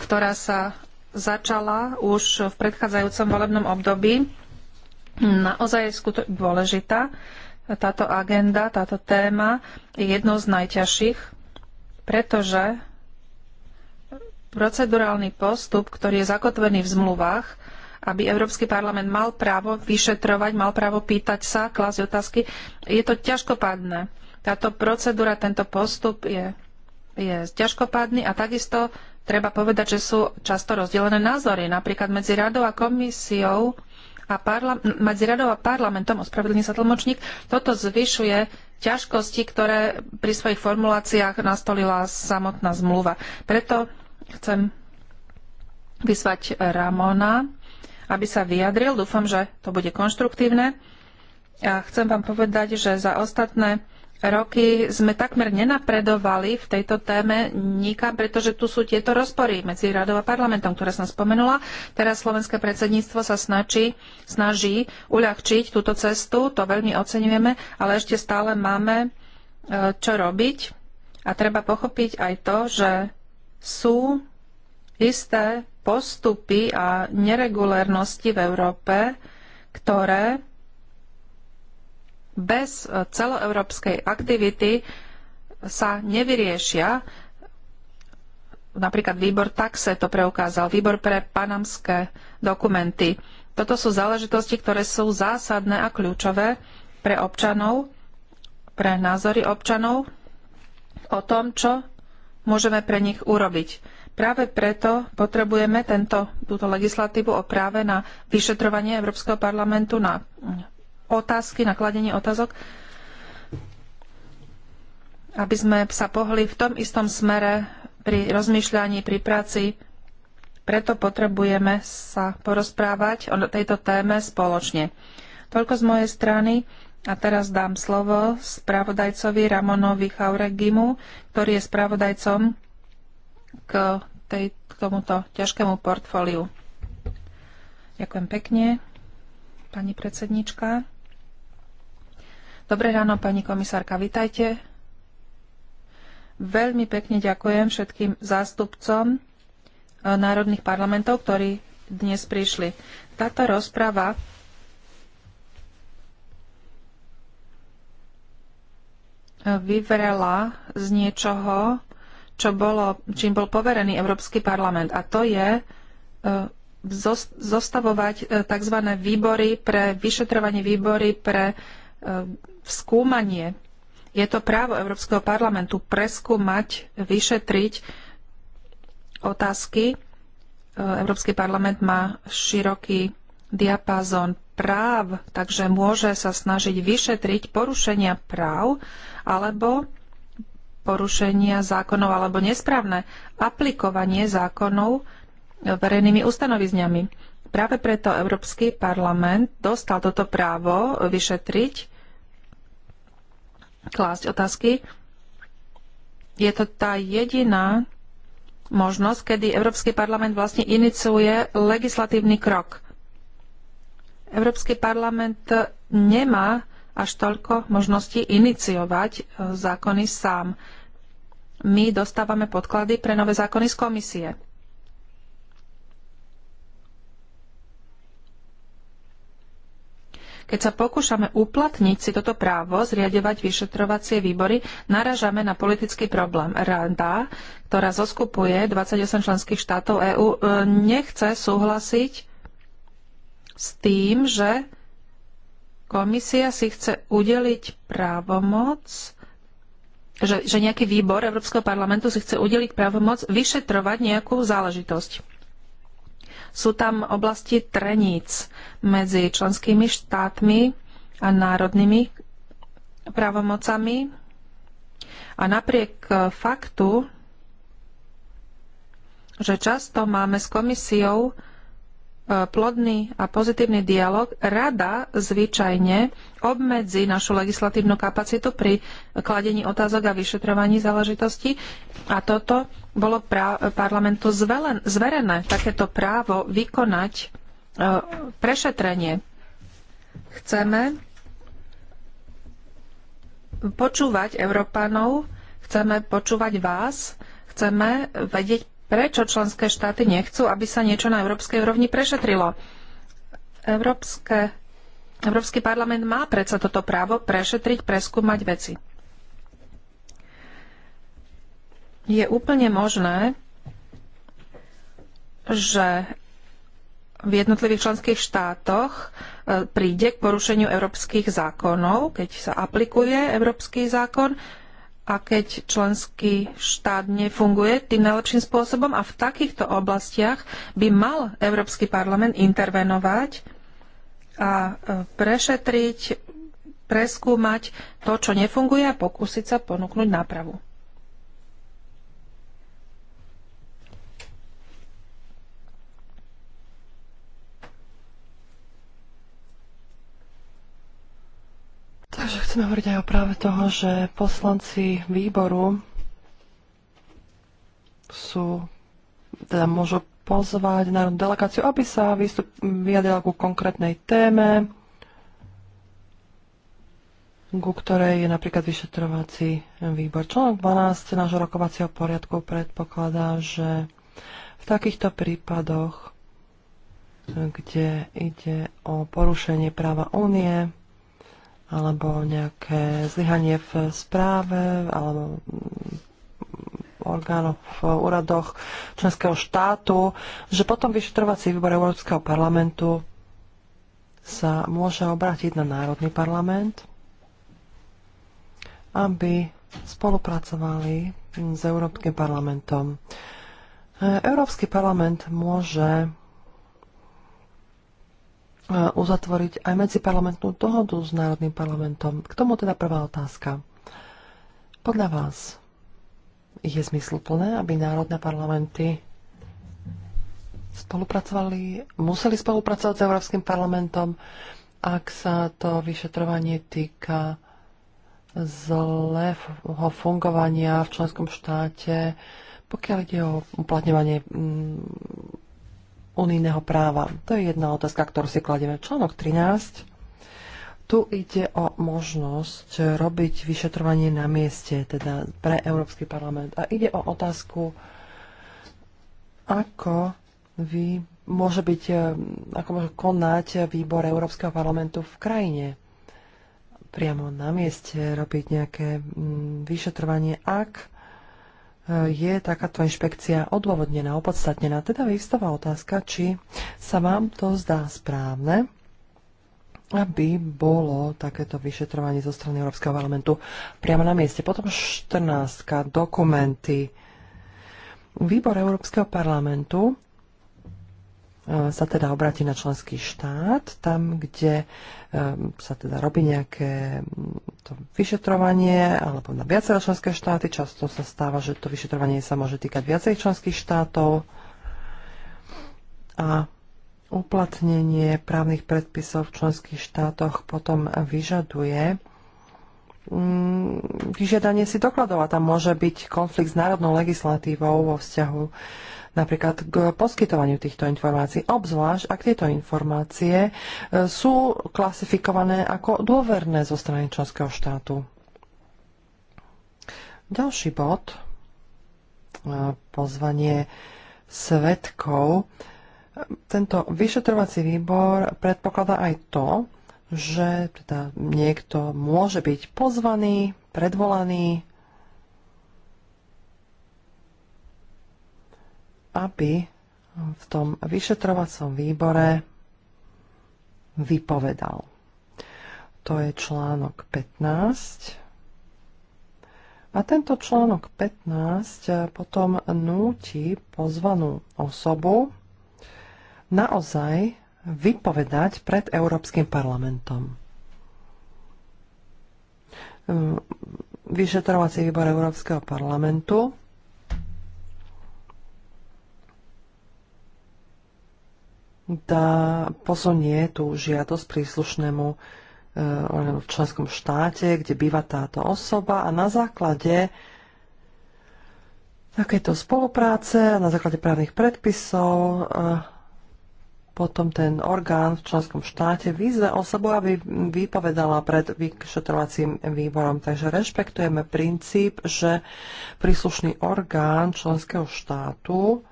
ktorá sa začala už v predchádzajúcom volebnom období, naozaj je skuto- dôležitá. Táto agenda, táto téma je jednou z najťažších, pretože procedurálny postup, ktorý je zakotvený v zmluvách, aby Európsky parlament mal právo vyšetrovať, mal právo pýtať sa, klásť otázky, je to ťažkopádne. Táto procedúra, tento postup je, je ťažkopádny a takisto treba povedať, že sú často rozdelené názory, napríklad medzi radou a komisiou a parla- medzi radou a parlamentom, ospravedlní sa tlmočník, toto zvyšuje ťažkosti, ktoré pri svojich formuláciách nastolila samotná zmluva. Preto chcem vyzvať Ramona, aby sa vyjadril. Dúfam, že to bude konštruktívne. A chcem vám povedať, že za ostatné roky sme takmer nenapredovali v tejto téme nikam, pretože tu sú tieto rozpory medzi radou a parlamentom, ktoré som spomenula. Teraz slovenské predsedníctvo sa snaží, snaží uľahčiť túto cestu, to veľmi oceňujeme, ale ešte stále máme e, čo robiť. A treba pochopiť aj to, že sú isté postupy a neregulérnosti v Európe, ktoré bez e, celoeurópskej aktivity sa nevyriešia. Napríklad výbor taxe to preukázal, výbor pre panamské dokumenty. Toto sú záležitosti, ktoré sú zásadné a kľúčové pre občanov, pre názory občanov o tom, čo môžeme pre nich urobiť. Práve preto potrebujeme tento, túto legislatívu o práve na vyšetrovanie Európskeho parlamentu na otázky, na kladenie otázok, aby sme sa pohli v tom istom smere pri rozmýšľaní, pri práci. Preto potrebujeme sa porozprávať o tejto téme spoločne. Toľko z mojej strany. A teraz dám slovo spravodajcovi Ramonovi Chauregimu, ktorý je spravodajcom k, tej, k tomuto ťažkému portfóliu. Ďakujem pekne, pani predsednička. Dobré ráno, pani komisárka, vitajte. Veľmi pekne ďakujem všetkým zástupcom e, národných parlamentov, ktorí dnes prišli. Táto rozprava vyverela z niečoho, čo bolo, čím bol poverený Európsky parlament. A to je e, zostavovať e, tzv. výbory pre vyšetrovanie výbory pre skúmanie. Je to právo Európskeho parlamentu preskúmať, vyšetriť otázky. E, Európsky parlament má široký diapázon práv, takže môže sa snažiť vyšetriť porušenia práv alebo porušenia zákonov alebo nesprávne aplikovanie zákonov verejnými ustanovizňami. Práve preto Európsky parlament dostal toto právo vyšetriť klásť otázky. Je to tá jediná možnosť, kedy Európsky parlament vlastne iniciuje legislatívny krok. Európsky parlament nemá až toľko možností iniciovať e, zákony sám. My dostávame podklady pre nové zákony z komisie. Keď sa pokúšame uplatniť si toto právo, zriadevať vyšetrovacie výbory, naražame na politický problém. Rada, ktorá zoskupuje 28 členských štátov EÚ, e, nechce súhlasiť s tým, že komisia si chce udeliť právomoc že, že nejaký výbor Európskeho parlamentu si chce udeliť právomoc vyšetrovať nejakú záležitosť. Sú tam oblasti treníc medzi členskými štátmi a národnými právomocami. A napriek faktu, že často máme s komisiou plodný a pozitívny dialog, rada zvyčajne obmedzi našu legislatívnu kapacitu pri kladení otázok a vyšetrovaní záležitostí. A toto bolo parlamentu zvelen, zverené, takéto právo vykonať e, prešetrenie. Chceme počúvať Európanov, chceme počúvať vás, chceme vedieť Prečo členské štáty nechcú, aby sa niečo na európskej úrovni prešetrilo? Európske, Európsky parlament má predsa toto právo prešetriť, preskúmať veci. Je úplne možné, že v jednotlivých členských štátoch e, príde k porušeniu európskych zákonov, keď sa aplikuje európsky zákon, a keď členský štát nefunguje tým najlepším spôsobom a v takýchto oblastiach by mal Európsky parlament intervenovať a e, prešetriť, preskúmať to, čo nefunguje a pokúsiť sa ponúknuť nápravu. Musíme hovoriť aj o práve toho, že poslanci výboru sú, teda môžu pozvať národnú delegáciu, aby sa výstup, vyjadrila ku konkrétnej téme, ku ktorej je napríklad vyšetrovací výbor. Článok 12 nášho rokovacieho poriadku predpokladá, že v takýchto prípadoch, kde ide o porušenie práva únie, alebo nejaké zlyhanie v správe alebo orgánoch v úradoch členského štátu, že potom vyšetrovací výbor Európskeho parlamentu sa môže obrátiť na Národný parlament, aby spolupracovali s Európskym parlamentom. E, Európsky parlament môže uzatvoriť aj medziparlamentnú dohodu s Národným parlamentom. K tomu teda prvá otázka. Podľa vás je zmysluplné, aby národné parlamenty spolupracovali, museli spolupracovať s Európskym parlamentom, ak sa to vyšetrovanie týka zlého fungovania v členskom štáte, pokiaľ ide o uplatňovanie mm, unijného práva? To je jedna otázka, ktorú si kladieme. Článok 13. Tu ide o možnosť robiť vyšetrovanie na mieste, teda pre Európsky parlament. A ide o otázku, ako vy môže byť, e, ako môže konať výbor Európskeho parlamentu v krajine. Priamo na mieste robiť nejaké mm, vyšetrovanie, ak je takáto inšpekcia odôvodnená, opodstatnená. Teda vyvstáva otázka, či sa vám to zdá správne, aby bolo takéto vyšetrovanie zo strany Európskeho parlamentu priamo na mieste. Potom 14. dokumenty. Výbor Európskeho parlamentu Eh, sa teda obráti na členský štát, tam, kde eh, sa teda robí nejaké mm, to vyšetrovanie, alebo na viaceré členské štáty. Často sa stáva, že to vyšetrovanie sa môže týkať viacerých členských štátov. A uplatnenie právnych predpisov v členských štátoch potom vyžaduje Mm, vyžiadanie si dokladov a tam môže byť konflikt s národnou legislatívou vo vzťahu napríklad k poskytovaniu týchto informácií, obzvlášť ak tieto informácie e, sú klasifikované ako dôverné zo strany členského štátu. Ďalší bod, e, pozvanie svetkov. Tento vyšetrovací výbor predpokladá aj to, že teda niekto môže byť pozvaný, predvolaný, aby v tom vyšetrovacom výbore vypovedal. To je článok 15. A tento článok 15 potom núti pozvanú osobu naozaj vypovedať pred Európskym parlamentom. Ehm, vyšetrovací výbor Európskeho parlamentu dá, posunie tú žiadosť príslušnému eh, v členskom štáte, kde býva táto osoba a na základe takéto spolupráce, na základe právnych predpisov eh, potom ten orgán v členskom štáte vyzve osobu, aby vypovedala pred vyšetrovacím výborom. Takže rešpektujeme princíp, že príslušný orgán členského štátu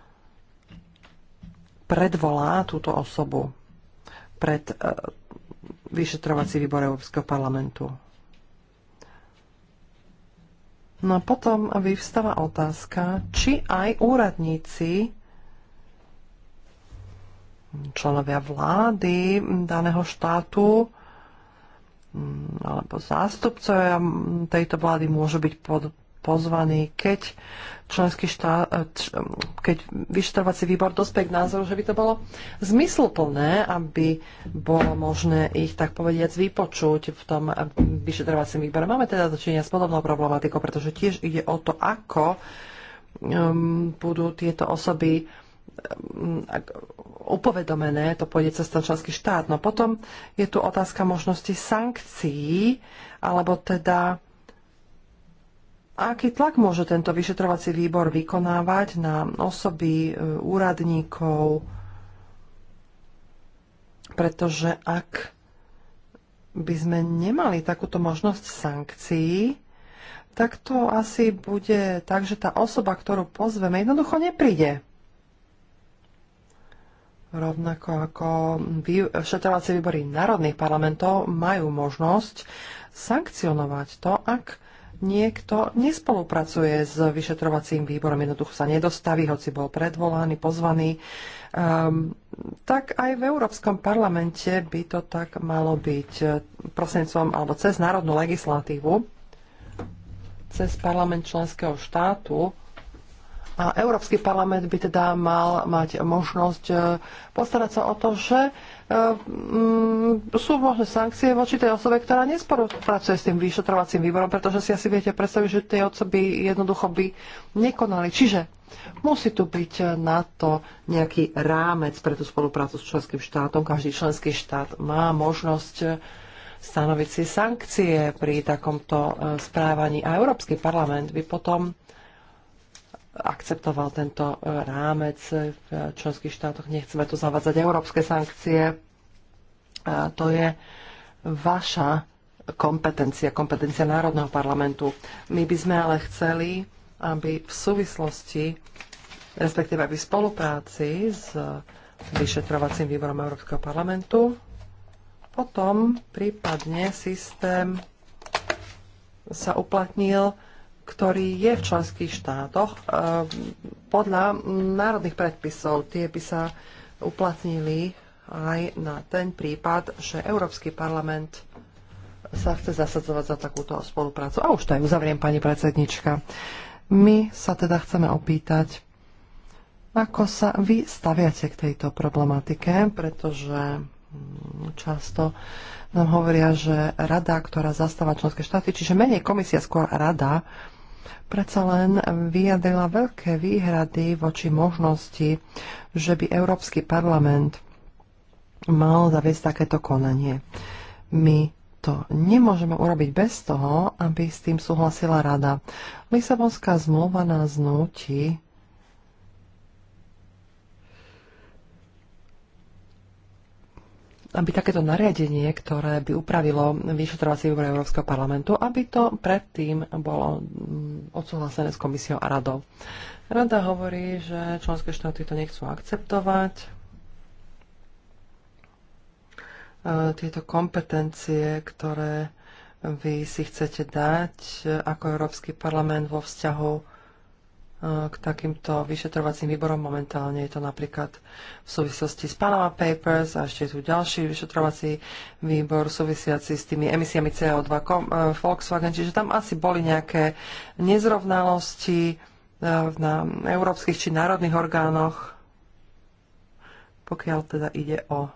predvolá túto osobu pred e, vyšetrovací výbor Európskeho parlamentu. No a potom vyvstáva otázka, či aj úradníci členovia vlády daného štátu mm, alebo zástupcovia tejto vlády môžu byť pod, pozvaní, keď členský štát, e, keď vyšetrovací výbor dospie k názoru, že by to bolo zmysluplné, aby bolo možné ich tak povediac vypočuť v tom e, vyšetrovacím výbore. Máme teda dočinenia s podobnou problematikou, pretože tiež ide o to, ako um, budú tieto osoby Mm, upovedomené, to pôjde cez ten členský štát. No potom je tu otázka možnosti sankcií, alebo teda aký tlak môže tento vyšetrovací výbor vykonávať na osoby, e, úradníkov, pretože ak by sme nemali takúto možnosť sankcií, tak to asi bude tak, že tá osoba, ktorú pozveme, jednoducho nepríde rovnako ako vyšetrovacie výbory národných parlamentov majú možnosť sankcionovať to, ak niekto nespolupracuje s vyšetrovacím výborom, jednoducho sa nedostaví, hoci bol predvolaný, pozvaný. Um, tak aj v Európskom parlamente by to tak malo byť eh, prostredníctvom alebo cez národnú legislatívu, cez parlament členského štátu a Európsky parlament by teda mal mať možnosť e, postarať sa o to, že e, mm, sú možné sankcie voči tej osobe, ktorá nespolupracuje s tým vyšetrovacím výborom, pretože si asi viete predstaviť, že tie osoby jednoducho by nekonali. Čiže musí tu byť na to nejaký rámec pre tú spoluprácu s členským štátom. Každý členský štát má možnosť stanoviť si sankcie pri takomto e, správaní. A Európsky parlament by potom akceptoval tento e, rámec e, v členských štátoch. Nechceme tu zavádzať európske sankcie. A e, to je vaša kompetencia, kompetencia Národného parlamentu. My by sme ale chceli, aby v súvislosti, respektíve aby v spolupráci s vyšetrovacím výborom Európskeho parlamentu, potom prípadne systém sa uplatnil ktorý je v členských štátoch e, podľa národných predpisov. Tie by sa uplatnili aj na ten prípad, že Európsky parlament sa chce zasadzovať za takúto spoluprácu. A už to aj uzavriem, pani predsednička. My sa teda chceme opýtať, ako sa vy staviate k tejto problematike, pretože mm, často nám hovoria, že rada, ktorá zastáva členské štáty, čiže menej komisia, skôr rada, predsa len vyjadrila veľké výhrady voči možnosti, že by Európsky parlament mal zaviesť takéto konanie. My to nemôžeme urobiť bez toho, aby s tým súhlasila rada. Lisabonská zmluva nás nutí aby takéto nariadenie, ktoré by upravilo vyšetrovací výbor Európskeho parlamentu, aby to predtým bolo mm, odsúhlasené s komisiou a radou. Rada hovorí, že členské štáty to nechcú akceptovať. E, tieto kompetencie, ktoré vy si chcete dať e, ako Európsky parlament vo vzťahu k takýmto vyšetrovacím výborom. Momentálne je to napríklad v súvislosti s Panama Papers a ešte je tu ďalší vyšetrovací výbor súvisiaci s tými emisiami CO2 e, Volkswagen, čiže tam asi boli nejaké nezrovnalosti e, na európskych či národných orgánoch, pokiaľ teda ide o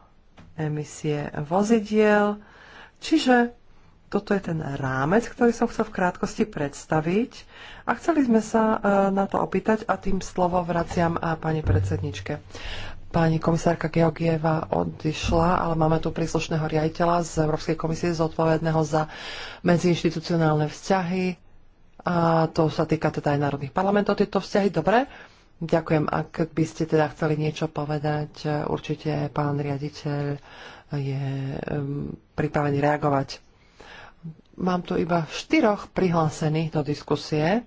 emisie vozidiel. Čiže toto je ten rámec, ktorý som chcel v krátkosti predstaviť a chceli sme sa e, na to opýtať a tým slovo vraciam a e, pani predsedničke. Pani komisárka Georgieva odišla, ale máme tu príslušného riaditeľa z Európskej komisie zodpovedného za medziinstitucionálne vzťahy a to sa týka teda aj národných parlamentov tieto vzťahy. Dobre, ďakujem. Ak by ste teda chceli niečo povedať, e, určite pán riaditeľ je pripravený reagovať. Mám tu iba štyroch prihlásených do diskusie,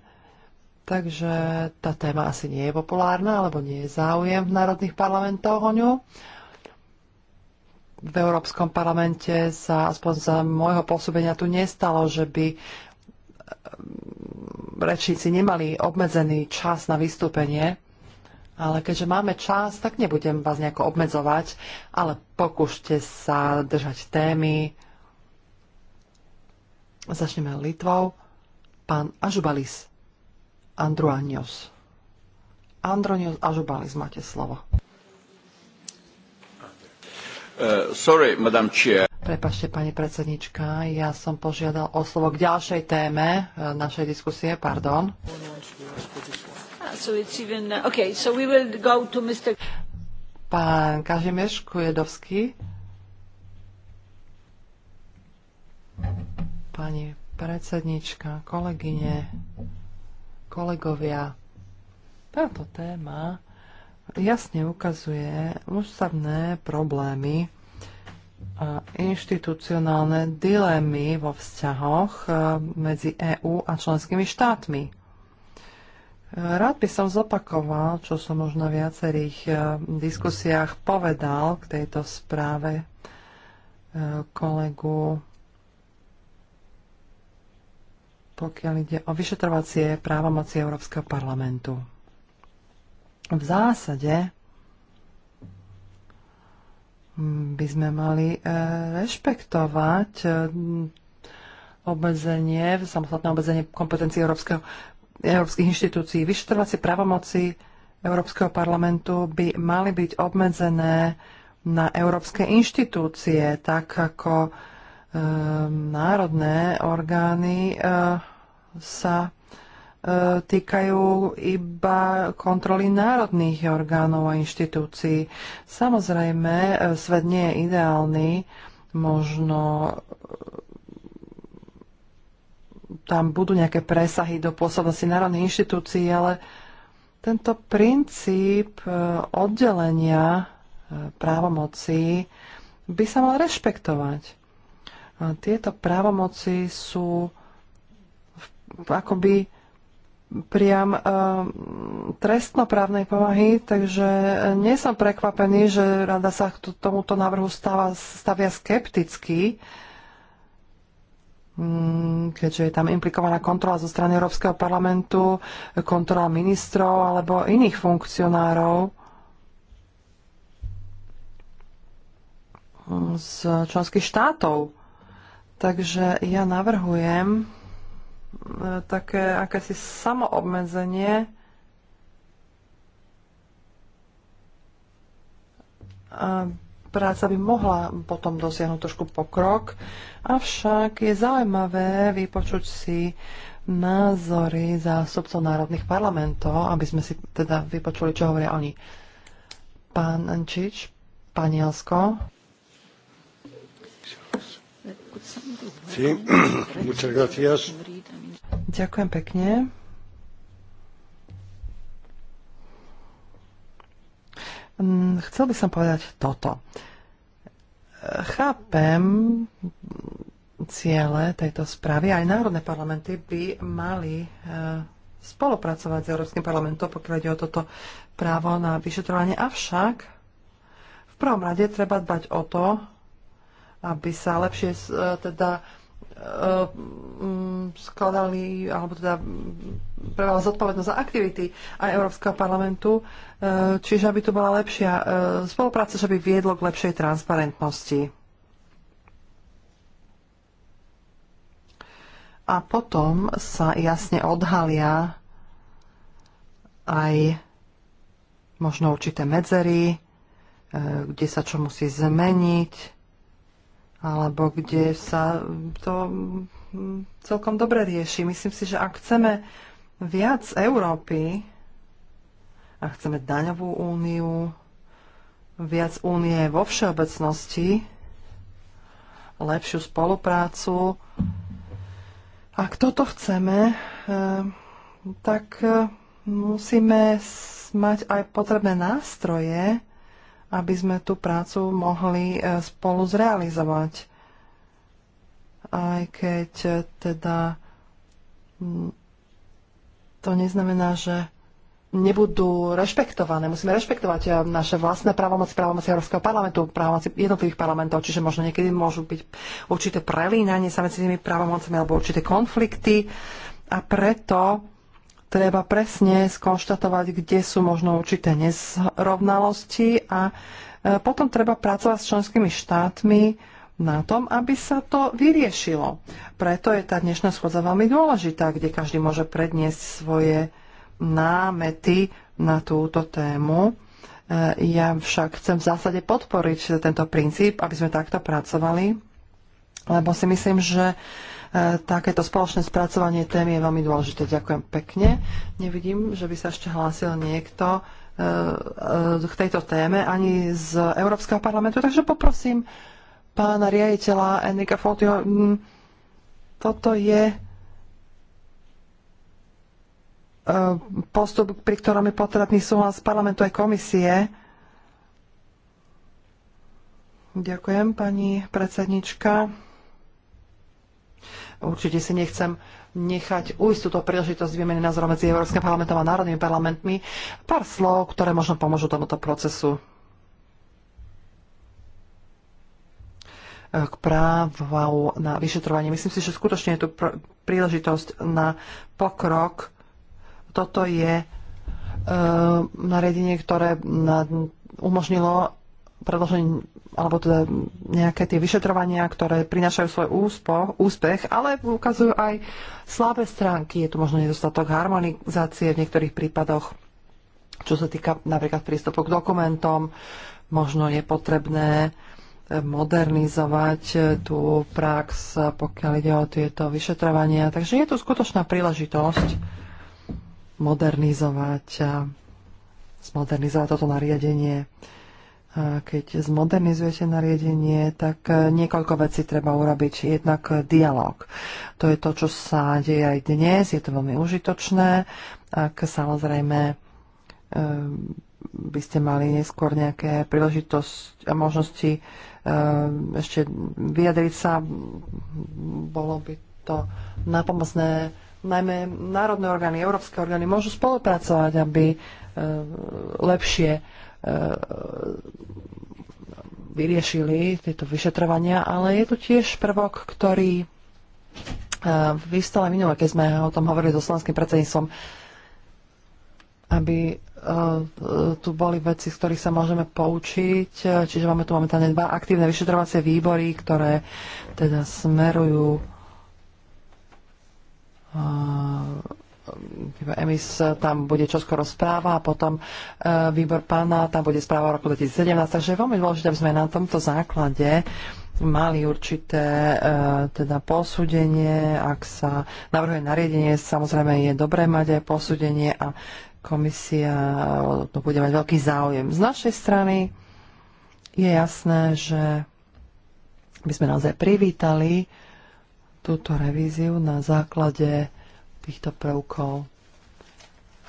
takže tá téma asi nie je populárna, alebo nie je záujem v národných parlamentoch o ňu. V Európskom parlamente sa aspoň za môjho pôsobenia tu nestalo, že by eh, rečníci nemali obmedzený čas na vystúpenie, ale keďže máme čas, tak nebudem vás nejako obmedzovať, ale pokúšte sa držať témy, Začneme Litvou. Pán Ažubalis Androanios. Andronios Ažubalis, máte slovo. Uh, sorry, madam chair. Prepašte, pani predsednička, ja som požiadal o slovo k ďalšej téme uh, našej diskusie, pardon. Ah, so even, uh, okay, so Pán Kažimeš Kujedovský. pani predsednička, kolegyne, kolegovia. Táto téma jasne ukazuje ústavné problémy a inštitucionálne dilemy vo vzťahoch e, medzi EÚ a členskými štátmi. E, rád by som zopakoval, čo som možno v viacerých e, diskusiách povedal k tejto správe kolegu pokiaľ ide o vyšetrovacie právomoci Európskeho parlamentu. V zásade by sme mali e, rešpektovať e, obmedzenie, samostatné obmedzenie kompetencií Európskeho, európskych inštitúcií. Vyšetrovacie právomoci Európskeho parlamentu by mali byť obmedzené na európske inštitúcie, tak ako Ehm, národné orgány eh, sa eh, týkajú iba kontroly národných orgánov a inštitúcií. Samozrejme, eh, svet nie je ideálny, možno tam budú nejaké presahy do pôsobnosti národných inštitúcií, ale tento princíp oddelenia právomocí by sa mal rešpektovať. Tieto právomoci sú akoby priam eh, trestnoprávnej povahy, takže eh, nie som prekvapený, že rada sa k tomuto návrhu stáva, stavia skepticky, mm, keďže je tam implikovaná kontrola zo strany Európskeho parlamentu, kontrola ministrov alebo iných funkcionárov mm, z členských štátov. Takže ja navrhujem e, také akési samoobmedzenie práca by mohla potom dosiahnuť trošku pokrok, avšak je zaujímavé vypočuť si názory zástupcov národných parlamentov, aby sme si teda vypočuli, čo hovoria oni. Pán Ančič, Panielsko. Ďakujem pekne. Mm, chcel by som povedať toto. Chápem ciele tejto správy. Aj národné parlamenty by mali e, spolupracovať s Európskym parlamentom, pokiaľ ide o toto právo na vyšetrovanie. Avšak v prvom rade treba dbať o to, aby sa lepšie e, teda e, skladali, alebo teda prevala zodpovednosť za aktivity aj Európskeho parlamentu, e, čiže aby tu bola lepšia spolupráca, že by viedlo k lepšej transparentnosti. A potom sa jasne odhalia aj možno určité medzery, kde sa čo musí zmeniť, alebo kde sa to hm, celkom dobre rieši. Myslím si, že ak chceme viac Európy a chceme daňovú úniu, viac únie vo všeobecnosti, lepšiu spoluprácu, ak toto chceme, eh, tak eh, musíme mať aj potrebné nástroje, aby sme tú prácu mohli e, spolu zrealizovať. Aj keď e, teda to neznamená, že nebudú rešpektované. Musíme rešpektovať e, naše vlastné právomoci, právomoci Európskeho parlamentu, právomoci jednotlivých parlamentov, čiže možno niekedy môžu byť určité prelínanie sa medzi tými právomocami alebo určité konflikty. A preto treba presne skonštatovať, kde sú možno určité nezrovnalosti a e, potom treba pracovať s členskými štátmi na tom, aby sa to vyriešilo. Preto je tá dnešná schodza veľmi dôležitá, kde každý môže predniesť svoje námety na túto tému. E, ja však chcem v zásade podporiť tento princíp, aby sme takto pracovali, lebo si myslím, že takéto spoločné spracovanie témy je veľmi dôležité. Ďakujem pekne. Nevidím, že by sa ešte hlásil niekto e, e, k tejto téme ani z Európskeho parlamentu, takže poprosím pána riaditeľa Enrika Fontio, mm, toto je e, postup, pri ktorom je potrebný súhlas parlamentu aj komisie. Ďakujem, pani predsednička. Určite si nechcem nechať ujsť túto príležitosť výmeny názorov medzi Európskym parlamentom a národnými parlamentmi. Pár slov, ktoré možno pomôžu tomuto procesu. k právu na vyšetrovanie. Myslím si, že skutočne je tu príležitosť na pokrok. Toto je e, nariadenie, ktoré na, umožnilo predložení, alebo teda nejaké tie vyšetrovania, ktoré prinášajú svoj úspo, úspech, ale ukazujú aj slabé stránky. Je tu možno nedostatok harmonizácie v niektorých prípadoch, čo sa týka napríklad prístupu k dokumentom. Možno je potrebné eh, modernizovať eh, tú prax, pokiaľ ide o tieto vyšetrovania. Takže je tu skutočná príležitosť modernizovať, zmodernizovať toto nariadenie keď zmodernizujete nariadenie, tak e, niekoľko vecí treba urobiť. Jednak dialog. To je to, čo sa deje aj dnes, je to veľmi užitočné. Ak samozrejme e, by ste mali neskôr nejaké príležitosť a možnosti e, ešte vyjadriť sa, bolo by to napomocné najmä národné orgány, európske orgány môžu spolupracovať, aby lepšie E, vyriešili tieto vyšetrovania, ale je tu tiež prvok, ktorý e, vystala minule, keď sme o tom hovorili so slovenským predsedníctvom, aby e, tu boli veci, z ktorých sa môžeme poučiť. Čiže máme tu momentálne dva aktívne vyšetrovacie výbory, ktoré teda smerujú EMIS e, tam bude čoskoro správa a potom e, výbor pána, tam bude správa roku 2017. Takže je veľmi dôležité, aby sme na tomto základe mali určité e, teda posúdenie, ak sa navrhuje nariadenie, samozrejme je dobré mať aj posúdenie a komisia to bude mať veľký záujem. Z našej strany je jasné, že by sme naozaj privítali túto revíziu na základe týchto prvkov.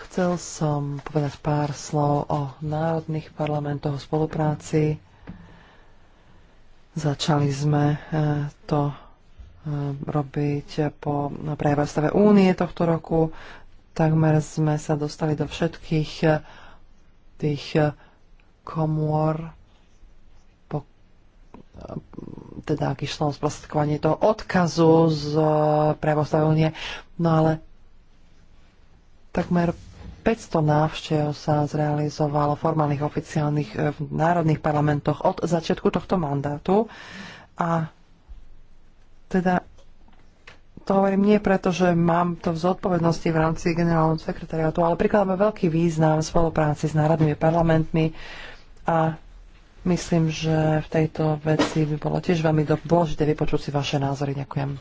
Chcel som povedať pár slov o národných parlamentoch, o spolupráci. Začali sme e, to e, robiť po prejavostave únie tohto roku. Takmer sme sa dostali do všetkých e, tých komôr teda ak išlo o sprostredkovanie toho odkazu z eh, pravostavy únie. No ale takmer 500 návštev sa zrealizovalo formálnych oficiálnych eh, v národných parlamentoch od začiatku tohto mandátu. A teda to hovorím nie preto, že mám to v zodpovednosti v rámci generálneho sekretariátu, ale prikladáme veľký význam spolupráci s národnými parlamentmi a Myslím, že v tejto veci by bolo tiež veľmi dôležité vypočuť si vaše názory. Ďakujem.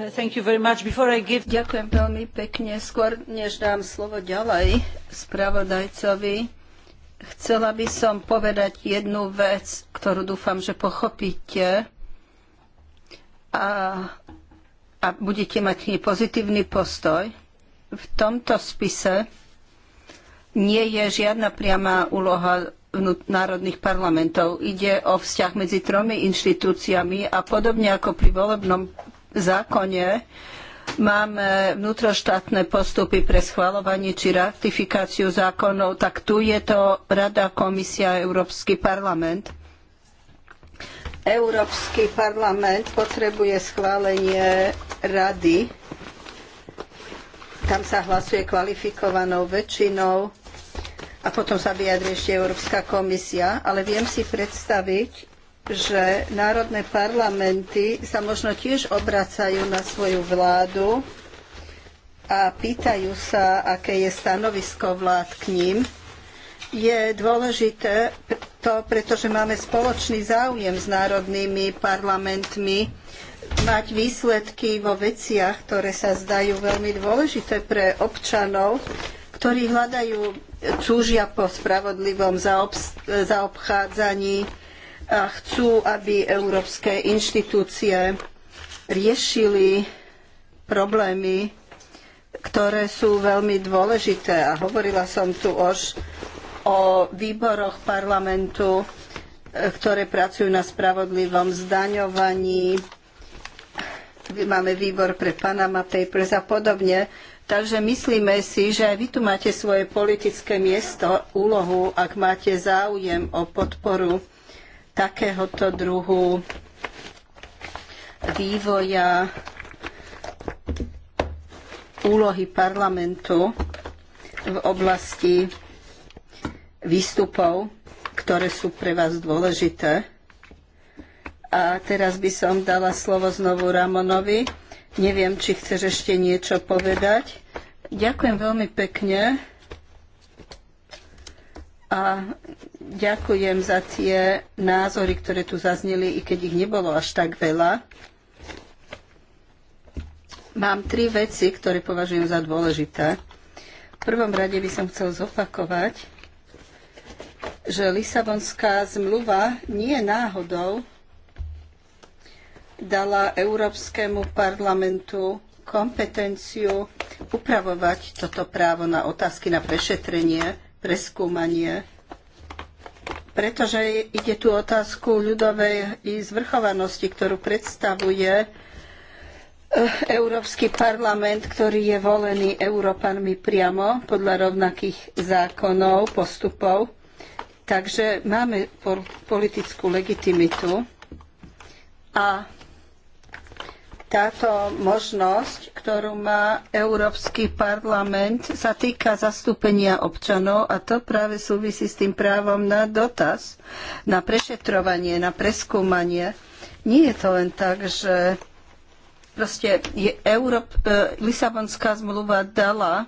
Uh, give... Ďakujem veľmi pekne. Skôr než dám slovo ďalej spravodajcovi, chcela by som povedať jednu vec, ktorú dúfam, že pochopíte a, a budete mať k nej pozitívny postoj. V tomto spise nie je žiadna priama úloha národných parlamentov. Ide o vzťah medzi tromi inštitúciami a podobne ako pri volebnom zákone máme vnútroštátne postupy pre schvaľovanie či ratifikáciu zákonov, tak tu je to Rada, Komisia a Európsky parlament. Európsky parlament potrebuje schválenie rady. Tam sa hlasuje kvalifikovanou väčšinou a potom sa vyjadri ešte Európska komisia, ale viem si predstaviť, že národné parlamenty sa možno tiež obracajú na svoju vládu a pýtajú sa, aké je stanovisko vlád k ním. Je dôležité to, pretože máme spoločný záujem s národnými parlamentmi mať výsledky vo veciach, ktoré sa zdajú veľmi dôležité pre občanov, ktorí hľadajú túžia po spravodlivom zaobchádzaní a chcú, aby európske inštitúcie riešili problémy, ktoré sú veľmi dôležité. A hovorila som tu už o výboroch parlamentu, e, ktoré pracujú na spravodlivom zdaňovaní. Máme výbor pre Panama Papers a podobne. Takže myslíme si, že aj vy tu máte svoje politické miesto, úlohu, ak máte záujem o podporu takéhoto druhu vývoja úlohy parlamentu v oblasti výstupov, ktoré sú pre vás dôležité. A teraz by som dala slovo znovu Ramonovi Neviem, či chceš ešte niečo povedať. Ďakujem veľmi pekne a ďakujem za tie názory, ktoré tu zazneli, i keď ich nebolo až tak veľa. Mám tri veci, ktoré považujem za dôležité. V prvom rade by som chcel zopakovať, že Lisabonská zmluva nie je náhodou dala Európskemu parlamentu kompetenciu upravovať toto právo na otázky na prešetrenie, preskúmanie, pretože ide tu otázku ľudovej zvrchovanosti, ktorú predstavuje eh, Európsky parlament, ktorý je volený Európanmi priamo podľa rovnakých zákonov, postupov. Takže máme politickú legitimitu a táto možnosť, ktorú má Európsky parlament, sa týka zastúpenia občanov a to práve súvisí s tým právom na dotaz, na prešetrovanie, na preskúmanie. Nie je to len tak, že proste je Európ, e, Lisabonská zmluva dala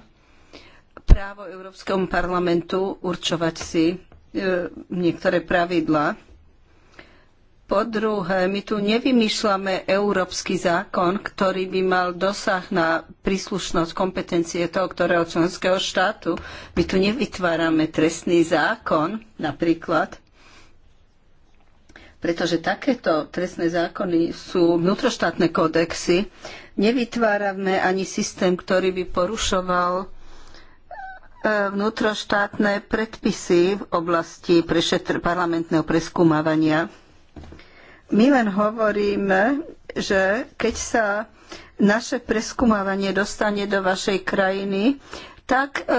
právo Európskemu parlamentu určovať si e, niektoré pravidlá po druhé, my tu nevymýšľame európsky zákon, ktorý by mal dosah na príslušnosť kompetencie toho, ktorého členského štátu. My tu nevytvárame trestný zákon napríklad, pretože takéto trestné zákony sú vnútroštátne kódexy. Nevytvárame ani systém, ktorý by porušoval e, vnútroštátne predpisy v oblasti parlamentného preskúmavania my len hovoríme, že keď sa naše preskúmavanie dostane do vašej krajiny, tak e,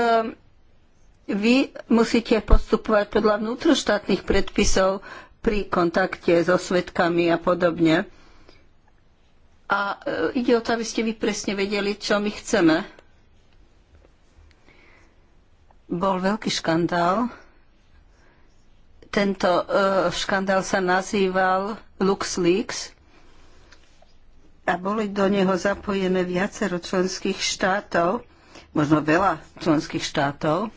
vy musíte postupovať podľa vnútroštátnych predpisov pri kontakte so svetkami a podobne. A e, ide o to, aby ste vy presne vedeli, čo my chceme. Bol veľký škandál. Tento e, škandál sa nazýval LuxLeaks a boli do neho zapojené viacero členských štátov, možno veľa členských štátov.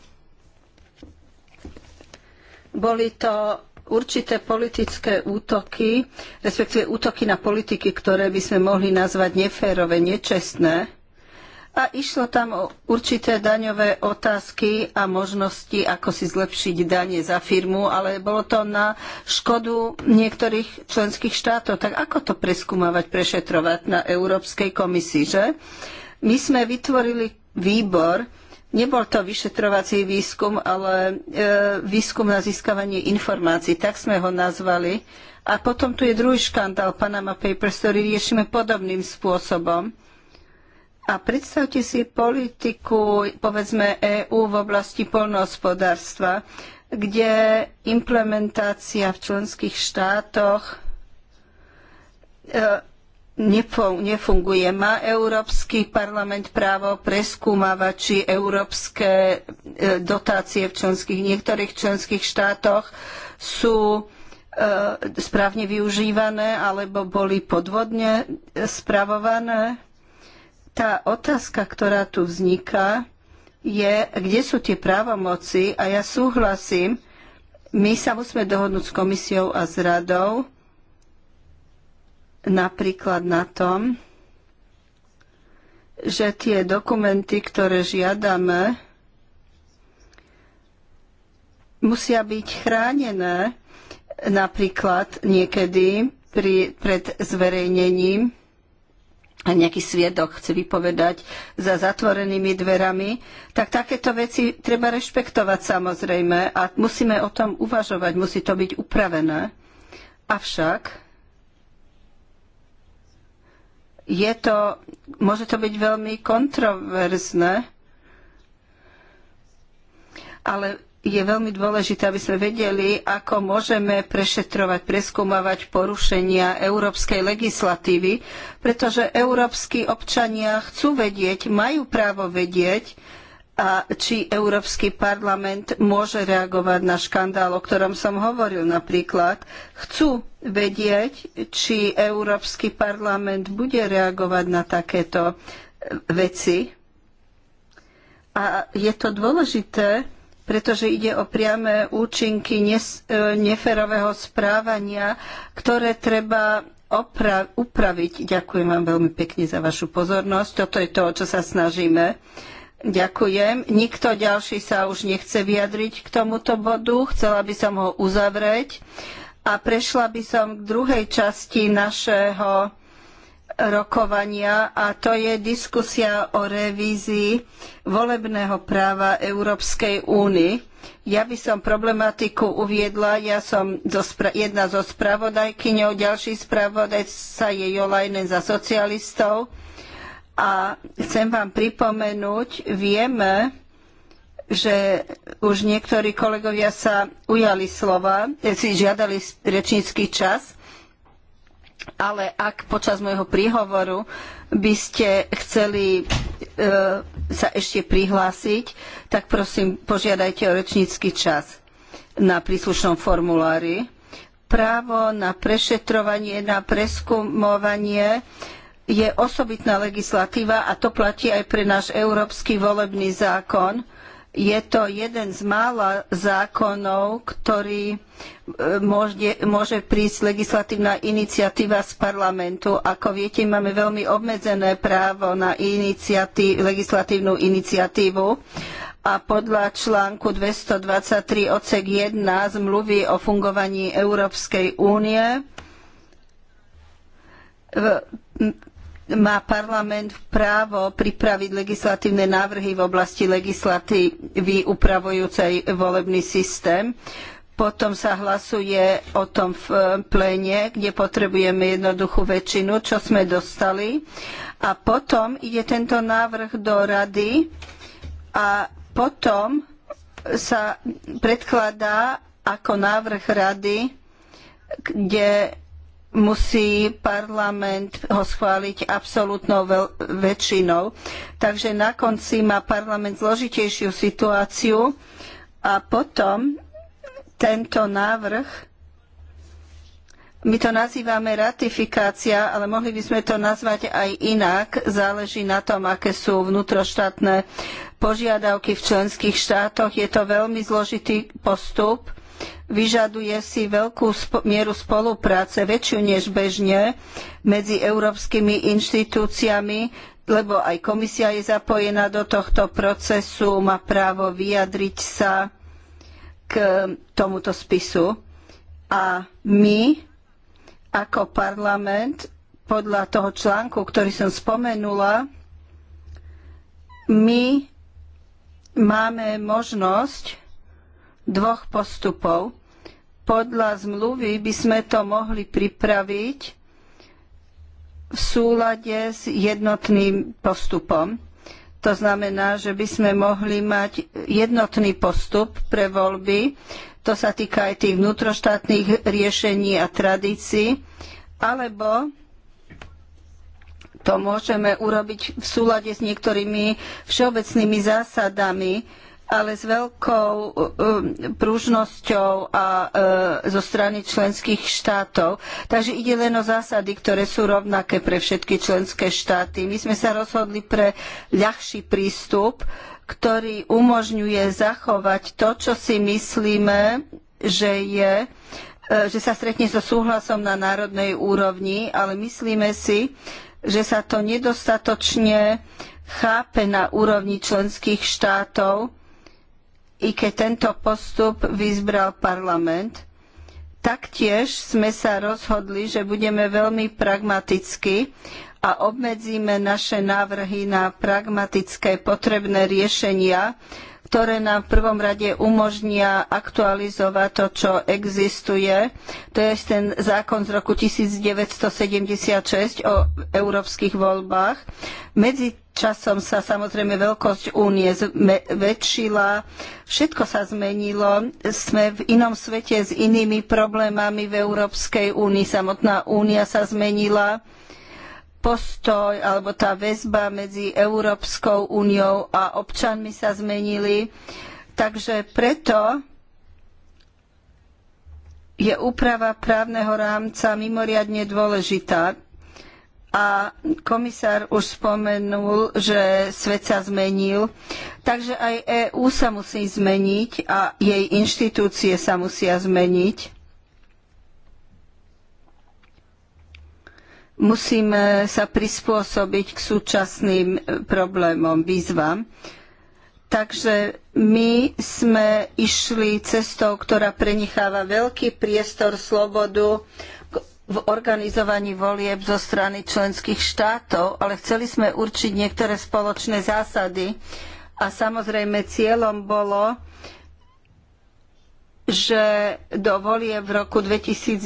Boli to určité politické útoky, respektíve útoky na politiky, ktoré by sme mohli nazvať neférové, nečestné. A išlo tam o určité daňové otázky a možnosti, ako si zlepšiť dane za firmu, ale bolo to na škodu niektorých členských štátov. Tak ako to preskúmavať, prešetrovať na Európskej komisii, že? My sme vytvorili výbor, nebol to vyšetrovací výskum, ale e, výskum na získavanie informácií, tak sme ho nazvali. A potom tu je druhý škandál Panama Papers, ktorý riešime podobným spôsobom a predstavte si politiku, povedzme, EÚ v oblasti poľnohospodárstva, kde implementácia v členských štátoch e, nefunguje. Má Európsky parlament právo preskúmavať, či európske e, dotácie v členských, niektorých členských štátoch sú e, správne využívané alebo boli podvodne spravované? Tá otázka, ktorá tu vzniká, je, kde sú tie právomoci a ja súhlasím, my sa musíme dohodnúť s komisiou a s radou napríklad na tom, že tie dokumenty, ktoré žiadame, musia byť chránené napríklad niekedy pri, pred zverejnením a nejaký sviedok chce vypovedať za zatvorenými dverami, tak takéto veci treba rešpektovať samozrejme a musíme o tom uvažovať, musí to byť upravené. Avšak je to, môže to byť veľmi kontroverzné, ale je veľmi dôležité, aby sme vedeli, ako môžeme prešetrovať, preskúmavať porušenia európskej legislatívy, pretože európski občania chcú vedieť, majú právo vedieť, a či Európsky parlament môže reagovať na škandál, o ktorom som hovoril napríklad. Chcú vedieť, či Európsky parlament bude reagovať na takéto veci. A je to dôležité, pretože ide o priame účinky e, neferového správania, ktoré treba upraviť. Ďakujem vám veľmi pekne za vašu pozornosť. Toto je to, o čo sa snažíme. Ďakujem. Nikto ďalší sa už nechce vyjadriť k tomuto bodu. Chcela by som ho uzavrieť a prešla by som k druhej časti našeho rokovania a to je diskusia o revízii volebného práva Európskej únie. Ja by som problematiku uviedla, ja som zo jedna zo spravodajkyňov, ďalší spravodajca je Jolajnen za socialistov a chcem vám pripomenúť, vieme, že už niektorí kolegovia sa ujali slova, eh, si žiadali rečnícky čas, ale ak počas môjho príhovoru by ste chceli e, sa ešte prihlásiť, tak prosím, požiadajte o rečnícky čas na príslušnom formulári. Právo na prešetrovanie, na preskumovanie je osobitná legislatíva a to platí aj pre náš európsky volebný zákon je to jeden z mála zákonov, ktorý e, môže, môže prísť legislatívna iniciatíva z parlamentu. Ako viete, máme veľmi obmedzené právo na iniciatív, legislatívnu iniciatívu a podľa článku 223 odsek 1 zmluvy o fungovaní Európskej únie má parlament právo pripraviť legislatívne návrhy v oblasti legislatívy upravujúcej volebný systém. Potom sa hlasuje o tom v eh, pléne, kde potrebujeme jednoduchú väčšinu, čo sme dostali. A potom ide tento návrh do rady a potom sa predkladá ako návrh rady, kde musí parlament ho schváliť absolútnou väčšinou. Takže na konci má parlament zložitejšiu situáciu a potom tento návrh, my to nazývame ratifikácia, ale mohli by sme to nazvať aj inak, záleží na tom, aké sú vnútroštátne požiadavky v členských štátoch. Je to veľmi zložitý postup Vyžaduje si veľkú mieru spolupráce, väčšiu než bežne, medzi európskymi inštitúciami, lebo aj komisia je zapojená do tohto procesu, má právo vyjadriť sa k tomuto spisu. A my ako parlament podľa toho článku, ktorý som spomenula, my máme možnosť dvoch postupov. Podľa zmluvy by sme to mohli pripraviť v súlade s jednotným postupom. To znamená, že by sme mohli mať jednotný postup pre voľby. To sa týka aj tých vnútroštátnych riešení a tradícií. Alebo to môžeme urobiť v súlade s niektorými všeobecnými zásadami, ale s veľkou um, pružnosťou a e, zo strany členských štátov. Takže ide len o zásady, ktoré sú rovnaké pre všetky členské štáty. My sme sa rozhodli pre ľahší prístup, ktorý umožňuje zachovať to, čo si myslíme, že je e, že sa stretne so súhlasom na národnej úrovni, ale myslíme si, že sa to nedostatočne chápe na úrovni členských štátov i keď tento postup vyzbral parlament. Taktiež sme sa rozhodli, že budeme veľmi pragmaticky a obmedzíme naše návrhy na pragmatické potrebné riešenia, ktoré nám v prvom rade umožnia aktualizovať to, čo existuje. To je ten zákon z roku 1976 o európskych voľbách. Medzi časom sa samozrejme veľkosť únie zväčšila, všetko sa zmenilo, sme v inom svete s inými problémami v Európskej únii, samotná únia sa zmenila postoj alebo tá väzba medzi Európskou úniou a občanmi sa zmenili. Takže preto je úprava právneho rámca mimoriadne dôležitá. A komisár už spomenul, že svet sa zmenil, takže aj EÚ sa musí zmeniť a jej inštitúcie sa musia zmeniť. Musíme sa prispôsobiť k súčasným e, problémom, výzvam. Takže my sme išli cestou, ktorá prenicháva veľký priestor slobodu v organizovaní volieb zo strany členských štátov, ale chceli sme určiť niektoré spoločné zásady a samozrejme cieľom bolo že do volie v roku 2019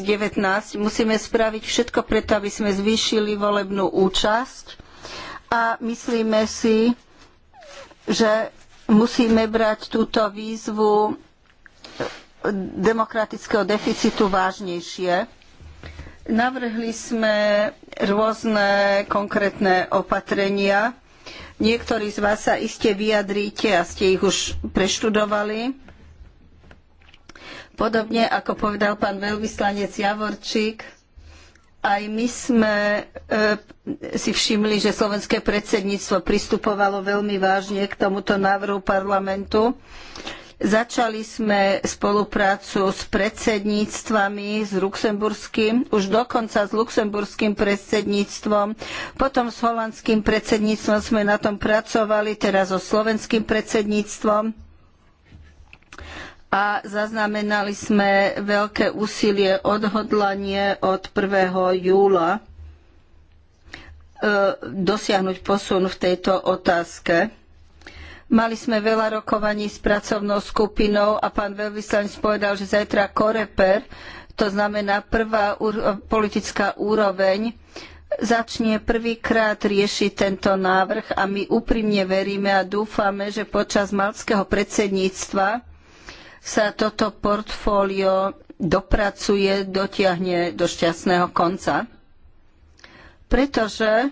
musíme spraviť všetko preto, aby sme zvýšili volebnú účasť a myslíme si, že musíme brať túto výzvu demokratického deficitu vážnejšie. Navrhli sme rôzne konkrétne opatrenia. Niektorí z vás sa iste vyjadríte a ste ich už preštudovali Podobne ako povedal pán veľvyslanec Javorčík, aj my sme e, si všimli, že slovenské predsedníctvo pristupovalo veľmi vážne k tomuto návrhu parlamentu. Začali sme spoluprácu s predsedníctvami, s luxemburským, už dokonca s luxemburským predsedníctvom, potom s holandským predsedníctvom sme na tom pracovali, teraz so slovenským predsedníctvom a zaznamenali sme veľké úsilie, odhodlanie od 1. júla e, dosiahnuť posun v tejto otázke. Mali sme veľa rokovaní s pracovnou skupinou a pán veľvyslanec povedal, že zajtra Koreper, to znamená prvá politická úroveň, začne prvýkrát riešiť tento návrh a my úprimne veríme a dúfame, že počas malského predsedníctva sa toto portfólio dopracuje, dotiahne do šťastného konca. Pretože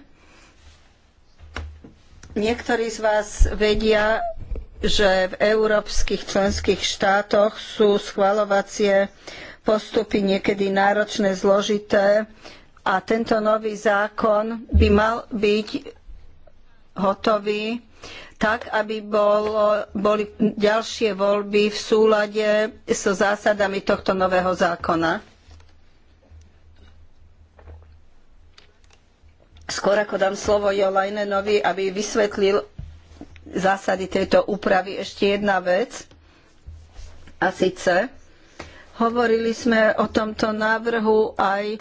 niektorí z vás vedia, že v európskych členských štátoch sú schvalovacie postupy niekedy náročné, zložité a tento nový zákon by mal byť hotový, tak aby bolo, boli ďalšie voľby v súlade so zásadami tohto nového zákona. Skôr ako dám slovo Jolajnenovi, aby vysvetlil zásady tejto úpravy, ešte jedna vec. A síce, hovorili sme o tomto návrhu aj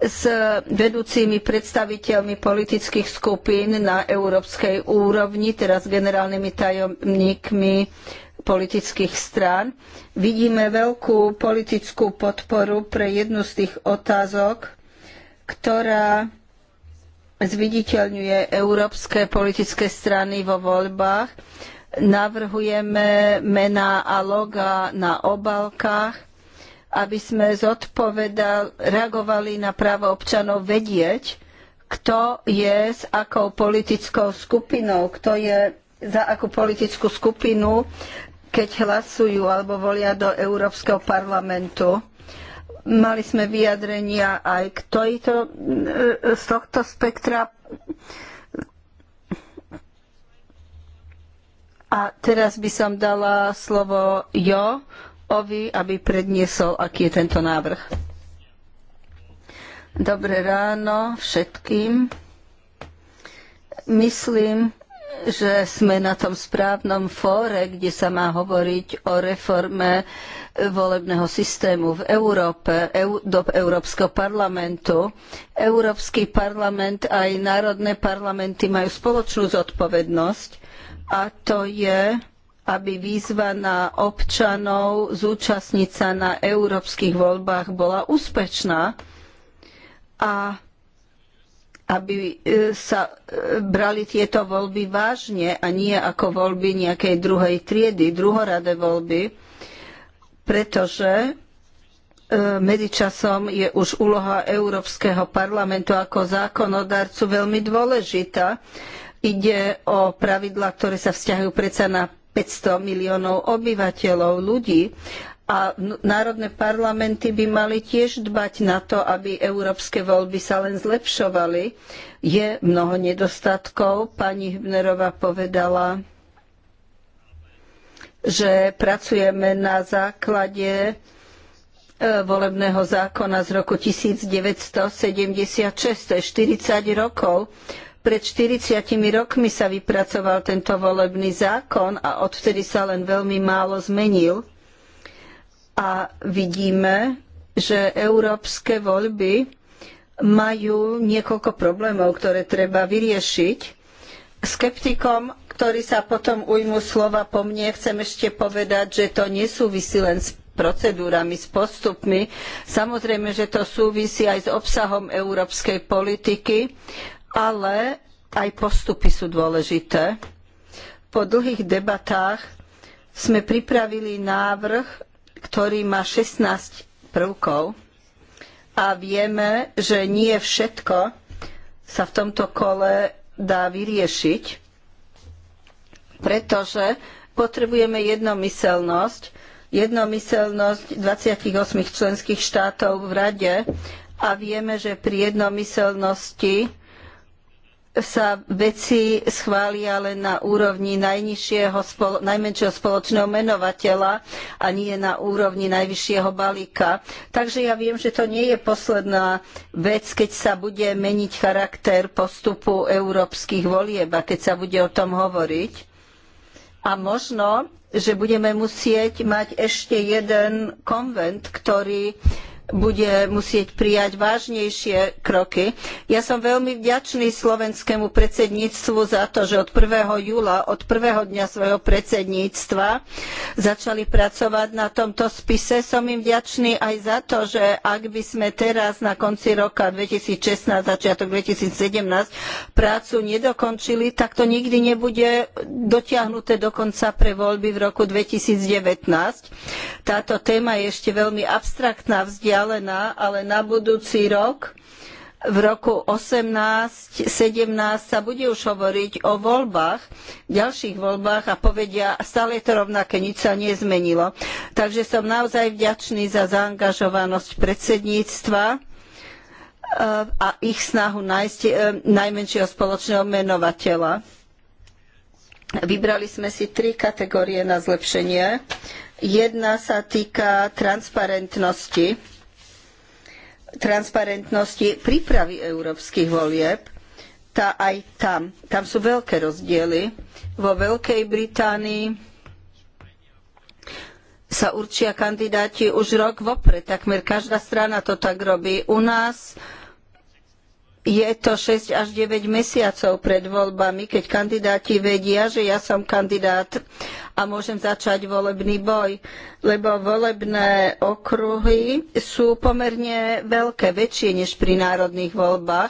s vedúcimi predstaviteľmi politických skupín na európskej úrovni, teraz generálnymi tajomníkmi politických strán. Vidíme veľkú politickú podporu pre jednu z tých otázok, ktorá zviditeľňuje európske politické strany vo voľbách. Navrhujeme mená a loga na obálkach aby sme zodpovedal, reagovali na právo občanov vedieť, kto je s akou politickou skupinou, kto je za akú politickú skupinu, keď hlasujú alebo volia do Európskeho parlamentu. Mali sme vyjadrenia aj k tejto, e, z tohto spektra. A teraz by som dala slovo Jo, Ovi, aby predniesol, aký je tento návrh. Dobré ráno všetkým. Myslím, že sme na tom správnom fóre, kde sa má hovoriť o reforme volebného systému v Európe, do Európskeho parlamentu. Európsky parlament aj národné parlamenty majú spoločnú zodpovednosť a to je aby výzva na občanov zúčastniť sa na európskych voľbách bola úspešná a aby e, sa e, brali tieto voľby vážne a nie ako voľby nejakej druhej triedy, druhoradé voľby, pretože e, medzičasom je už úloha Európskeho parlamentu ako zákonodarcu veľmi dôležitá. Ide o pravidlá, ktoré sa vzťahujú predsa na 500 miliónov obyvateľov, ľudí. A národné parlamenty by mali tiež dbať na to, aby európske voľby sa len zlepšovali. Je mnoho nedostatkov. Pani Hübnerová povedala, že pracujeme na základe e, volebného zákona z roku 1976, to je 40 rokov pred 40 rokmi sa vypracoval tento volebný zákon a odvtedy sa len veľmi málo zmenil. A vidíme, že európske voľby majú niekoľko problémov, ktoré treba vyriešiť. Skeptikom, ktorí sa potom ujmu slova po mne, chcem ešte povedať, že to nesúvisí len s procedúrami, s postupmi. Samozrejme, že to súvisí aj s obsahom európskej politiky ale aj postupy sú dôležité. Po dlhých debatách sme pripravili návrh, ktorý má 16 prvkov a vieme, že nie všetko sa v tomto kole dá vyriešiť, pretože potrebujeme jednomyseľnosť, jednomyseľnosť 28 členských štátov v Rade a vieme, že pri jednomyseľnosti sa veci schvália len na úrovni najnižšieho, spolo, najmenšieho spoločného menovateľa a nie na úrovni najvyššieho balíka. Takže ja viem, že to nie je posledná vec, keď sa bude meniť charakter postupu európskych volieb a keď sa bude o tom hovoriť. A možno, že budeme musieť mať ešte jeden konvent, ktorý bude musieť prijať vážnejšie kroky. Ja som veľmi vďačný slovenskému predsedníctvu za to, že od 1. júla, od prvého dňa svojho predsedníctva začali pracovať na tomto spise. Som im vďačný aj za to, že ak by sme teraz na konci roka 2016, začiatok 2017 prácu nedokončili, tak to nikdy nebude dotiahnuté do konca pre voľby v roku 2019. Táto téma je ešte veľmi abstraktná vzdialená vzdialená, ale na budúci rok v roku 18, 17 sa bude už hovoriť o voľbách, ďalších voľbách a povedia, stále je to rovnaké, nič sa nezmenilo. Takže som naozaj vďačný za zaangažovanosť predsedníctva e, a ich snahu nájsť e, najmenšieho spoločného menovateľa. Vybrali sme si tri kategórie na zlepšenie. Jedna sa týka transparentnosti transparentnosti prípravy európskych volieb, tá aj tam. Tam sú veľké rozdiely. Vo Veľkej Británii sa určia kandidáti už rok vopred. Takmer každá strana to tak robí. U nás je to 6 až 9 mesiacov pred voľbami, keď kandidáti vedia, že ja som kandidát a môžem začať volebný boj, lebo volebné okruhy sú pomerne veľké, väčšie než pri národných voľbách,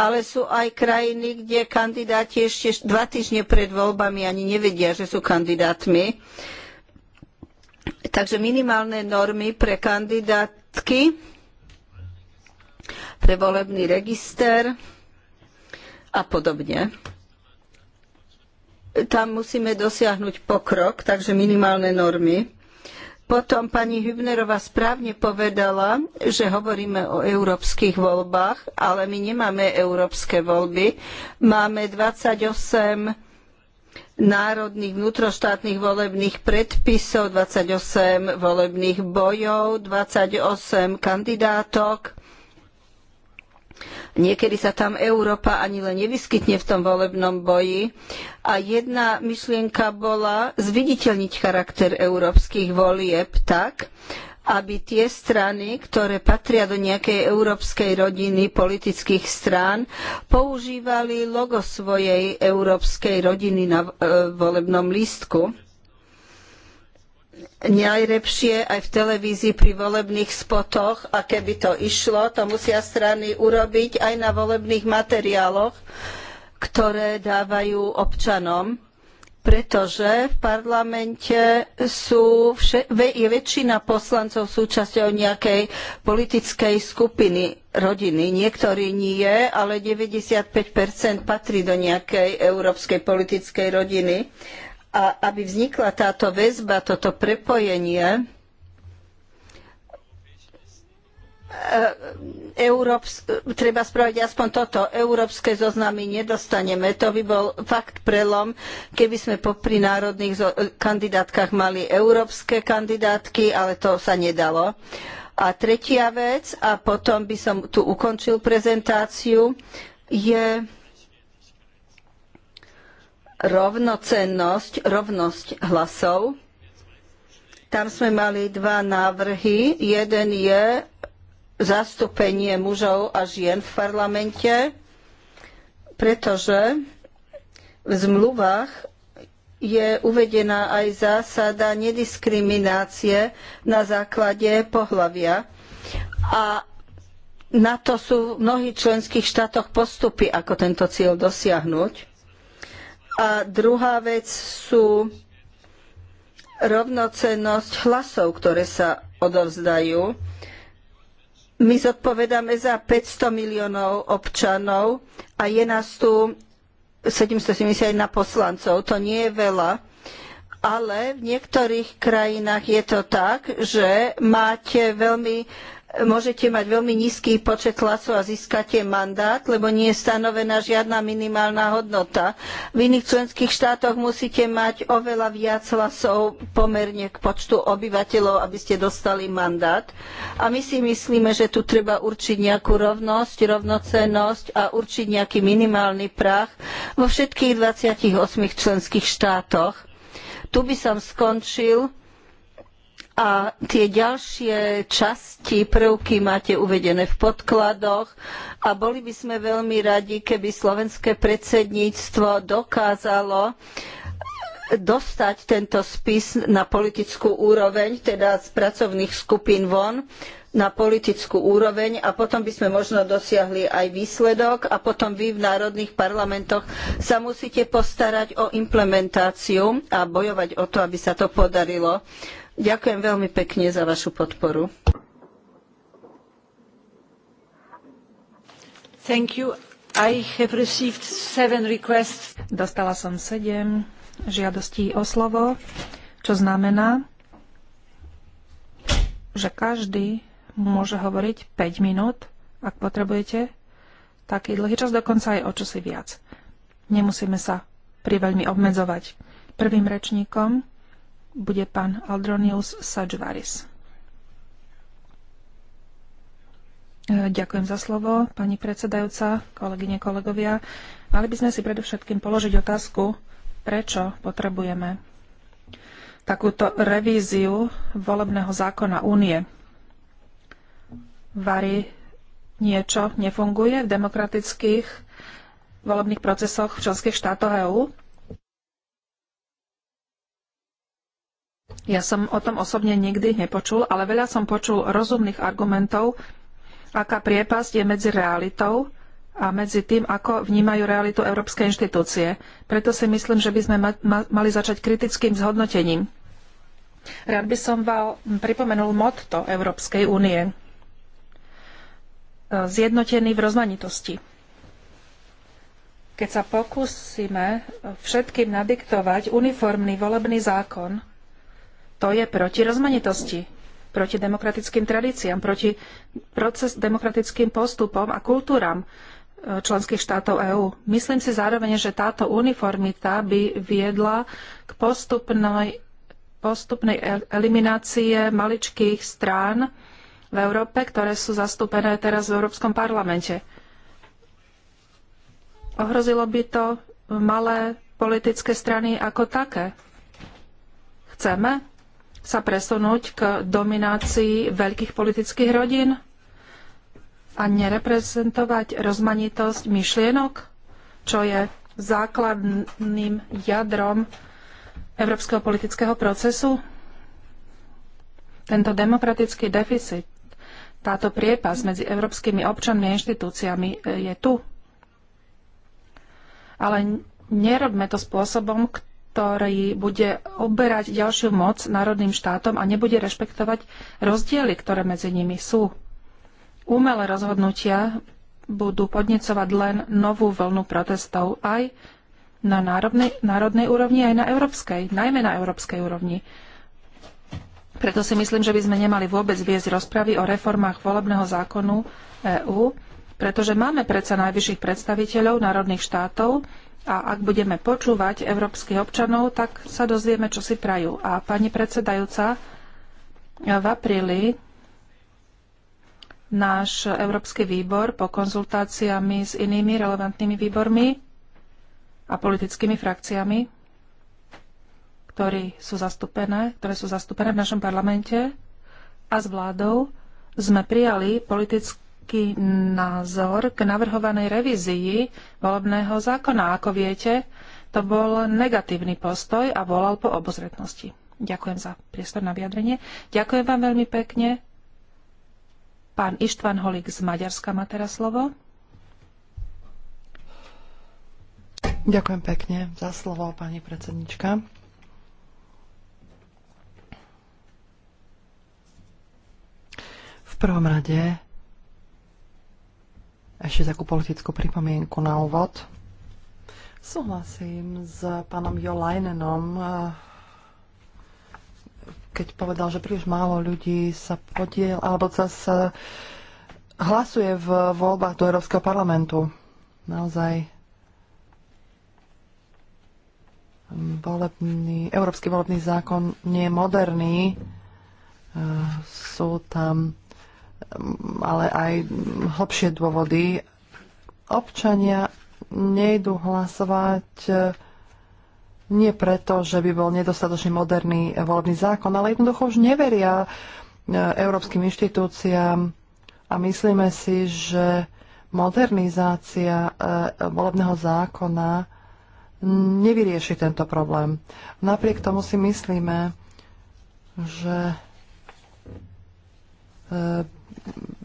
ale sú aj krajiny, kde kandidáti ešte dva týždne pred voľbami ani nevedia, že sú kandidátmi. Takže minimálne normy pre kandidátky pre volebný register a podobne. Tam musíme dosiahnuť pokrok, takže minimálne normy. Potom pani Hübnerová správne povedala, že hovoríme o európskych voľbách, ale my nemáme európske voľby. Máme 28 národných vnútroštátnych volebných predpisov, 28 volebných bojov, 28 kandidátok Niekedy sa tam Európa ani len nevyskytne v tom volebnom boji. A jedna myšlienka bola zviditeľniť charakter európskych volieb tak, aby tie strany, ktoré patria do nejakej európskej rodiny politických strán, používali logo svojej európskej rodiny na e, volebnom lístku najlepšie aj v televízii pri volebných spotoch a keby to išlo, to musia strany urobiť aj na volebných materiáloch, ktoré dávajú občanom, pretože v parlamente sú je väčšina poslancov súčasťou nejakej politickej skupiny rodiny. Niektorí nie, ale 95% patrí do nejakej európskej politickej rodiny. A aby vznikla táto väzba, toto prepojenie, e, treba spraviť aspoň toto. Európske zoznamy nedostaneme. To by bol fakt prelom, keby sme popri národných kandidátkach mali európske kandidátky, ale to sa nedalo. A tretia vec, a potom by som tu ukončil prezentáciu, je rovnocennosť, rovnosť hlasov. Tam sme mali dva návrhy. Jeden je zastúpenie mužov a žien v parlamente, pretože v zmluvách je uvedená aj zásada nediskriminácie na základe pohlavia. A na to sú v mnohých členských štátoch postupy, ako tento cieľ dosiahnuť. A druhá vec sú rovnocennosť hlasov, ktoré sa odovzdajú. My zodpovedáme za 500 miliónov občanov a je nás tu 771 poslancov. To nie je veľa, ale v niektorých krajinách je to tak, že máte veľmi môžete mať veľmi nízky počet hlasov a získate mandát, lebo nie je stanovená žiadna minimálna hodnota. V iných členských štátoch musíte mať oveľa viac hlasov pomerne k počtu obyvateľov, aby ste dostali mandát. A my si myslíme, že tu treba určiť nejakú rovnosť, rovnocennosť a určiť nejaký minimálny prach vo všetkých 28 členských štátoch. Tu by som skončil a tie ďalšie časti, prvky máte uvedené v podkladoch a boli by sme veľmi radi, keby slovenské predsedníctvo dokázalo dostať tento spis na politickú úroveň, teda z pracovných skupín von, na politickú úroveň a potom by sme možno dosiahli aj výsledok a potom vy v národných parlamentoch sa musíte postarať o implementáciu a bojovať o to, aby sa to podarilo. Ďakujem veľmi pekne za vašu podporu. Dostala som sedem žiadostí o slovo, čo znamená, že každý môže hovoriť 5 minút, ak potrebujete taký dlhý čas, dokonca aj o čosi viac. Nemusíme sa priveľmi obmedzovať. Prvým rečníkom bude pán Aldronius Sajvaris. E, ďakujem za slovo, pani predsedajúca, kolegyne, kolegovia. Mali by sme si predovšetkým položiť otázku, prečo potrebujeme takúto revíziu volebného zákona únie. Vary niečo nefunguje v demokratických volebných procesoch v členských štátoch EÚ? Ja som o tom osobne nikdy nepočul, ale veľa som počul rozumných argumentov, aká priepasť je medzi realitou a medzi tým, ako vnímajú realitu európske inštitúcie. Preto si myslím, že by sme ma ma mali začať kritickým zhodnotením. Rád by som vám pripomenul motto Európskej únie. E, zjednotený v rozmanitosti. Keď sa pokúsime všetkým nadiktovať uniformný volebný zákon, to je proti rozmanitosti, proti demokratickým tradíciám, proti proces demokratickým postupom a kultúram e, členských štátov EÚ. Myslím si zároveň, že táto uniformita by viedla k postupnej, postupnej eliminácie maličkých strán v Európe, ktoré sú zastúpené teraz v Európskom parlamente. Ohrozilo by to malé politické strany ako také. Chceme sa presunúť k dominácii veľkých politických rodín a nereprezentovať rozmanitosť myšlienok, čo je základným jadrom európskeho politického procesu? Tento demokratický deficit, táto priepas medzi európskymi občanmi a inštitúciami e, je tu. Ale nerobme to spôsobom, ktorý ktorý bude oberať ďalšiu moc národným štátom a nebude rešpektovať rozdiely, ktoré medzi nimi sú. Umelé rozhodnutia budú podnecovať len novú vlnu protestov aj na národnej, národnej úrovni, aj na európskej, najmä na európskej úrovni. Preto si myslím, že by sme nemali vôbec viesť rozpravy o reformách volebného zákonu EÚ, pretože máme predsa najvyšších predstaviteľov národných štátov, a ak budeme počúvať európskych občanov, tak sa dozvieme, čo si prajú. A pani predsedajúca, v apríli náš Európsky výbor po konzultáciami s inými relevantnými výbormi a politickými frakciami, ktorí sú zastúpené, ktoré sú zastúpené v našom parlamente a s vládou, sme prijali politickú aký názor k navrhovanej revízii volebného zákona. Ako viete, to bol negatívny postoj a volal po obozretnosti. Ďakujem za priestor na vyjadrenie. Ďakujem vám veľmi pekne. Pán Ištvan Holík z Maďarska má teraz slovo. Ďakujem pekne za slovo, pani predsednička. V prvom rade ešte takú politickú pripomienku na úvod. Súhlasím s pánom Leinenom, eh, keď povedal, že príliš málo ľudí sa podiel, alebo sa, sa hlasuje v voľbách do Európskeho parlamentu. Naozaj volebný, Európsky volebný zákon nie je moderný. Eh, sú tam ale aj hlbšie dôvody. Občania nejdu hlasovať eh, nie preto, že by bol nedostatočne moderný volebný zákon, ale jednoducho už neveria eh, európskym inštitúciám a myslíme si, že modernizácia eh, volebného zákona nevyrieši tento problém. Napriek tomu si myslíme, že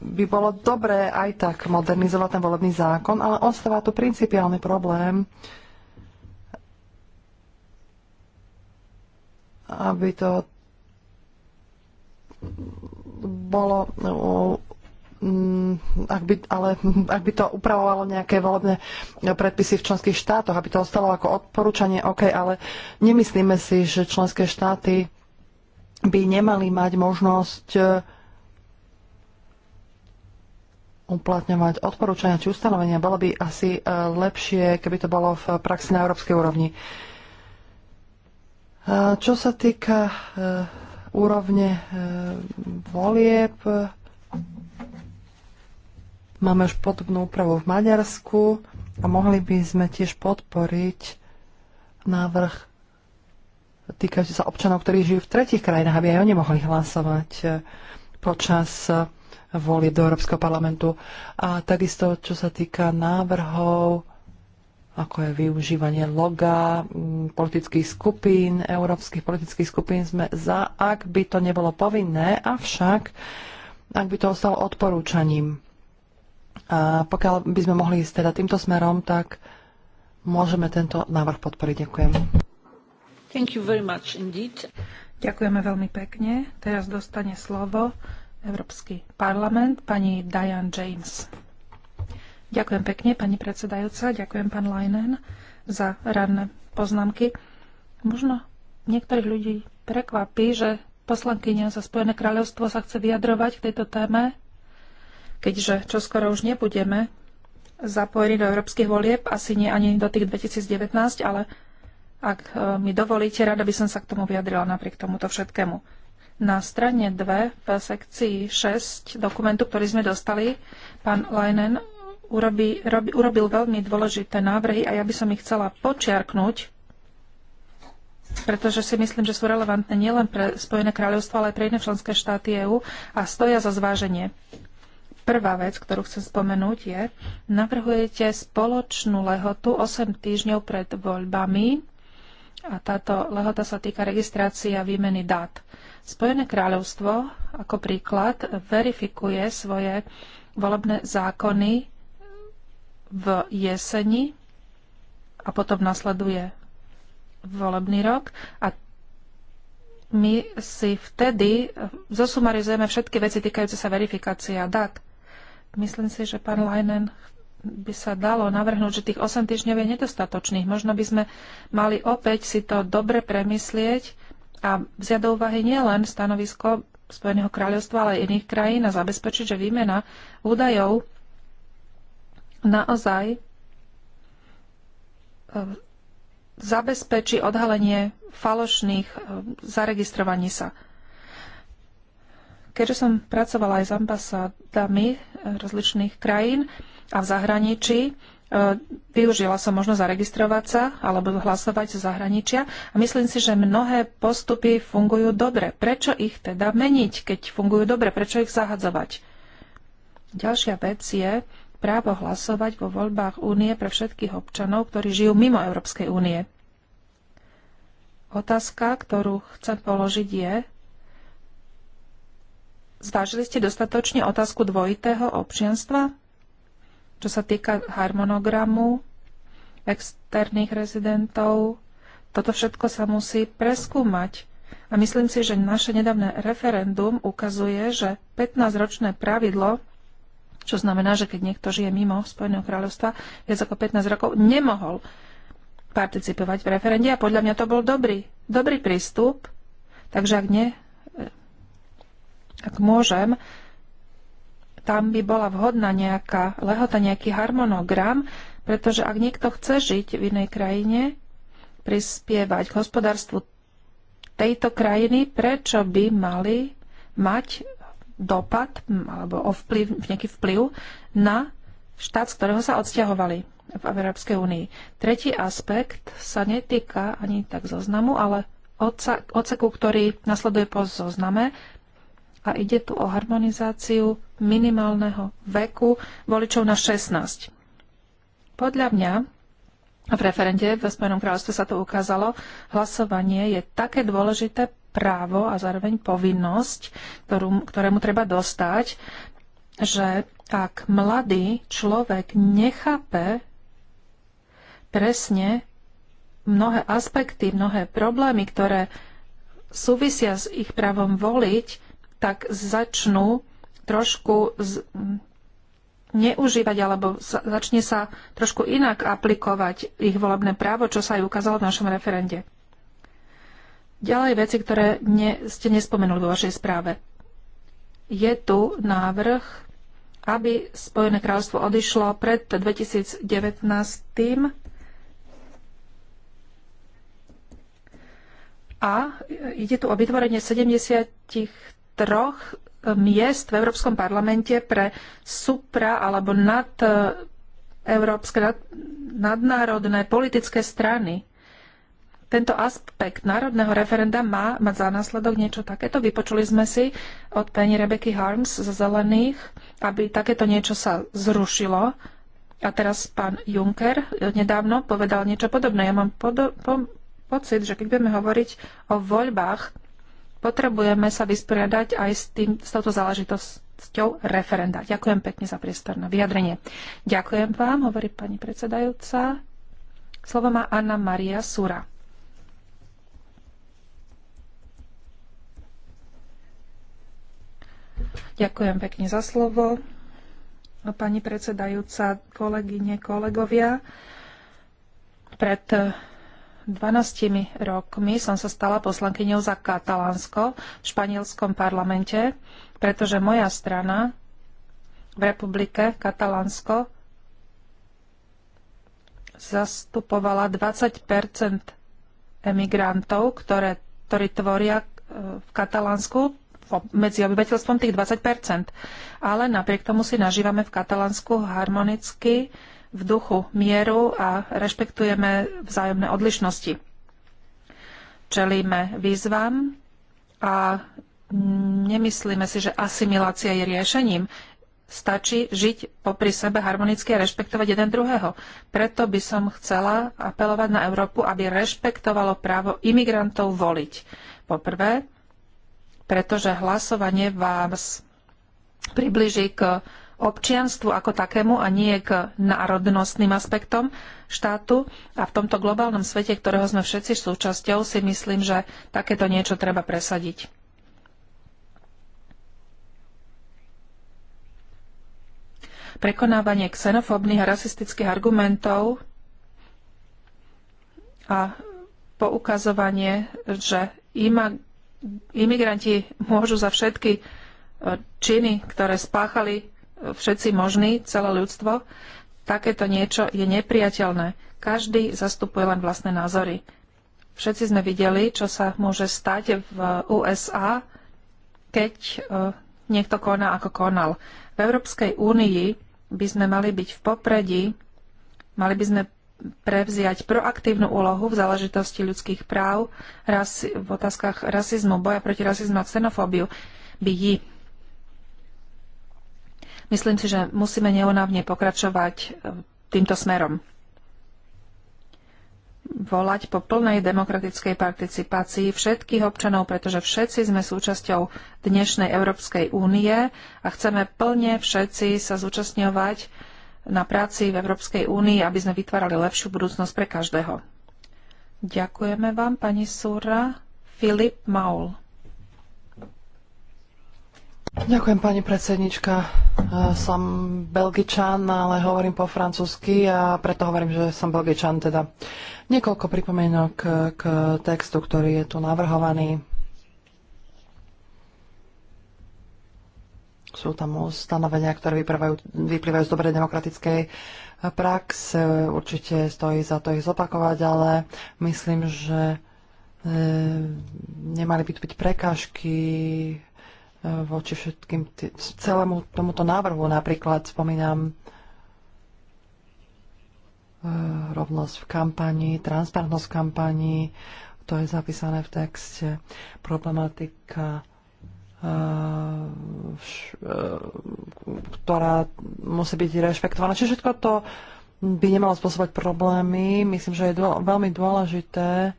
by bolo dobré aj tak modernizovať ten volebný zákon, ale ostáva tu principiálny problém, aby to bolo mm, ak by, ale ak by to upravovalo nejaké volebné predpisy v členských štátoch, aby to ostalo ako odporúčanie, OK, ale nemyslíme si, že členské štáty by nemali mať možnosť uh, uplatňovať odporúčania či ustanovenia. Bolo by asi e, lepšie, keby to bolo v praxi na európskej úrovni. E, čo sa týka e, úrovne volieb, máme už podobnú úpravu v Maďarsku a mohli by sme tiež podporiť návrh týkajúci sa občanov, ktorí žijú v tretich krajinách, aby aj oni mohli hlasovať počas volieb do Európskeho parlamentu. A takisto, čo sa týka návrhov, ako je využívanie loga politických skupín, európskych politických skupín, sme za, ak by to nebolo povinné, avšak ak by to ostalo odporúčaním. A pokiaľ by sme mohli ísť teda týmto smerom, tak môžeme tento návrh podporiť. Ďakujem. Thank you very much indeed. Ďakujeme veľmi pekne. Teraz dostane slovo Európsky parlament, pani Diane James. Ďakujem pekne, pani predsedajúca, ďakujem pán Leinen za ranné poznámky. Možno niektorých ľudí prekvapí, že poslankyňa za Spojené kráľovstvo sa chce vyjadrovať k tejto téme, keďže čoskoro už nebudeme zapojení do európskych volieb, asi nie ani do tých 2019, ale ak e, mi dovolíte, rada by som sa k tomu vyjadrila napriek tomuto všetkému. Na strane 2 v sekcii 6 dokumentu, ktorý sme dostali, pán Leinen urobi, robi, urobil veľmi dôležité návrhy a ja by som ich chcela počiarknúť, pretože si myslím, že sú relevantné nielen pre Spojené kráľovstvo, ale aj pre iné členské štáty EÚ a stoja za zváženie. Prvá vec, ktorú chcem spomenúť, je, navrhujete spoločnú lehotu 8 týždňov pred voľbami a táto lehota sa týka registrácie a výmeny dát. Spojené kráľovstvo, ako príklad, verifikuje svoje volebné zákony v jeseni a potom nasleduje volebný rok a my si vtedy zosumarizujeme všetky veci týkajúce sa verifikácie a dát. Myslím si, že pán Leinen by sa dalo navrhnúť, že tých 8 týždňov je nedostatočných. Možno by sme mali opäť si to dobre premyslieť a vziať do úvahy nielen stanovisko Spojeného kráľovstva, ale aj iných krajín a zabezpečiť, že výmena údajov naozaj e, zabezpečí odhalenie falošných e, zaregistrovaní sa. Keďže som pracovala aj s ambasádami e, rozličných krajín, a v zahraničí. E, využila som možno zaregistrovať sa alebo hlasovať z zahraničia a myslím si, že mnohé postupy fungujú dobre. Prečo ich teda meniť, keď fungujú dobre? Prečo ich zahadzovať? Ďalšia vec je právo hlasovať vo voľbách únie pre všetkých občanov, ktorí žijú mimo Európskej únie. Otázka, ktorú chcem položiť je, zvážili ste dostatočne otázku dvojitého občianstva? Čo sa týka harmonogramu externých rezidentov, toto všetko sa musí preskúmať. A myslím si, že naše nedávne referendum ukazuje, že 15-ročné pravidlo, čo znamená, že keď niekto žije mimo Spojeného kráľovstva viac ako 15 rokov, nemohol participovať v referende a podľa mňa to bol dobrý, dobrý prístup. Takže ak nie, eh, ak môžem, tam by bola vhodná nejaká lehota, nejaký harmonogram, pretože ak niekto chce žiť v inej krajine, prispievať k hospodárstvu tejto krajiny, prečo by mali mať dopad alebo ovplyv, nejaký vplyv na štát, z ktorého sa odsťahovali v Európskej únii. Tretí aspekt sa netýka ani tak zoznamu, ale odseku, ktorý nasleduje po zozname, a ide tu o harmonizáciu minimálneho veku voličov na 16. Podľa mňa v referende v Spojenom kráľovstve sa to ukázalo, hlasovanie je také dôležité právo a zároveň povinnosť, ktorú, ktorému treba dostať, že ak mladý človek nechápe presne mnohé aspekty, mnohé problémy, ktoré súvisia s ich právom voliť, tak začnú trošku z, neužívať alebo sa, začne sa trošku inak aplikovať ich volebné právo, čo sa aj ukázalo v našom referende. Ďalej veci, ktoré ne, ste nespomenuli vo vašej správe. Je tu návrh, aby Spojené kráľstvo odišlo pred 2019. A ide tu o vytvorenie 70 troch eh, miest v Európskom parlamente pre supra alebo nad eh, európske nad, nadnárodné politické strany. Tento aspekt národného referenda má mať za následok niečo takéto. Vypočuli sme si od pani Rebeky Harms zo Zelených, aby takéto niečo sa zrušilo. A teraz pán Juncker nedávno povedal niečo podobné. Ja mám podo- po- pocit, že keď budeme hovoriť o voľbách potrebujeme sa vysporiadať aj s, tým, s touto záležitosťou referenda. Ďakujem pekne za priestor na vyjadrenie. Ďakujem vám, hovorí pani predsedajúca. Slovo má Anna Maria Sura. Ďakujem pekne za slovo. Pani predsedajúca, kolegyne, kolegovia, pred 12 rokmi som sa stala poslankyňou za Katalánsko v španielskom parlamente, pretože moja strana v republike Katalánsko zastupovala 20 emigrantov, ktoré, ktorí tvoria e, v Katalánsku medzi obyvateľstvom tých 20 Ale napriek tomu si nažívame v Katalánsku harmonicky v duchu mieru a rešpektujeme vzájomné odlišnosti. Čelíme výzvam a nemyslíme si, že asimilácia je riešením. Stačí žiť popri sebe harmonicky a rešpektovať jeden druhého. Preto by som chcela apelovať na Európu, aby rešpektovalo právo imigrantov voliť. Poprvé, pretože hlasovanie vás približí k občianstvu ako takému a nie k národnostným aspektom štátu. A v tomto globálnom svete, ktorého sme všetci súčasťou, si myslím, že takéto niečo treba presadiť. Prekonávanie xenofóbnych a rasistických argumentov a poukazovanie, že imigranti môžu za všetky e, činy, ktoré spáchali, všetci možní, celé ľudstvo, takéto niečo je nepriateľné. Každý zastupuje len vlastné názory. Všetci sme videli, čo sa môže stať v USA, keď e, niekto koná ako konal. V Európskej únii by sme mali byť v popredí, mali by sme prevziať proaktívnu úlohu v záležitosti ľudských práv v otázkach rasizmu, boja proti rasizmu a xenofóbiu by Myslím si, že musíme neunavne pokračovať e, týmto smerom. Volať po plnej demokratickej participácii všetkých občanov, pretože všetci sme súčasťou dnešnej Európskej únie a chceme plne všetci sa zúčastňovať na práci v Európskej únii, aby sme vytvárali lepšiu budúcnosť pre každého. Ďakujeme vám, pani Súra. Filip Maul. Ďakujem, pani predsednička. E, som belgičan, ale hovorím po francúzsky a preto hovorím, že som belgičan. Teda niekoľko pripomienok k textu, ktorý je tu navrhovaný. Sú tam ustanovenia, ktoré vyplývajú, z dobrej demokratickej praxe. Určite stojí za to ich zopakovať, ale myslím, že e, nemali by tu byť prekážky Eh, voči všetkým tý, celému tomuto návrhu. Napríklad spomínam eh, rovnosť v kampani, transparentnosť v kampani, to je zapísané v texte, problematika, eh, ktorá musí byť rešpektovaná. Čiže všetko to by nemalo spôsobať problémy. Myslím, že je dô, veľmi dôležité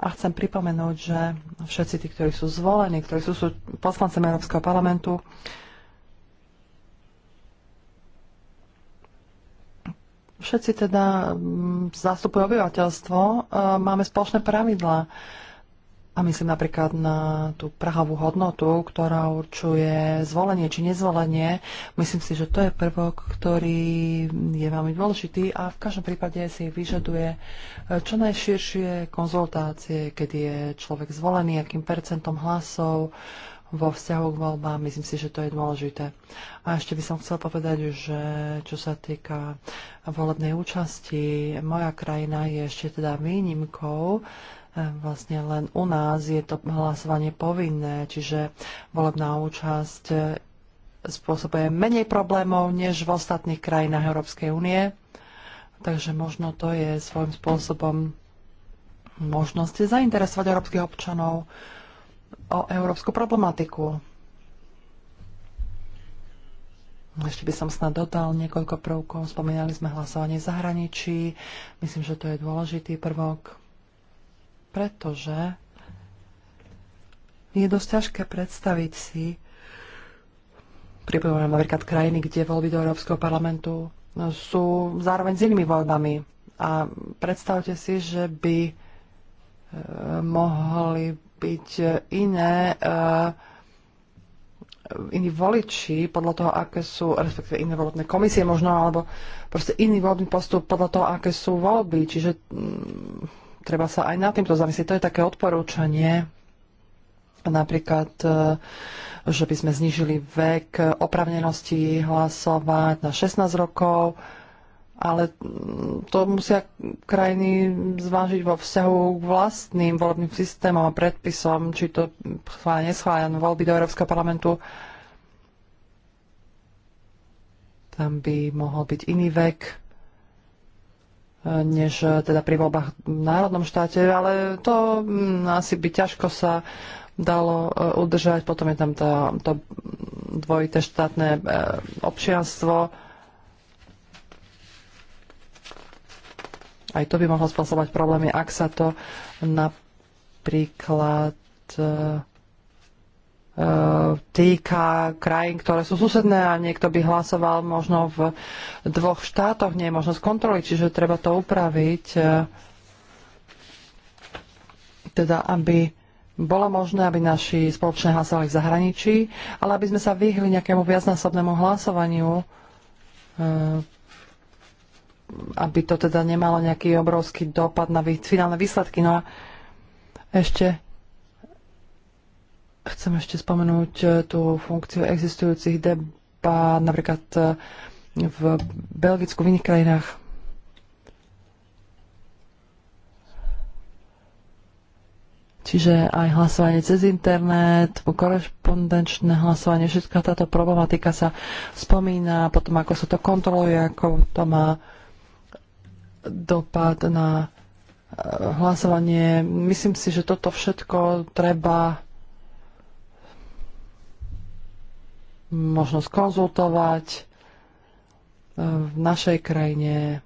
A chcem pripomenúť, že všetci tí, ktorí sú zvolení, ktorí sú, sú poslancem Európskeho parlamentu, všetci teda mm, zastupujú obyvateľstvo, e, máme spoločné pravidlá. A myslím napríklad na tú prahovú hodnotu, ktorá určuje zvolenie či nezvolenie. Myslím si, že to je prvok, ktorý je veľmi dôležitý a v každom prípade si vyžaduje eh, čo najširšie konzultácie, keď je človek zvolený, akým percentom hlasov vo vzťahu k voľbám. Myslím si, že to je dôležité. A ešte by som chcel povedať, že čo sa týka volebnej účasti, moja krajina je ešte teda výnimkou vlastne len u nás je to hlasovanie povinné, čiže volebná účasť spôsobuje menej problémov než v ostatných krajinách Európskej únie. Takže možno to je svojím spôsobom možnosť zainteresovať európskych občanov o európsku problematiku. Ešte by som snad dodal niekoľko prvkov. Spomínali sme hlasovanie v zahraničí. Myslím, že to je dôležitý prvok pretože je dosť ťažké predstaviť si, pripomeniem napríklad krajiny, kde voľby do Európskeho parlamentu sú zároveň s inými voľbami. A predstavte si, že by e, mohli byť iné e, iní voliči podľa toho, aké sú, respektíve iné voľbné komisie možno, alebo proste iný voľbný postup podľa toho, aké sú voľby. Čiže mm, treba sa aj nad týmto zamyslieť. To je také odporúčanie, napríklad, e, že by sme znížili vek opravnenosti hlasovať na 16 rokov, ale mm, to musia krajiny zvážiť vo vzťahu k vlastným volebným systémom a predpisom, či to schvália, neschvália no, voľby do Európskeho parlamentu. Tam by mohol byť iný vek než eh, teda pri voľbách v národnom štáte, ale to mm, asi by ťažko sa dalo eh, udržať. Potom je tam to, to dvojité štátne eh, občianstvo. Aj to by mohlo spôsobovať problémy, ak sa to napríklad E, týka krajín, ktoré sú susedné a niekto by hlasoval možno v dvoch štátoch, nie je možnosť kontroly, čiže treba to upraviť, e, teda aby bolo možné, aby naši spoločne hlasovali v zahraničí, ale aby sme sa vyhli nejakému viacnásobnému hlasovaniu, e, aby to teda nemalo nejaký obrovský dopad na finálne výsledky. No a ešte Chcem ešte spomenúť e, tú funkciu existujúcich debát napríklad e, v Belgicku, v iných krajinách. Čiže aj hlasovanie cez internet, korešpondenčné hlasovanie, všetká táto problematika sa spomína, potom ako sa to kontroluje, ako to má dopad na e, hlasovanie. Myslím si, že toto všetko treba možnosť konzultovať. E, v našej krajine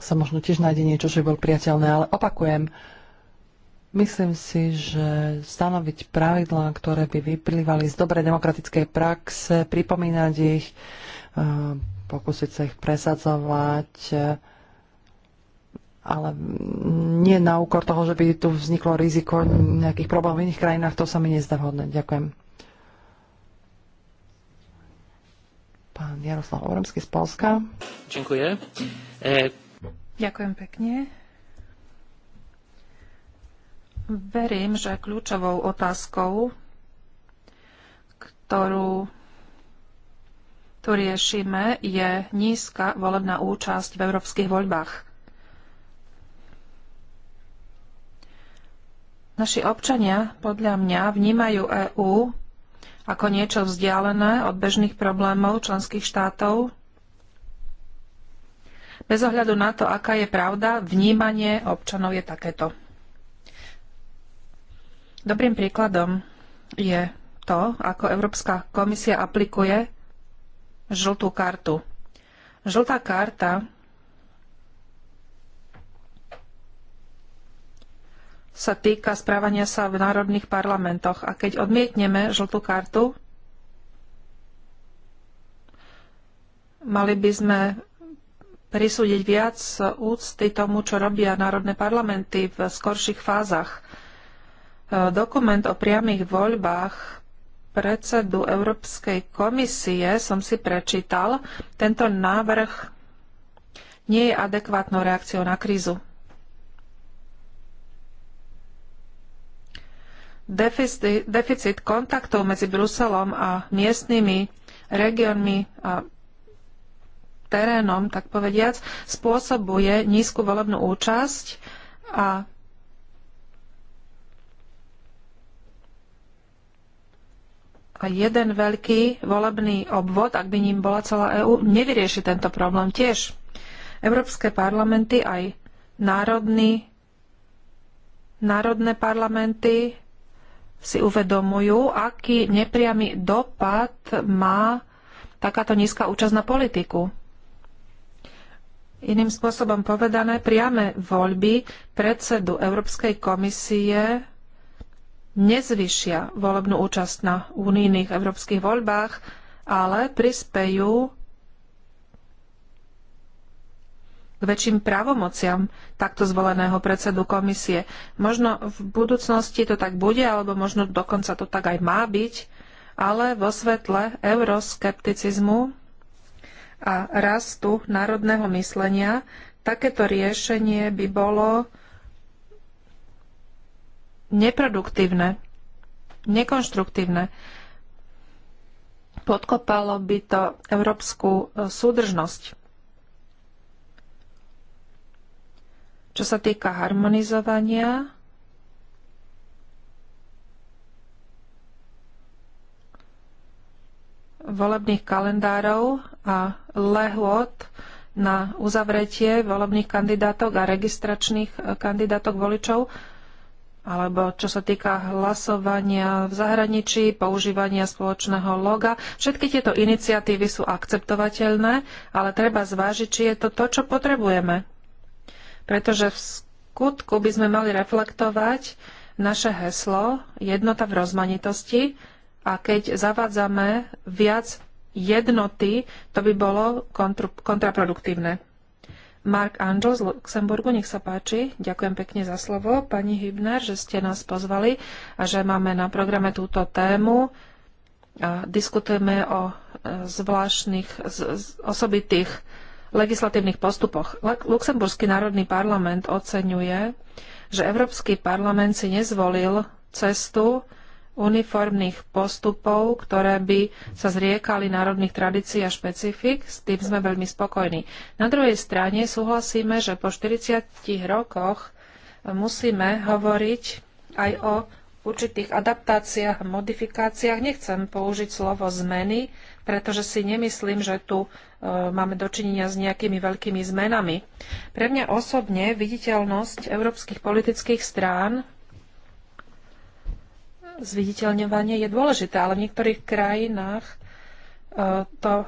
sa možno tiež nájde niečo, čo by bolo priateľné, ale opakujem, myslím si, že stanoviť pravidlá, ktoré by vyplývali z dobrej demokratickej praxe, pripomínať ich, e, pokúsiť sa ich presadzovať, e, ale nie na úkor toho, že by tu vzniklo riziko nejakých problémov v iných krajinách, to sa mi nezdá vhodné. Ďakujem. Pán Jaroslav Oromský z Polska. Ďakujem. E... Ďakujem pekne. Verím, že kľúčovou otázkou, ktorú tu riešime, je nízka volebná účasť v európskych voľbách. Naši občania podľa mňa vnímajú EÚ ako niečo vzdialené od bežných problémov členských štátov. Bez ohľadu na to, aká je pravda, vnímanie občanov je takéto. Dobrým príkladom je to, ako Európska komisia aplikuje žltú kartu. Žltá karta sa týka správania sa v národných parlamentoch. A keď odmietneme žltú kartu, mali by sme prisúdiť viac úcty tomu, čo robia národné parlamenty v skorších fázach. Dokument o priamých voľbách predsedu Európskej komisie som si prečítal. Tento návrh nie je adekvátnou reakciou na krízu. deficit, kontaktov medzi Bruselom a miestnymi regiónmi a terénom, tak povediac, spôsobuje nízku volebnú účasť a a jeden veľký volebný obvod, ak by ním bola celá EÚ, nevyrieši tento problém tiež. Európske parlamenty aj národný, národné parlamenty si uvedomujú, aký nepriamy dopad má takáto nízka účasť na politiku. Iným spôsobom povedané, priame voľby predsedu Európskej komisie nezvyšia volebnú účasť na unijných európskych voľbách, ale prispejú k väčším právomociam takto zvoleného predsedu komisie. Možno v budúcnosti to tak bude, alebo možno dokonca to tak aj má byť, ale vo svetle euroskepticizmu a rastu národného myslenia takéto riešenie by bolo neproduktívne, nekonštruktívne. Podkopalo by to európsku súdržnosť. Čo sa týka harmonizovania, volebných kalendárov a lehôd na uzavretie volebných kandidátok a registračných e, kandidátok voličov, alebo čo sa týka hlasovania v zahraničí, používania spoločného loga. Všetky tieto iniciatívy sú akceptovateľné, ale treba zvážiť, či je to to, čo potrebujeme pretože v skutku by sme mali reflektovať naše heslo jednota v rozmanitosti a keď zavádzame viac jednoty, to by bolo kontraproduktívne. Mark Angel z Luxemburgu, nech sa páči. Ďakujem pekne za slovo, pani Hybner, že ste nás pozvali a že máme na programe túto tému. A diskutujeme o e, zvláštnych, osobitých legislatívnych postupoch. Luxemburský národný parlament oceňuje, že Európsky parlament si nezvolil cestu uniformných postupov, ktoré by sa zriekali národných tradícií a špecifik. S tým sme veľmi spokojní. Na druhej strane súhlasíme, že po 40 rokoch musíme hovoriť aj o určitých adaptáciách a modifikáciách. Nechcem použiť slovo zmeny, pretože si nemyslím, že tu e, máme dočinenia s nejakými veľkými zmenami. Pre mňa osobne viditeľnosť európskych politických strán zviditeľňovanie je dôležité, ale v niektorých krajinách e, to,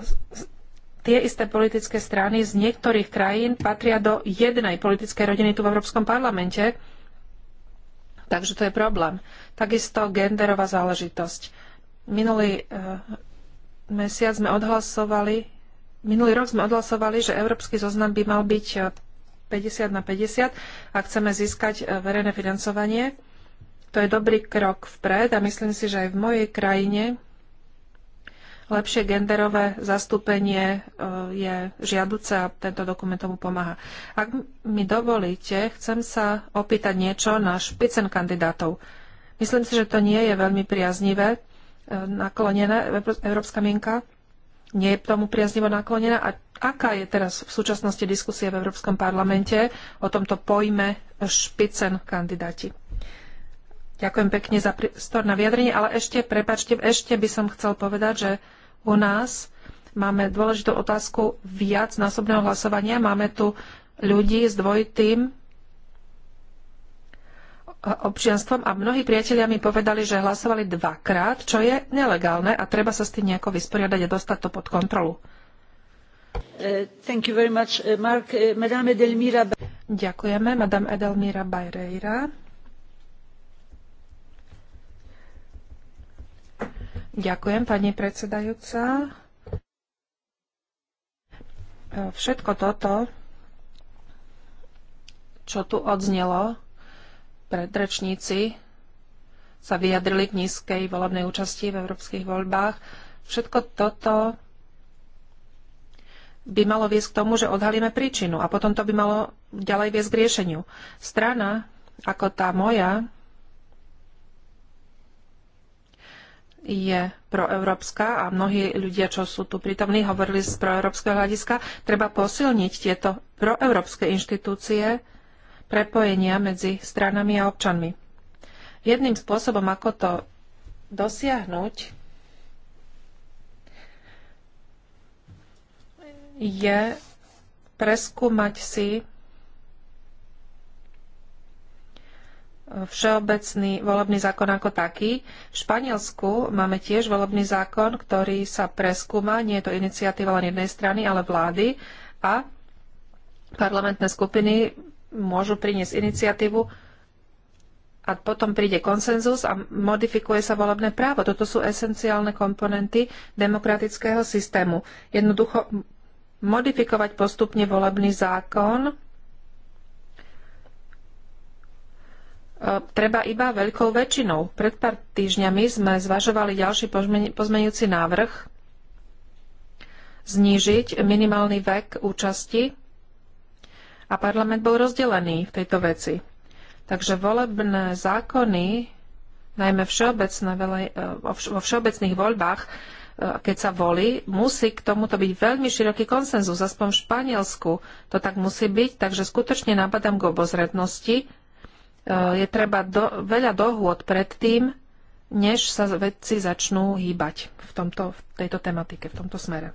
tie isté politické strany z niektorých krajín patria do jednej politickej rodiny tu v Európskom parlamente, takže to je problém. Takisto genderová záležitosť. Minulý e, mesiac sme odhlasovali, minulý rok sme odhlasovali, že európsky zoznam by mal byť 50 eh, na 50 a chceme získať eh, verejné financovanie. To je dobrý krok vpred a myslím si, že aj v mojej krajine lepšie genderové zastúpenie eh, je žiaduce a tento dokument tomu pomáha. Ak mi dovolíte, chcem sa opýtať niečo na špicen kandidátov. Myslím si, že to nie je veľmi priaznivé naklonená, európska mienka nie je tomu priaznivo naklonená. A aká je teraz v súčasnosti diskusia v Európskom parlamente o tomto pojme špicen kandidáti? Ďakujem pekne za prístor na vyjadrenie, ale ešte, prepačte, ešte by som chcel povedať, že u nás máme dôležitú otázku viacnásobného hlasovania. Máme tu ľudí s dvojitým občianstvom a mnohí priatelia mi povedali, že hlasovali dvakrát, čo je nelegálne a treba sa s tým nejako vysporiadať a dostať to pod kontrolu. E, much, e, Mark, e, Madame Edelmira... Ďakujeme, Madame Edelmira Bajreira. Ďakujem, pani predsedajúca. Všetko toto, čo tu odznelo, predrečníci sa vyjadrili k nízkej volebnej účasti v európskych voľbách. Všetko toto by malo viesť k tomu, že odhalíme príčinu a potom to by malo ďalej viesť k riešeniu. Strana, ako tá moja, je proeurópska a mnohí ľudia, čo sú tu prítomní, hovorili z proeurópskeho hľadiska, treba posilniť tieto proeurópske inštitúcie, prepojenia medzi stranami a občanmi. Jedným spôsobom, ako to dosiahnuť, je preskúmať si všeobecný volebný zákon ako taký. V Španielsku máme tiež volebný zákon, ktorý sa preskúma. Nie je to iniciatíva len jednej strany, ale vlády. A parlamentné skupiny môžu priniesť iniciatívu a potom príde konsenzus a modifikuje sa volebné právo. Toto sú esenciálne komponenty demokratického systému. Jednoducho modifikovať postupne volebný zákon e, treba iba veľkou väčšinou. Pred pár týždňami sme zvažovali ďalší pozmeňujúci návrh znížiť minimálny vek účasti a parlament bol rozdelený v tejto veci. Takže volebné zákony, najmä všeobecné, e, vo všeobecných voľbách, e, keď sa volí, musí k tomuto byť veľmi široký konsenzus, aspoň v Španielsku to tak musí byť, takže skutočne napadám k obozretnosti. E, je treba do, veľa dohôd predtým, než sa vedci začnú hýbať v, tomto, v tejto tematike, v tomto smere.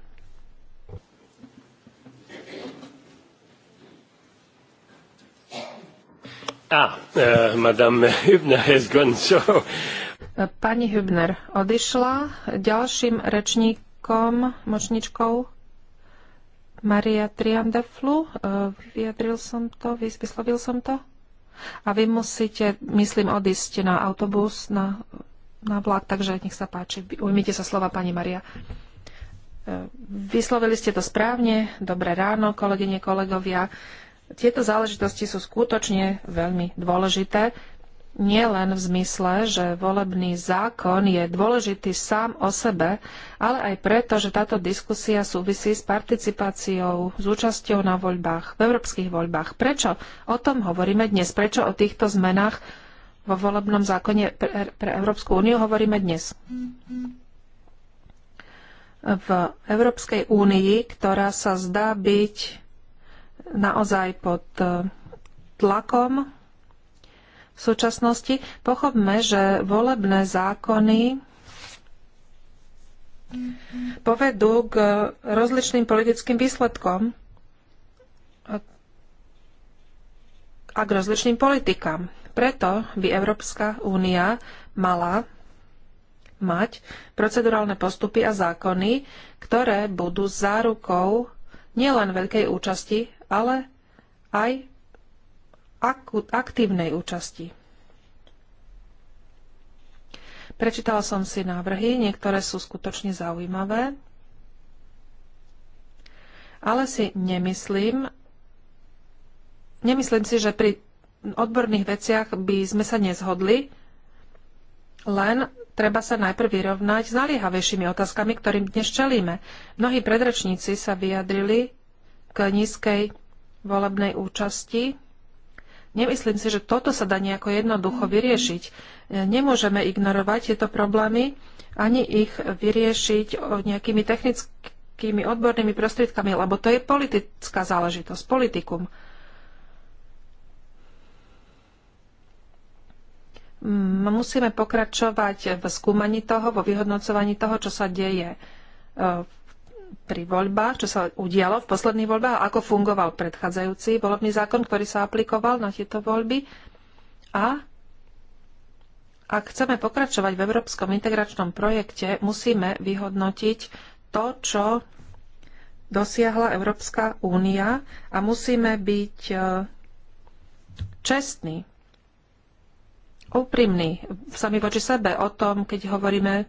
Ah, uh, Madame Hübner has gone, so... Pani Hübner odišla. Ďalším rečníkom, močničkou Maria Triandeflu. Uh, vyjadril som to, vyslovil som to. A vy musíte, myslím, odísť na autobus, na, na vlak, takže nech sa páči. Ujmite sa slova, pani Maria. Uh, vyslovili ste to správne. Dobré ráno, kolegyne, kolegovia. Tieto záležitosti sú skutočne veľmi dôležité, nie len v zmysle, že volebný zákon je dôležitý sám o sebe, ale aj preto, že táto diskusia súvisí s participáciou, s účasťou na voľbách, v európskych voľbách. Prečo o tom hovoríme dnes? Prečo o týchto zmenách vo volebnom zákone pre, pre Európsku úniu hovoríme dnes? V Európskej únii, ktorá sa zdá byť naozaj pod e, tlakom v súčasnosti. Pochopme, že volebné zákony povedú k rozličným politickým výsledkom a k rozličným politikám. Preto by Európska únia mala mať procedurálne postupy a zákony, ktoré budú zárukou nielen veľkej účasti ale aj aktívnej účasti. Prečítala som si návrhy, niektoré sú skutočne zaujímavé, ale si nemyslím, nemyslím si, že pri odborných veciach by sme sa nezhodli, len treba sa najprv vyrovnať s naliehavejšími otázkami, ktorým dnes čelíme. Mnohí predrečníci sa vyjadrili k nízkej volebnej účasti. Nemyslím si, že toto sa dá nejako jednoducho vyriešiť. Nemôžeme ignorovať tieto problémy, ani ich vyriešiť nejakými technickými odbornými prostriedkami, lebo to je politická záležitosť, politikum. Musíme pokračovať v skúmaní toho, vo vyhodnocovaní toho, čo sa deje v e, pri voľbách, čo sa udialo v posledných voľbách, ako fungoval predchádzajúci volebný zákon, ktorý sa aplikoval na tieto voľby. A ak chceme pokračovať v európskom integračnom projekte, musíme vyhodnotiť to, čo dosiahla Európska únia a musíme byť e, čestní, úprimní sami voči sebe o tom, keď hovoríme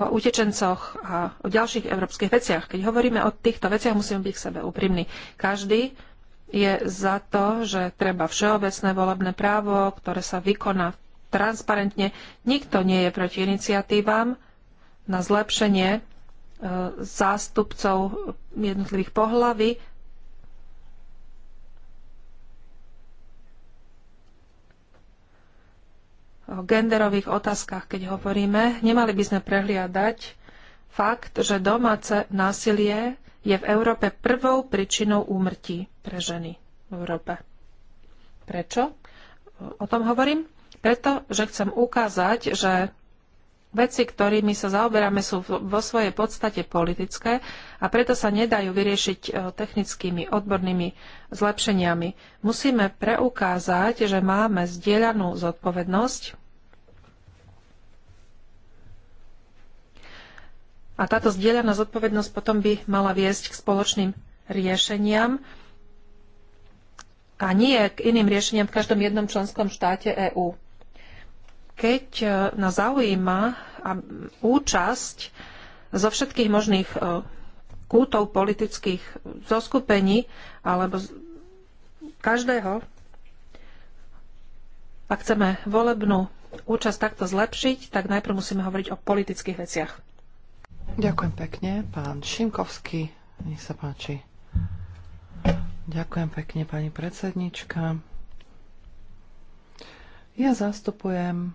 o utečencoch a o ďalších európskych veciach. Keď hovoríme o týchto veciach, musíme byť k sebe úprimní. Každý je za to, že treba všeobecné volebné právo, ktoré sa vykoná transparentne. Nikto nie je proti iniciatívam na zlepšenie e, zástupcov jednotlivých pohlaví o genderových otázkach, keď hovoríme, nemali by sme prehliadať fakt, že domáce násilie je v Európe prvou príčinou úmrtí pre ženy v Európe. Prečo? O tom hovorím? Preto, že chcem ukázať, že Veci, ktorými sa zaoberáme, sú vo svojej podstate politické a preto sa nedajú vyriešiť e, technickými odbornými zlepšeniami. Musíme preukázať, že máme zdieľanú zodpovednosť a táto zdieľaná zodpovednosť potom by mala viesť k spoločným riešeniam a nie k iným riešeniam v každom jednom členskom štáte EÚ. Keď e, nás zaujíma účasť zo všetkých možných e, kútov politických zoskupení alebo každého, ak chceme volebnú účasť takto zlepšiť, tak najprv musíme hovoriť o politických veciach. Ďakujem pekne. Pán Šimkovský, nech sa páči. Ďakujem pekne, pani predsednička. Ja zastupujem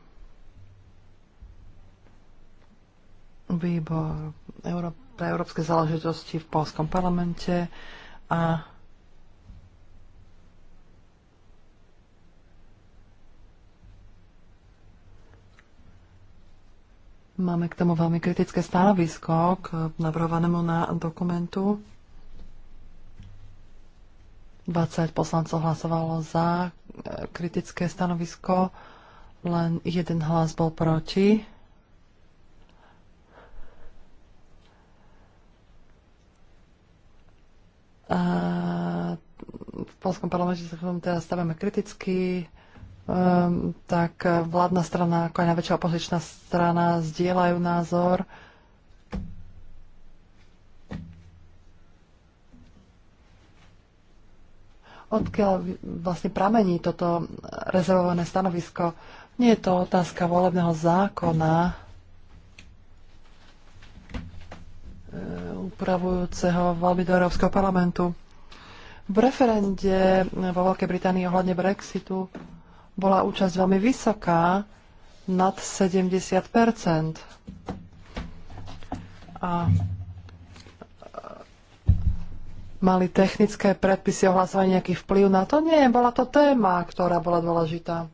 výbor Euró- pre európske záležitosti v polskom parlamente a Máme k tomu veľmi kritické stanovisko k navrhovanému na dokumentu. 20 poslancov hlasovalo za e, kritické stanovisko, len jeden hlas bol proti. A v Polskom parlamente sa k tomu teda stavíme kriticky, um, tak vládna strana, ako aj najväčšia opozičná strana, zdieľajú názor. Odkiaľ vlastne pramení toto rezervované stanovisko? Nie je to otázka volebného zákona, upravujúceho voľby do Európskeho parlamentu. V referende vo Veľkej Británii ohľadne Brexitu bola účasť veľmi vysoká, nad 70 A e, mali technické predpisy ohlasovania nejaký vplyv na to? Nie, bola to téma, ktorá bola dôležitá.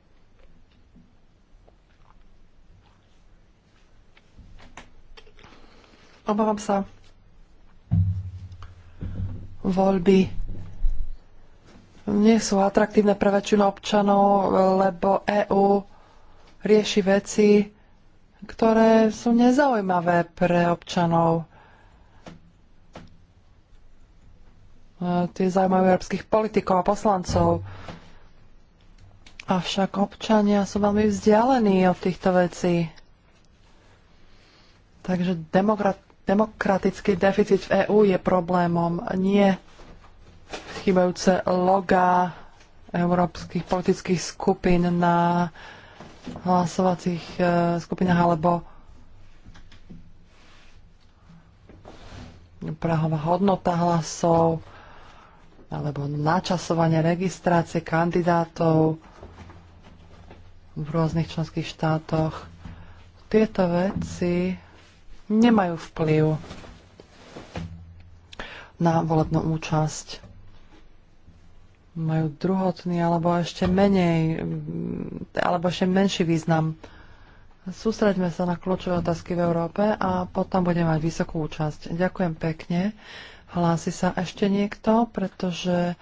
Obávam sa, voľby nie sú atraktívne pre väčšinu občanov, lebo EÚ rieši veci, ktoré sú nezaujímavé pre občanov. E, tie zaujímajú európskych politikov a poslancov. Avšak občania sú veľmi vzdialení od týchto vecí. Takže demokrat, Demokratický deficit v EÚ je problémom, nie chybajúce logá európskych politických skupín na hlasovacích e, skupinách alebo prahová hodnota hlasov alebo načasovanie registrácie kandidátov v rôznych členských štátoch. Tieto veci nemajú vplyv na volebnú účasť. Majú druhotný alebo ešte menej, alebo ešte menší význam. Sústreďme sa na kľúčové otázky v Európe a potom budeme mať vysokú účasť. Ďakujem pekne. Hlási sa ešte niekto, pretože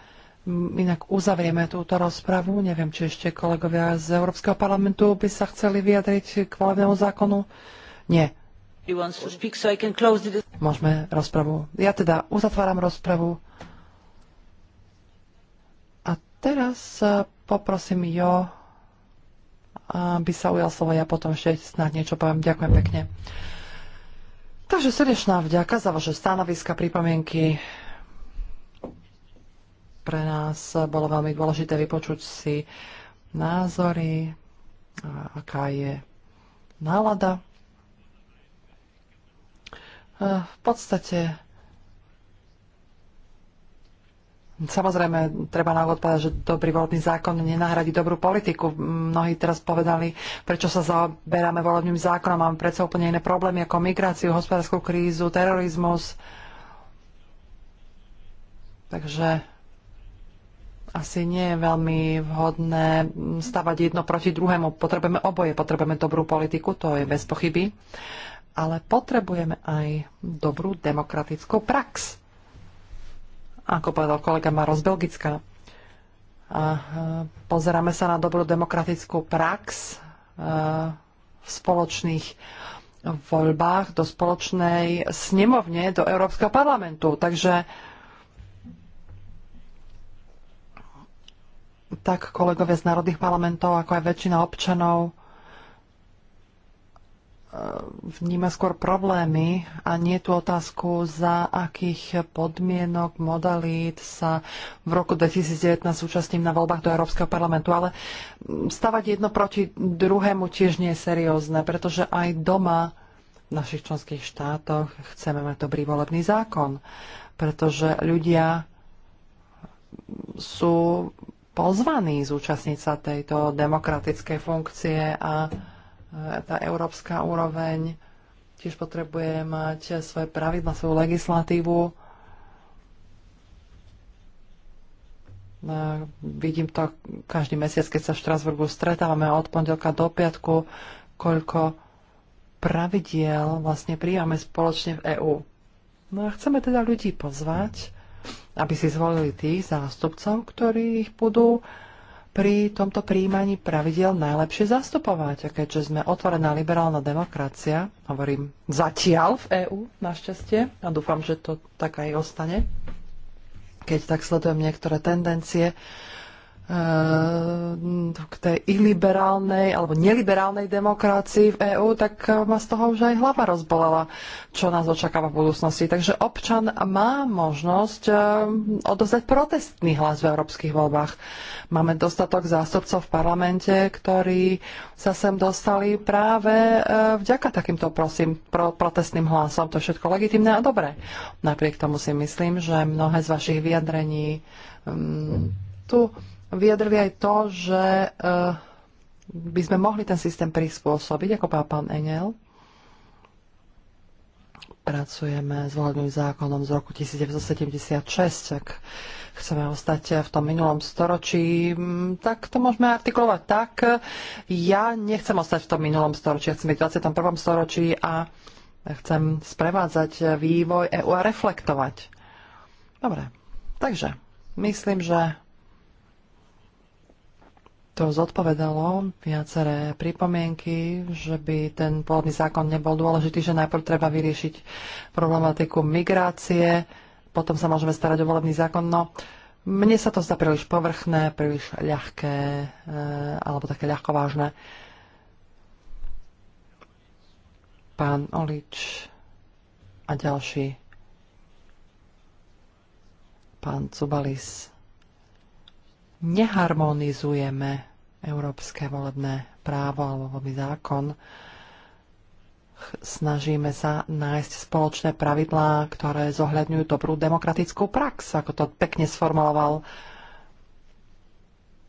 mm, inak uzavrieme túto rozpravu. Neviem, či ešte kolegovia z Európskeho parlamentu by sa chceli vyjadriť k volebnému zákonu. Nie. Môžeme rozpravu. Ja teda uzatváram rozpravu. A teraz e, poprosím Jo, aby sa ujal slova. Ja potom ešte snad niečo poviem. Ďakujem pekne. Takže srdečná vďaka za vaše stanoviska, pripomienky. Pre nás bolo veľmi dôležité vypočuť si názory, aká je nálada Eh, v podstate Samozrejme, treba na úvod že dobrý volebný zákon nenahradí dobrú politiku. Mnohí teraz povedali, prečo sa zaoberáme volebným zákonom. Máme predsa úplne iné problémy ako migráciu, hospodárskú krízu, terorizmus. Takže asi nie je veľmi vhodné stavať jedno proti druhému. Potrebujeme oboje, potrebujeme dobrú politiku, to je bez pochyby ale potrebujeme aj dobrú demokratickú prax. Ako povedal kolega Maro z Belgická. A e, pozeráme sa na dobrú demokratickú prax e, v spoločných voľbách do spoločnej snemovne do Európskeho parlamentu. Takže tak kolegovia z národných parlamentov, ako aj väčšina občanov vníma skôr problémy a nie tú otázku, za akých podmienok, modalít sa v roku 2019 súčasním na voľbách do Európskeho parlamentu. Ale stavať jedno proti druhému tiež nie je seriózne, pretože aj doma v našich členských štátoch chceme mať dobrý volebný zákon, pretože ľudia sú pozvaní zúčastniť sa tejto demokratickej funkcie a tá európska úroveň tiež potrebuje mať svoje pravidla, svoju legislatívu. Vidím to každý mesiac, keď sa v Štrasburgu stretávame od pondelka do piatku, koľko pravidiel vlastne príjame spoločne v EÚ. No a chceme teda ľudí pozvať, aby si zvolili tých zástupcov, ktorí ich budú pri tomto príjmaní pravidel najlepšie zastupovať. A keďže sme otvorená liberálna demokracia, hovorím zatiaľ v EÚ, našťastie, a dúfam, že to tak aj ostane, keď tak sledujem niektoré tendencie, Eh, k tej iliberálnej alebo neliberálnej demokracii v EÚ, tak eh, ma z toho už aj hlava rozbolela, čo nás očakáva v budúcnosti. Takže občan má možnosť eh, odozvať protestný hlas v európskych voľbách. Máme dostatok zástupcov v parlamente, ktorí sa sem dostali práve vďaka takýmto prosím, pro, protestným hlasom. To je všetko legitimné a dobré. Napriek tomu si myslím, že mnohé z vašich vyjadrení um, tu vyjadrili aj to, že eh, by sme mohli ten systém prispôsobiť, ako pán Engel. Pracujeme s volebným zákonom z roku 1976, ak chceme ostať v tom minulom storočí, mm, tak to môžeme artikulovať tak. Ja nechcem ostať v tom minulom storočí, ja chcem byť v 21. storočí a chcem sprevádzať vývoj EU a reflektovať. Dobre, takže myslím, že to zodpovedalo viaceré pripomienky, že by ten pôvodný zákon nebol dôležitý, že najprv treba vyriešiť problematiku migrácie, potom sa môžeme starať o volebný zákon. No, mne sa to zdá príliš povrchné, príliš ľahké, e, alebo také ľahkovážne. Pán Olič a ďalší. Pán Cubalis neharmonizujeme európske volebné právo alebo volebný zákon. Snažíme sa nájsť spoločné pravidlá, ktoré zohľadňujú dobrú demokratickú prax, ako to pekne sformuloval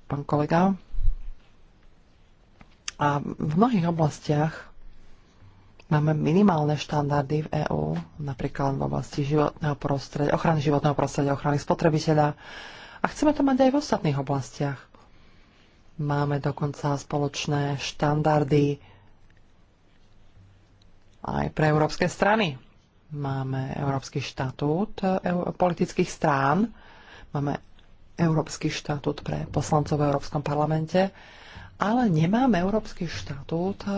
pán kolega. A v mnohých oblastiach máme minimálne štandardy v EÚ, napríklad v oblasti životného prostredia, ochrany životného prostredia, ochrany spotrebiteľa, a chceme to mať aj v ostatných oblastiach. Máme dokonca spoločné štandardy aj pre európske strany. Máme Európsky štatút e, politických strán, máme Európsky štatút pre poslancov v Európskom parlamente, ale nemáme Európsky štatút e,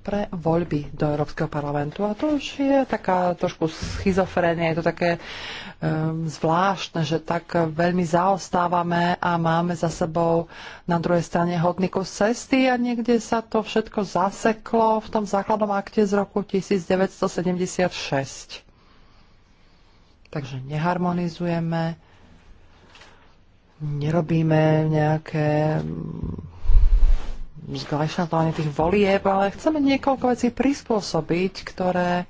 pre voľby do Európskeho parlamentu. A to už je taká trošku schizofrénia, je to také um, zvláštne, že tak veľmi zaostávame a máme za sebou na druhej strane hodný kus cesty a niekde sa to všetko zaseklo v tom základnom akte z roku 1976. Takže neharmonizujeme, nerobíme nejaké zglašľatovanie tých volieb, ale chceme niekoľko vecí prispôsobiť, ktoré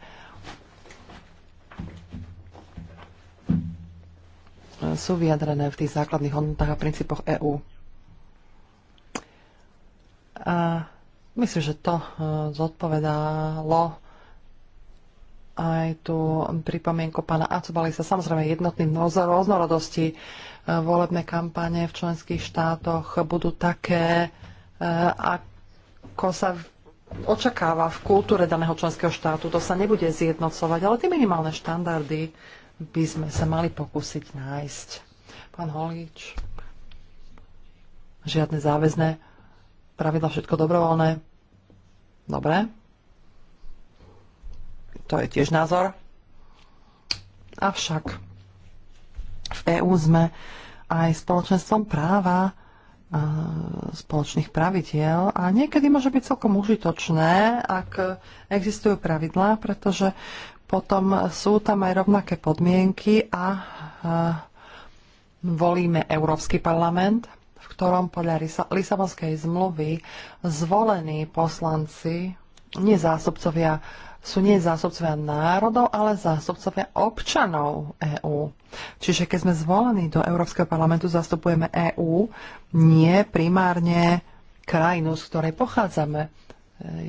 sú vyjadrené v tých základných hodnotách a princípoch EÚ. A myslím, že to e, zodpovedalo aj tu pripomienku pána sa, Samozrejme, jednotný rôznorodosti e, volebné kampane v členských štátoch budú také, ako sa očakáva v kultúre daného členského štátu. To sa nebude zjednocovať, ale tie minimálne štandardy by sme sa mali pokúsiť nájsť. Pán Holíč, žiadne záväzné pravidla, všetko dobrovoľné. Dobre. To je tiež názor. Avšak v EÚ sme aj spoločenstvom práva Eh, spoločných pravidiel a niekedy môže byť celkom užitočné, ak existujú pravidlá, pretože potom sú tam aj rovnaké podmienky a eh, volíme Európsky parlament, v ktorom podľa Lisabonskej zmluvy zvolení poslanci, nie zásobcovia sú nie zásobcovia národov, ale zásobcovia občanov EÚ. Čiže keď sme zvolení do Európskeho parlamentu, zastupujeme EÚ, nie primárne krajinu, z ktorej pochádzame. E,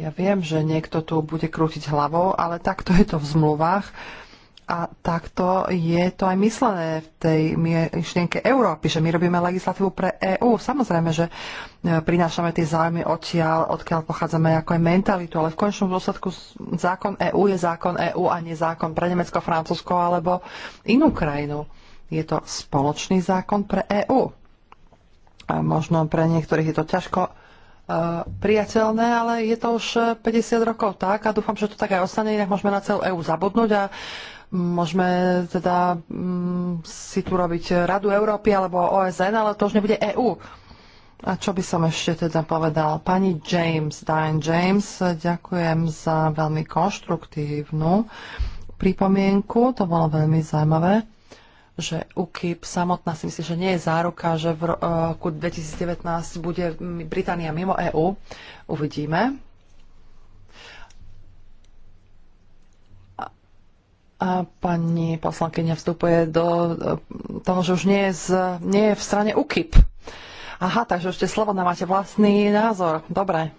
ja viem, že niekto tu bude krútiť hlavou, ale takto je to v zmluvách a takto je to aj myslené v tej myšlienke Európy, že my robíme legislatívu pre EÚ. Samozrejme, že e, prinášame tie záujmy odtiaľ, odkiaľ pochádzame, ako aj mentalitu, ale v končnom dôsledku zákon EÚ je zákon EÚ a nie zákon pre Nemecko, Francúzsko alebo inú krajinu. Je to spoločný zákon pre EÚ. A možno pre niektorých je to ťažko e, priateľné, ale je to už 50 e, rokov tak a dúfam, že to tak aj ostane, inak môžeme na celú EÚ zabudnúť a Môžeme teda mm, si tu robiť Radu Európy alebo OSN, ale to už nebude EÚ. A čo by som ešte teda povedal? Pani James, Diane James, ďakujem za veľmi konštruktívnu pripomienku, to bolo veľmi zaujímavé že UKIP samotná si myslím, že nie je záruka, že v roku eh, 2019 bude Británia mimo EÚ. Uvidíme. A pani poslankyňa vstupuje do e, toho, že už nie je, z, nie je v strane UKIP. Aha, takže ešte slobodná máte vlastný názor. Dobre.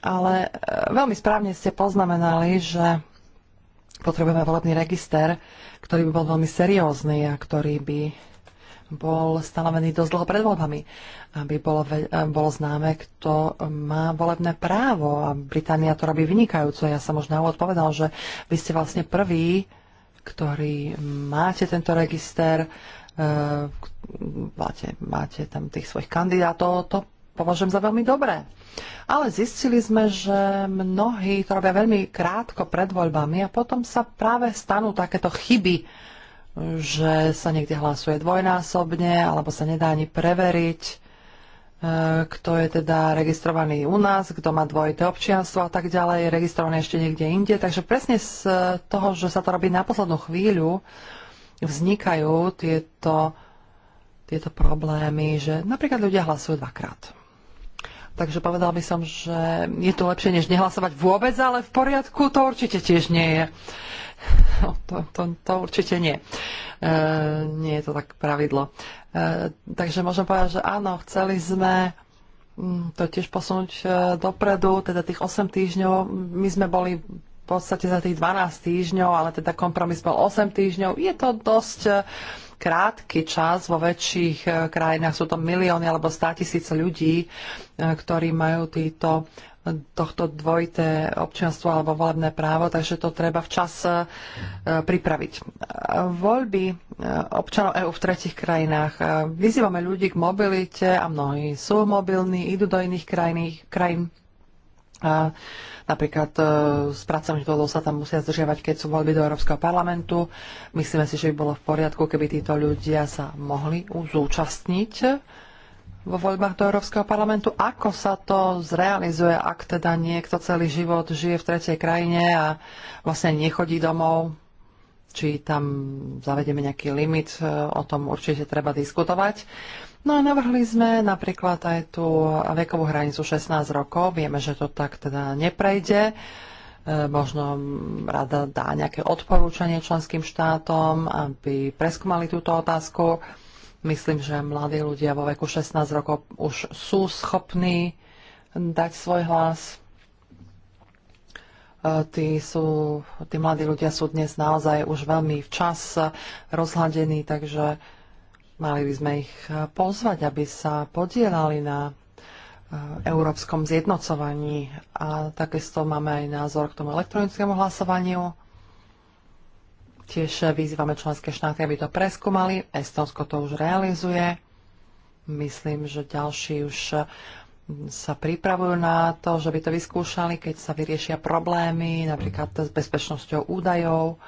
Ale e, veľmi správne ste poznamenali, že potrebujeme volebný register, ktorý by bol veľmi seriózny a ktorý by bol stanovený dosť dlho pred voľbami, aby bolo, eh, bolo známe, kto má volebné právo. A Británia to robí vynikajúco. Ja som už na úvod povedal, že vy ste vlastne prví, ktorí máte tento register, eh, máte, máte tam tých svojich kandidátov, to považujem za veľmi dobré. Ale zistili sme, že mnohí to robia veľmi krátko pred voľbami a potom sa práve stanú takéto chyby, že sa niekde hlasuje dvojnásobne, alebo sa nedá ani preveriť, e, kto je teda registrovaný u nás, kto má dvojité občianstvo a tak ďalej, je registrovaný ešte niekde inde. Takže presne z toho, že sa to robí na poslednú chvíľu, vznikajú tieto, tieto problémy, že napríklad ľudia hlasujú dvakrát. Takže povedal by som, že je to lepšie, než nehlasovať vôbec, ale v poriadku to určite tiež nie je. No, (laughs) to, to, to určite nie. E, nie je to tak pravidlo. E, takže môžem povedať, že áno, chceli sme mm, to tiež posunúť e, dopredu, teda tých 8 týždňov. My sme boli v podstate za tých 12 týždňov, ale teda kompromis bol 8 týždňov. Je to dosť e, krátky čas, vo väčších e, krajinách sú to milióny alebo tisíce ľudí, ktorí majú títo tohto dvojité občianstvo alebo volebné právo, takže to treba včas e, pripraviť. Voľby e, občanov EÚ v tretich krajinách. E, vyzývame ľudí k mobilite a mnohí sú mobilní, idú do iných krajín, krajín a napríklad e, s pracovných dôvodov sa tam musia zdržiavať, keď sú voľby do Európskeho parlamentu. Myslíme si, že by bolo v poriadku, keby títo ľudia sa mohli zúčastniť vo voľbách do Európskeho parlamentu. Ako sa to zrealizuje, ak teda niekto celý život žije v tretej krajine a vlastne nechodí domov? Či tam zavedeme nejaký limit, e, o tom určite treba diskutovať. No a navrhli sme napríklad aj tú vekovú hranicu 16 rokov. Vieme, že to tak teda neprejde. E, možno rada dá nejaké odporúčanie členským štátom, aby preskúmali túto otázku. Myslím, že mladí ľudia vo veku 16 rokov už sú schopní dať svoj hlas. E, tí, sú, tí mladí ľudia sú dnes naozaj už veľmi včas rozhľadení, takže mali by sme ich e, pozvať, aby sa podielali na e, európskom zjednocovaní. A takisto máme aj názor k tomu elektronickému hlasovaniu. Tiež vyzývame členské štáty, aby to preskúmali. Estonsko to už realizuje. Myslím, že ďalší už sa pripravujú na to, že by to vyskúšali, keď sa vyriešia problémy, napríklad s bezpečnosťou údajov,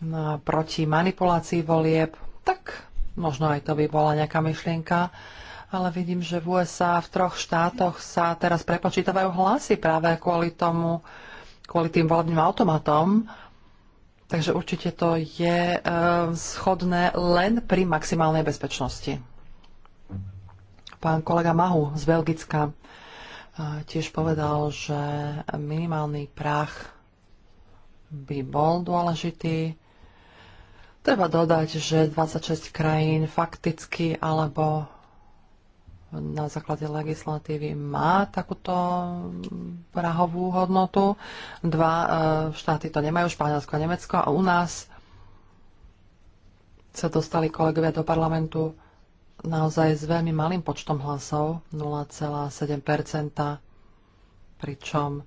no proti manipulácii volieb. Tak možno aj to by bola nejaká myšlienka. Ale vidím, že v USA v troch štátoch sa teraz prepočítavajú hlasy práve kvôli tomu, kvôli tým volebným automatom. Takže určite to je e, schodné len pri maximálnej bezpečnosti. Pán kolega Mahu z Belgicka e, tiež povedal, že minimálny prach by bol dôležitý. Treba dodať, že 26 krajín fakticky alebo na základe legislatívy má takúto prahovú hodnotu. Dva e, štáty to nemajú, Španielsko a Nemecko. A u nás sa dostali kolegovia do parlamentu naozaj s veľmi malým počtom hlasov, 0,7%, pričom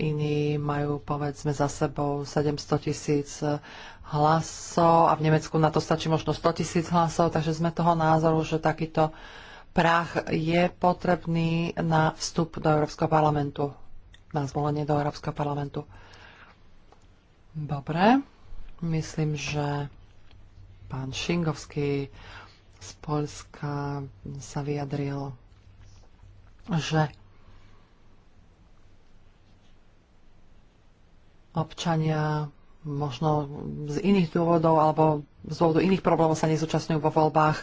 iní majú povedzme za sebou 700 tisíc hlasov a v Nemecku na to stačí možno 100 tisíc hlasov, takže sme toho názoru, že takýto uh, prach je potrebný na vstup do Európskeho parlamentu, na zvolenie do Európskeho parlamentu. Dobre, myslím, že pán Šingovský z Polska sa vyjadril, že občania možno z iných dôvodov alebo z dôvodu iných problémov sa nezúčastňujú vo voľbách.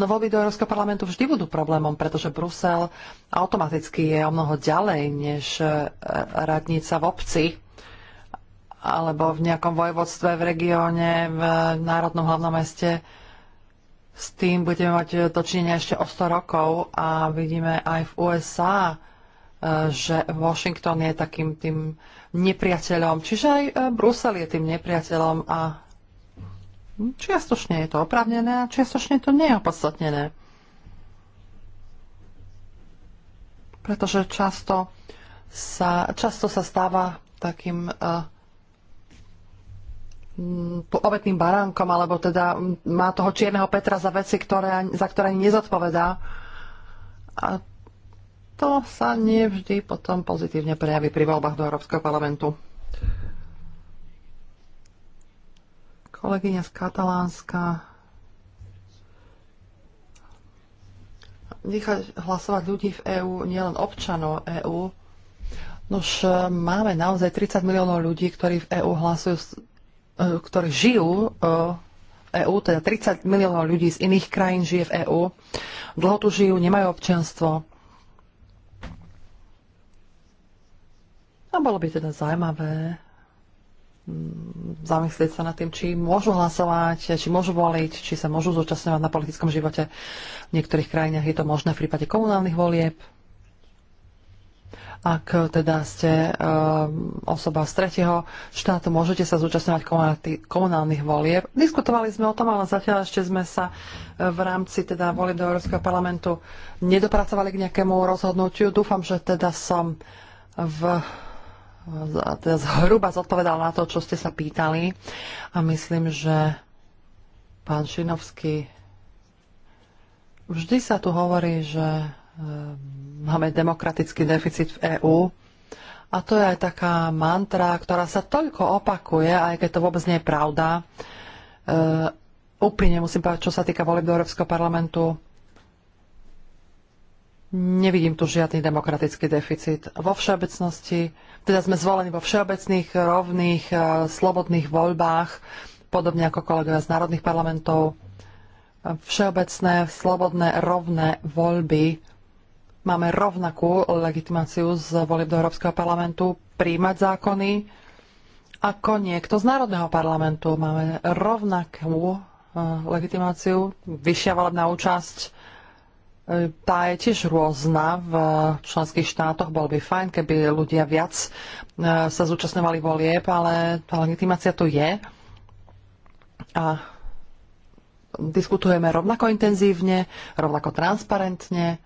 No voľby do Európskeho parlamentu vždy budú problémom, pretože Brusel automaticky je o mnoho ďalej než e, radnica v obci alebo v nejakom vojvodstve, v regióne, v národnom hlavnom meste. S tým budeme mať dočinenia ešte o 100 rokov a vidíme aj v USA, e, že Washington je takým tým nepriateľom. Čiže aj e, Brusel je tým nepriateľom a čiastočne je to opravnené a čiastočne to nie je opodstatnené. Pretože často sa, často sa stáva takým uh, e, obetným baránkom, alebo teda má toho čierneho Petra za veci, ktoré, za ktoré nezodpovedá. A to sa nevždy potom pozitívne prejaví pri voľbách do Európskeho parlamentu. Kolegyňa z Katalánska nechať hlasovať ľudí v EÚ, nielen občanov EÚ. Nož e, máme naozaj 30 miliónov ľudí, ktorí v EÚ hlasujú, e, ktorí žijú e, v EÚ, teda 30 miliónov ľudí z iných krajín žije v EÚ. Dlho tu žijú, nemajú občianstvo. A bolo by teda zaujímavé mm, zamyslieť sa nad tým, či môžu hlasovať, či môžu voliť, či sa môžu zúčastňovať na politickom živote. V niektorých krajinách je to možné v prípade komunálnych volieb. Ak teda ste uh, osoba z tretieho štátu, môžete sa zúčastňovať komunálnych volieb. Diskutovali sme o tom, ale zatiaľ ešte sme sa e, v rámci teda volieb do Európskeho parlamentu nedopracovali k nejakému rozhodnutiu. Dúfam, že teda som v teda zhruba zodpovedal na to, čo ste sa pýtali. A myslím, že pán Šinovský vždy sa tu hovorí, že eh, máme demokratický deficit v EÚ. A to je aj taká mantra, ktorá sa toľko opakuje, aj keď to vôbec nie je pravda. Eh, úplne musím povedať, čo sa týka volieb do Európskeho parlamentu Nevidím tu žiadny demokratický deficit. Vo všeobecnosti, teda sme zvolení vo všeobecných, rovných, eh, slobodných voľbách, podobne ako kolegovia z národných parlamentov. Všeobecné, slobodné, rovné voľby. Máme rovnakú legitimáciu z volieb do Európskeho parlamentu príjmať zákony ako niekto z Národného parlamentu. Máme rovnakú eh, legitimáciu, vyššia volebná účasť, tá je tiež rôzna v členských štátoch. Bol by fajn, keby ľudia viac e, sa zúčastňovali volieb, ale tá legitimácia tu je. A diskutujeme rovnako intenzívne, rovnako transparentne.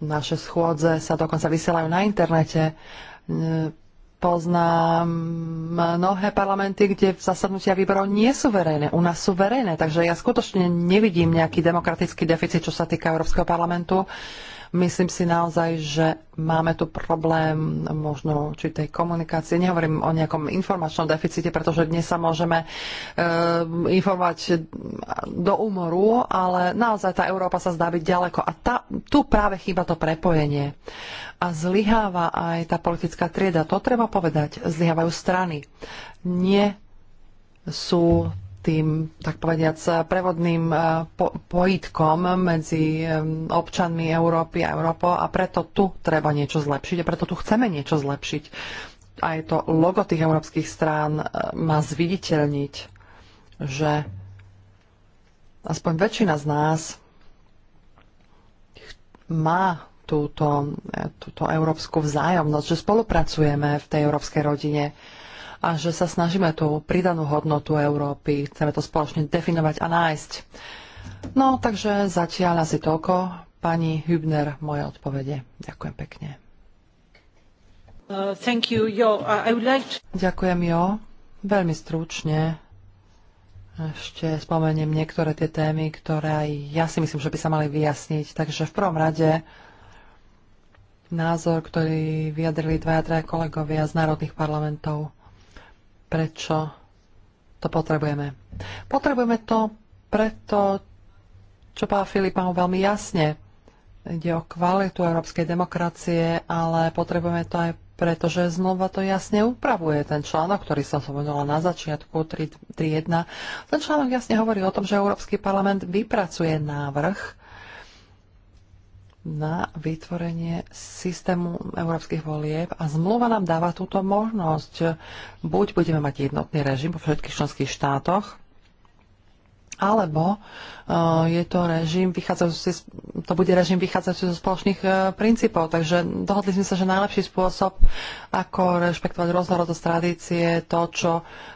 Naše schôdze sa dokonca vysielajú na internete. E, poznám mnohé parlamenty, kde zasadnutia výborov nie sú verejné. U nás sú verejné, takže ja skutočne nevidím nejaký demokratický deficit, čo sa týka Európskeho parlamentu. Myslím si naozaj, že máme tu problém možno určitej komunikácie. Nehovorím o nejakom informačnom deficite, pretože dnes sa môžeme e, informovať do úmoru, ale naozaj tá Európa sa zdá byť ďaleko. A tá, tu práve chýba to prepojenie. A zlyháva aj tá politická trieda. To treba povedať. Zlyhávajú strany. Nie sú tým, tak povediac, prevodným eh, po- pojitkom medzi eh, občanmi Európy a Európou a preto tu treba niečo zlepšiť a preto tu chceme niečo zlepšiť. Aj to logo tých európskych strán eh, má zviditeľniť, že aspoň väčšina z nás má túto, túto európsku vzájomnosť, že spolupracujeme v tej európskej rodine a že sa snažíme tú pridanú hodnotu Európy. Chceme to spoločne definovať a nájsť. No, takže zatiaľ asi toľko. Pani Hübner, moje odpovede. Ďakujem pekne. Uh, thank you, jo. Uh, I would like to... Ďakujem, Jo. Veľmi stručne ešte spomeniem niektoré tie témy, ktoré aj ja si myslím, že by sa mali vyjasniť. Takže v prvom rade názor, ktorý vyjadrili dvaja traja kolegovia z národných parlamentov. Prečo to potrebujeme? Potrebujeme to preto, čo pán Filip mal veľmi jasne. Ide o kvalitu európskej demokracie, ale potrebujeme to aj pretože znova to jasne upravuje ten článok, ktorý som spomenula na začiatku 3.1. Ten článok jasne hovorí o tom, že Európsky parlament vypracuje návrh na vytvorenie systému európskych volieb a zmluva nám dáva túto možnosť. Buď budeme mať jednotný režim vo všetkých členských štátoch, alebo eh, je to režim vychádzajúci, to bude režim vychádzajúci zo spoločných eh, princípov. Takže dohodli sme sa, že najlepší spôsob, ako rešpektovať rôznorodosť tradície, to, čo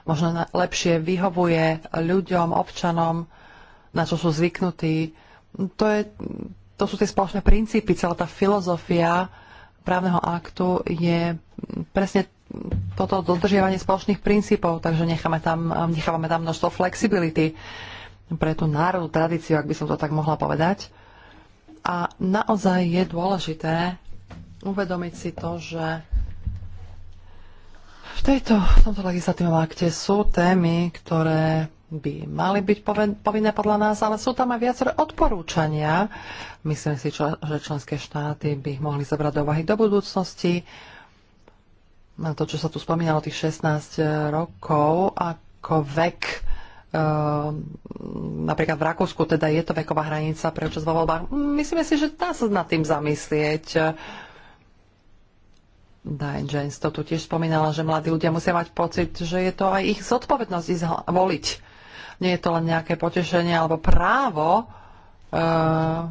možno lepšie vyhovuje ľuďom, občanom, na čo sú zvyknutí, to je to sú tie spoločné princípy, celá tá filozofia právneho aktu je presne toto dodržiavanie spoločných princípov, takže necháme tam, um, nechávame tam množstvo flexibility pre tú národnú tradíciu, ak by som to tak mohla povedať. A naozaj je dôležité uvedomiť si to, že v tejto, v tomto legislatívnom akte sú témy, ktoré by mali byť povinné podľa nás, ale sú tam aj viaceré odporúčania. Myslím si, že členské štáty by ich mohli zobrať do vahy do budúcnosti. Na to, čo sa tu spomínalo, tých 16 e, rokov ako vek, e, napríklad v Rakúsku, teda je to veková hranica pre účasť vo voľbách. Myslíme si, že dá sa nad tým zamyslieť. Diane James to tu tiež spomínala, že mladí ľudia musia mať pocit, že je to aj ich zodpovednosť ísť voliť. Nie je to len nejaké potešenie alebo právo, eh,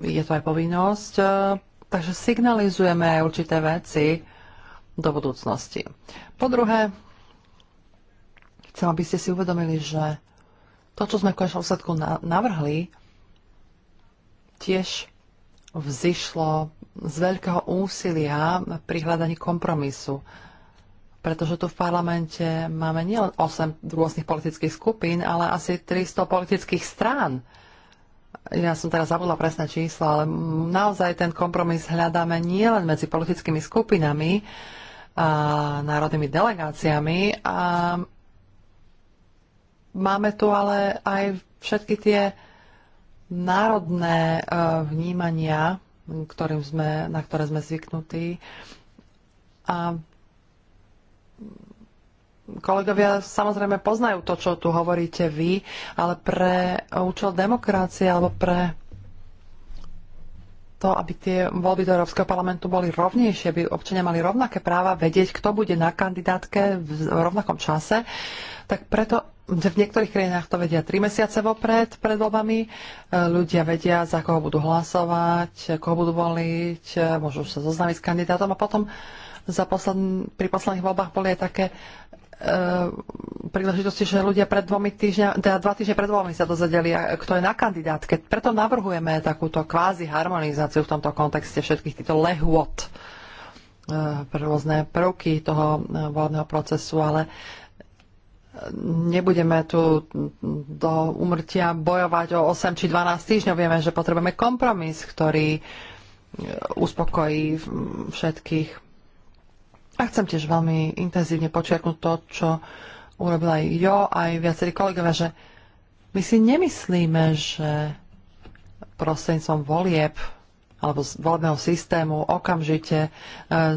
je to aj povinnosť, eh, takže signalizujeme aj určité veci do budúcnosti. Po druhé, chcem, aby ste si uvedomili, že to, čo sme v konečnom výsledku navrhli, tiež vzýšlo z veľkého úsilia pri hľadaní kompromisu pretože tu v parlamente máme nielen 8 rôznych politických skupín, ale asi 300 politických strán. Ja som teraz zabudla presné číslo, ale naozaj ten kompromis hľadáme nielen medzi politickými skupinami a národnými delegáciami. A máme tu ale aj všetky tie národné e, vnímania, ktorým sme, na ktoré sme zvyknutí. A kolegovia samozrejme poznajú to, čo tu hovoríte vy, ale pre účel demokracie alebo pre to, aby tie voľby do Európskeho parlamentu boli rovnejšie, aby občania mali rovnaké práva vedieť, kto bude na kandidátke v rovnakom čase, tak preto v niektorých krajinách to vedia 3 mesiace vopred, pred voľbami. Ľudia vedia, za koho budú hlasovať, koho budú voliť, môžu sa zoznámiť s kandidátom a potom za posled, pri posledných voľbách boli aj také E, príležitosti, že ľudia pred dvomi týždňa, teda dva týždne pred dvomi sa dozvedeli, kto je na kandidátke. Preto navrhujeme takúto kvázi harmonizáciu v tomto kontexte všetkých týchto lehôd e, pre rôzne prvky toho e, voľného procesu, ale nebudeme tu do umrtia bojovať o 8 či 12 týždňov. Vieme, že potrebujeme kompromis, ktorý uspokojí všetkých. A chcem tiež veľmi intenzívne počiarknúť to, čo urobila aj Jo, aj viacerí kolegovia, že my si nemyslíme, že prostredníctvom volieb alebo z volebného systému okamžite e,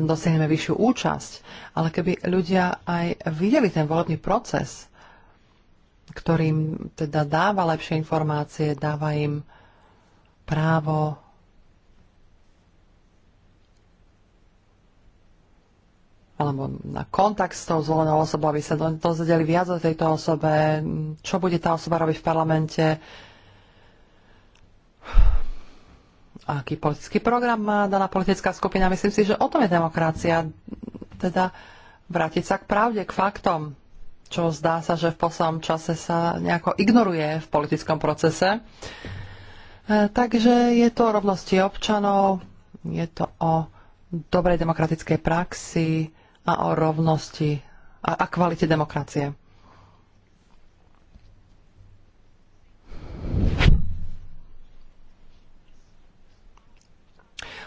dosiahneme vyššiu účasť. Ale keby ľudia aj videli ten volebný proces, ktorým teda dáva lepšie informácie, dáva im právo alebo na kontakt s tou zvolenou osobou, aby sa dozvedeli viac o tejto osobe, čo bude tá osoba robiť v parlamente, aký politický program má daná politická skupina. Myslím si, že o tom je demokracia. Teda vrátiť sa k pravde, k faktom, čo zdá sa, že v poslednom čase sa nejako ignoruje v politickom procese. E, takže je to o rovnosti občanov, je to o dobrej demokratickej praxi, a o rovnosti a, a kvalite demokracie.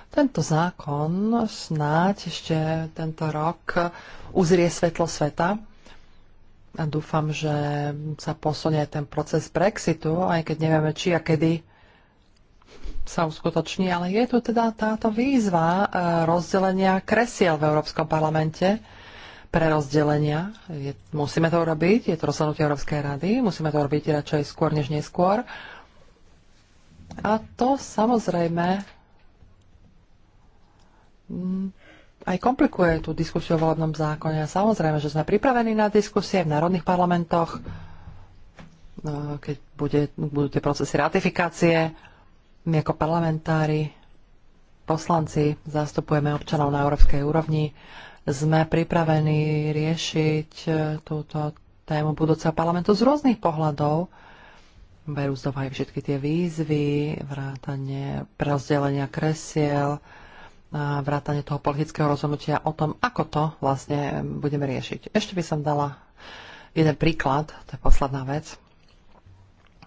Tento zákon snáď ešte tento rok uzrie svetlo sveta a dúfam, že sa posunie ten proces Brexitu, aj keď nevieme či a kedy sa uskutoční, ale je tu teda táto výzva e, rozdelenia kresiel v Európskom parlamente pre rozdelenia. Je, musíme to urobiť, je to rozhodnutie Európskej rady, musíme to urobiť radšej skôr než neskôr. A to samozrejme aj komplikuje tú diskusiu o volebnom zákone. A samozrejme, že sme pripravení na diskusie v národných parlamentoch, e, keď bude, budú tie procesy ratifikácie my ako parlamentári, poslanci, zastupujeme občanov na európskej úrovni. Sme pripravení riešiť e, túto tému budúceho parlamentu z rôznych pohľadov. Berú z aj všetky tie výzvy, vrátanie prerozdelenia kresiel, vrátanie toho politického rozhodnutia o tom, ako to vlastne budeme riešiť. Ešte by som dala jeden príklad, to je posledná vec,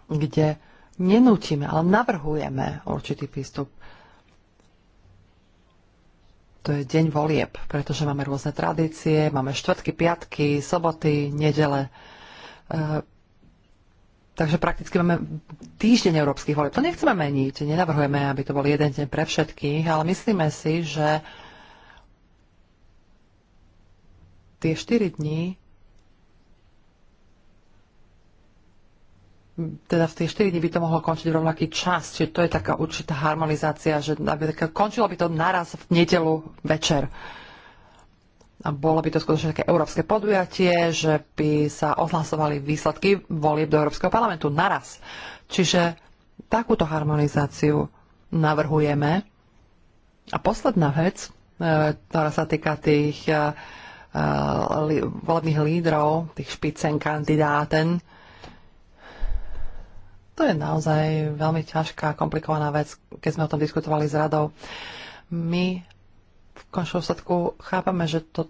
kde nenútime, ale navrhujeme určitý prístup. To je deň volieb, pretože máme rôzne tradície, máme štvrtky, piatky, soboty, nedele. E, takže prakticky máme týždeň európskych volieb. To nechceme meniť, nenavrhujeme, aby to bol jeden deň pre všetkých, ale myslíme si, že tie 4 dní teda v tej 4 dní by to mohlo končiť v rovnaký čas, čiže to je taká určitá harmonizácia, že aby, končilo by to naraz v nedelu večer. A bolo by to skutočne také európske podujatie, že by sa ohlasovali výsledky volieb do Európskeho parlamentu naraz. Čiže takúto harmonizáciu navrhujeme. A posledná vec, e, ktorá sa týka tých e, e, volebných lídrov, tých špicen kandidáten, to je naozaj veľmi ťažká, komplikovaná vec, keď sme o tom diskutovali s radou. My v končnom sledku chápame, že to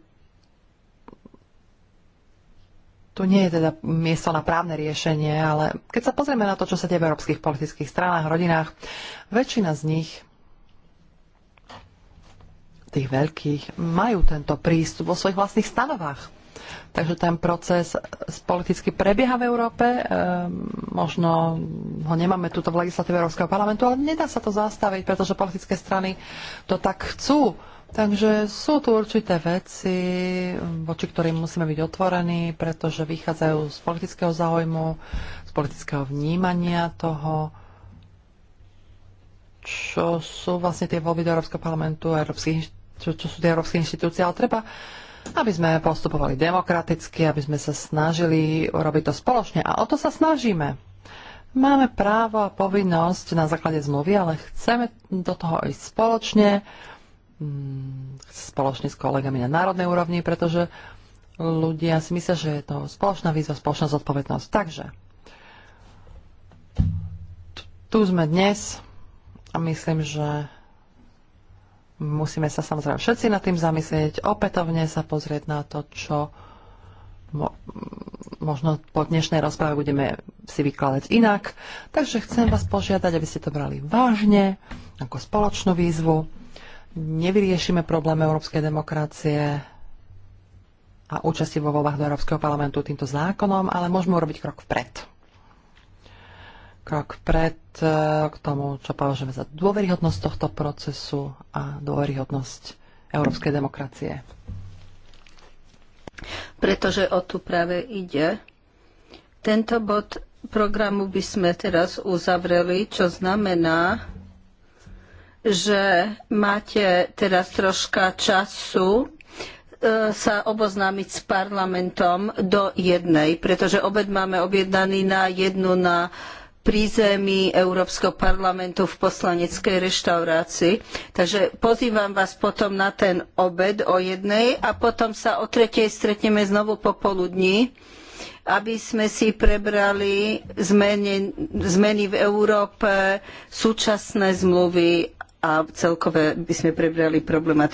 tu nie je teda miesto na právne riešenie, ale keď sa pozrieme na to, čo sa deje v európskych politických stranách, rodinách, väčšina z nich tých veľkých majú tento prístup vo svojich vlastných stanovách. Takže ten proces politicky prebieha v Európe. Ehm, možno ho nemáme tuto v legislatíve Európskeho parlamentu, ale nedá sa to zastaviť, pretože politické strany to tak chcú. Takže sú tu určité veci, voči ktorým musíme byť otvorení, pretože vychádzajú z politického záujmu, z politického vnímania toho, čo sú vlastne tie voľby do Európskeho parlamentu, európskych, čo, čo sú tie európske inštitúcie, ale treba aby sme postupovali demokraticky, aby sme sa snažili robiť to spoločne. A o to sa snažíme. Máme právo a povinnosť na základe zmluvy, ale chceme do toho ísť spoločne, mm, spoločne s kolegami na národnej úrovni, pretože ľudia si myslia, že je to spoločná výzva, spoločná zodpovednosť. Takže tu sme dnes a myslím, že Musíme sa samozrejme všetci nad tým zamyslieť, opätovne sa pozrieť na to, čo mo- možno po dnešnej rozprave budeme si vykladať inak. Takže chcem vás požiadať, aby ste to brali vážne, ako spoločnú výzvu. Nevyriešime problém európskej demokracie a účasti vo voľbách do Európskeho parlamentu týmto zákonom, ale môžeme urobiť krok vpred krok pred e, k tomu, čo považujeme za dôveryhodnosť tohto procesu a dôveryhodnosť európskej demokracie. Pretože o tu práve ide. Tento bod programu by sme teraz uzavreli, čo znamená, že máte teraz troška času e, sa oboznámiť s parlamentom do jednej, pretože obed máme objednaný na jednu na prízemí Európskeho parlamentu v poslaneckej reštaurácii. Takže pozývam vás potom na ten obed o jednej a potom sa o tretej stretneme znovu popoludní, aby sme si prebrali zmeny, zmeny v Európe, súčasné zmluvy a celkové by sme prebrali problematiku.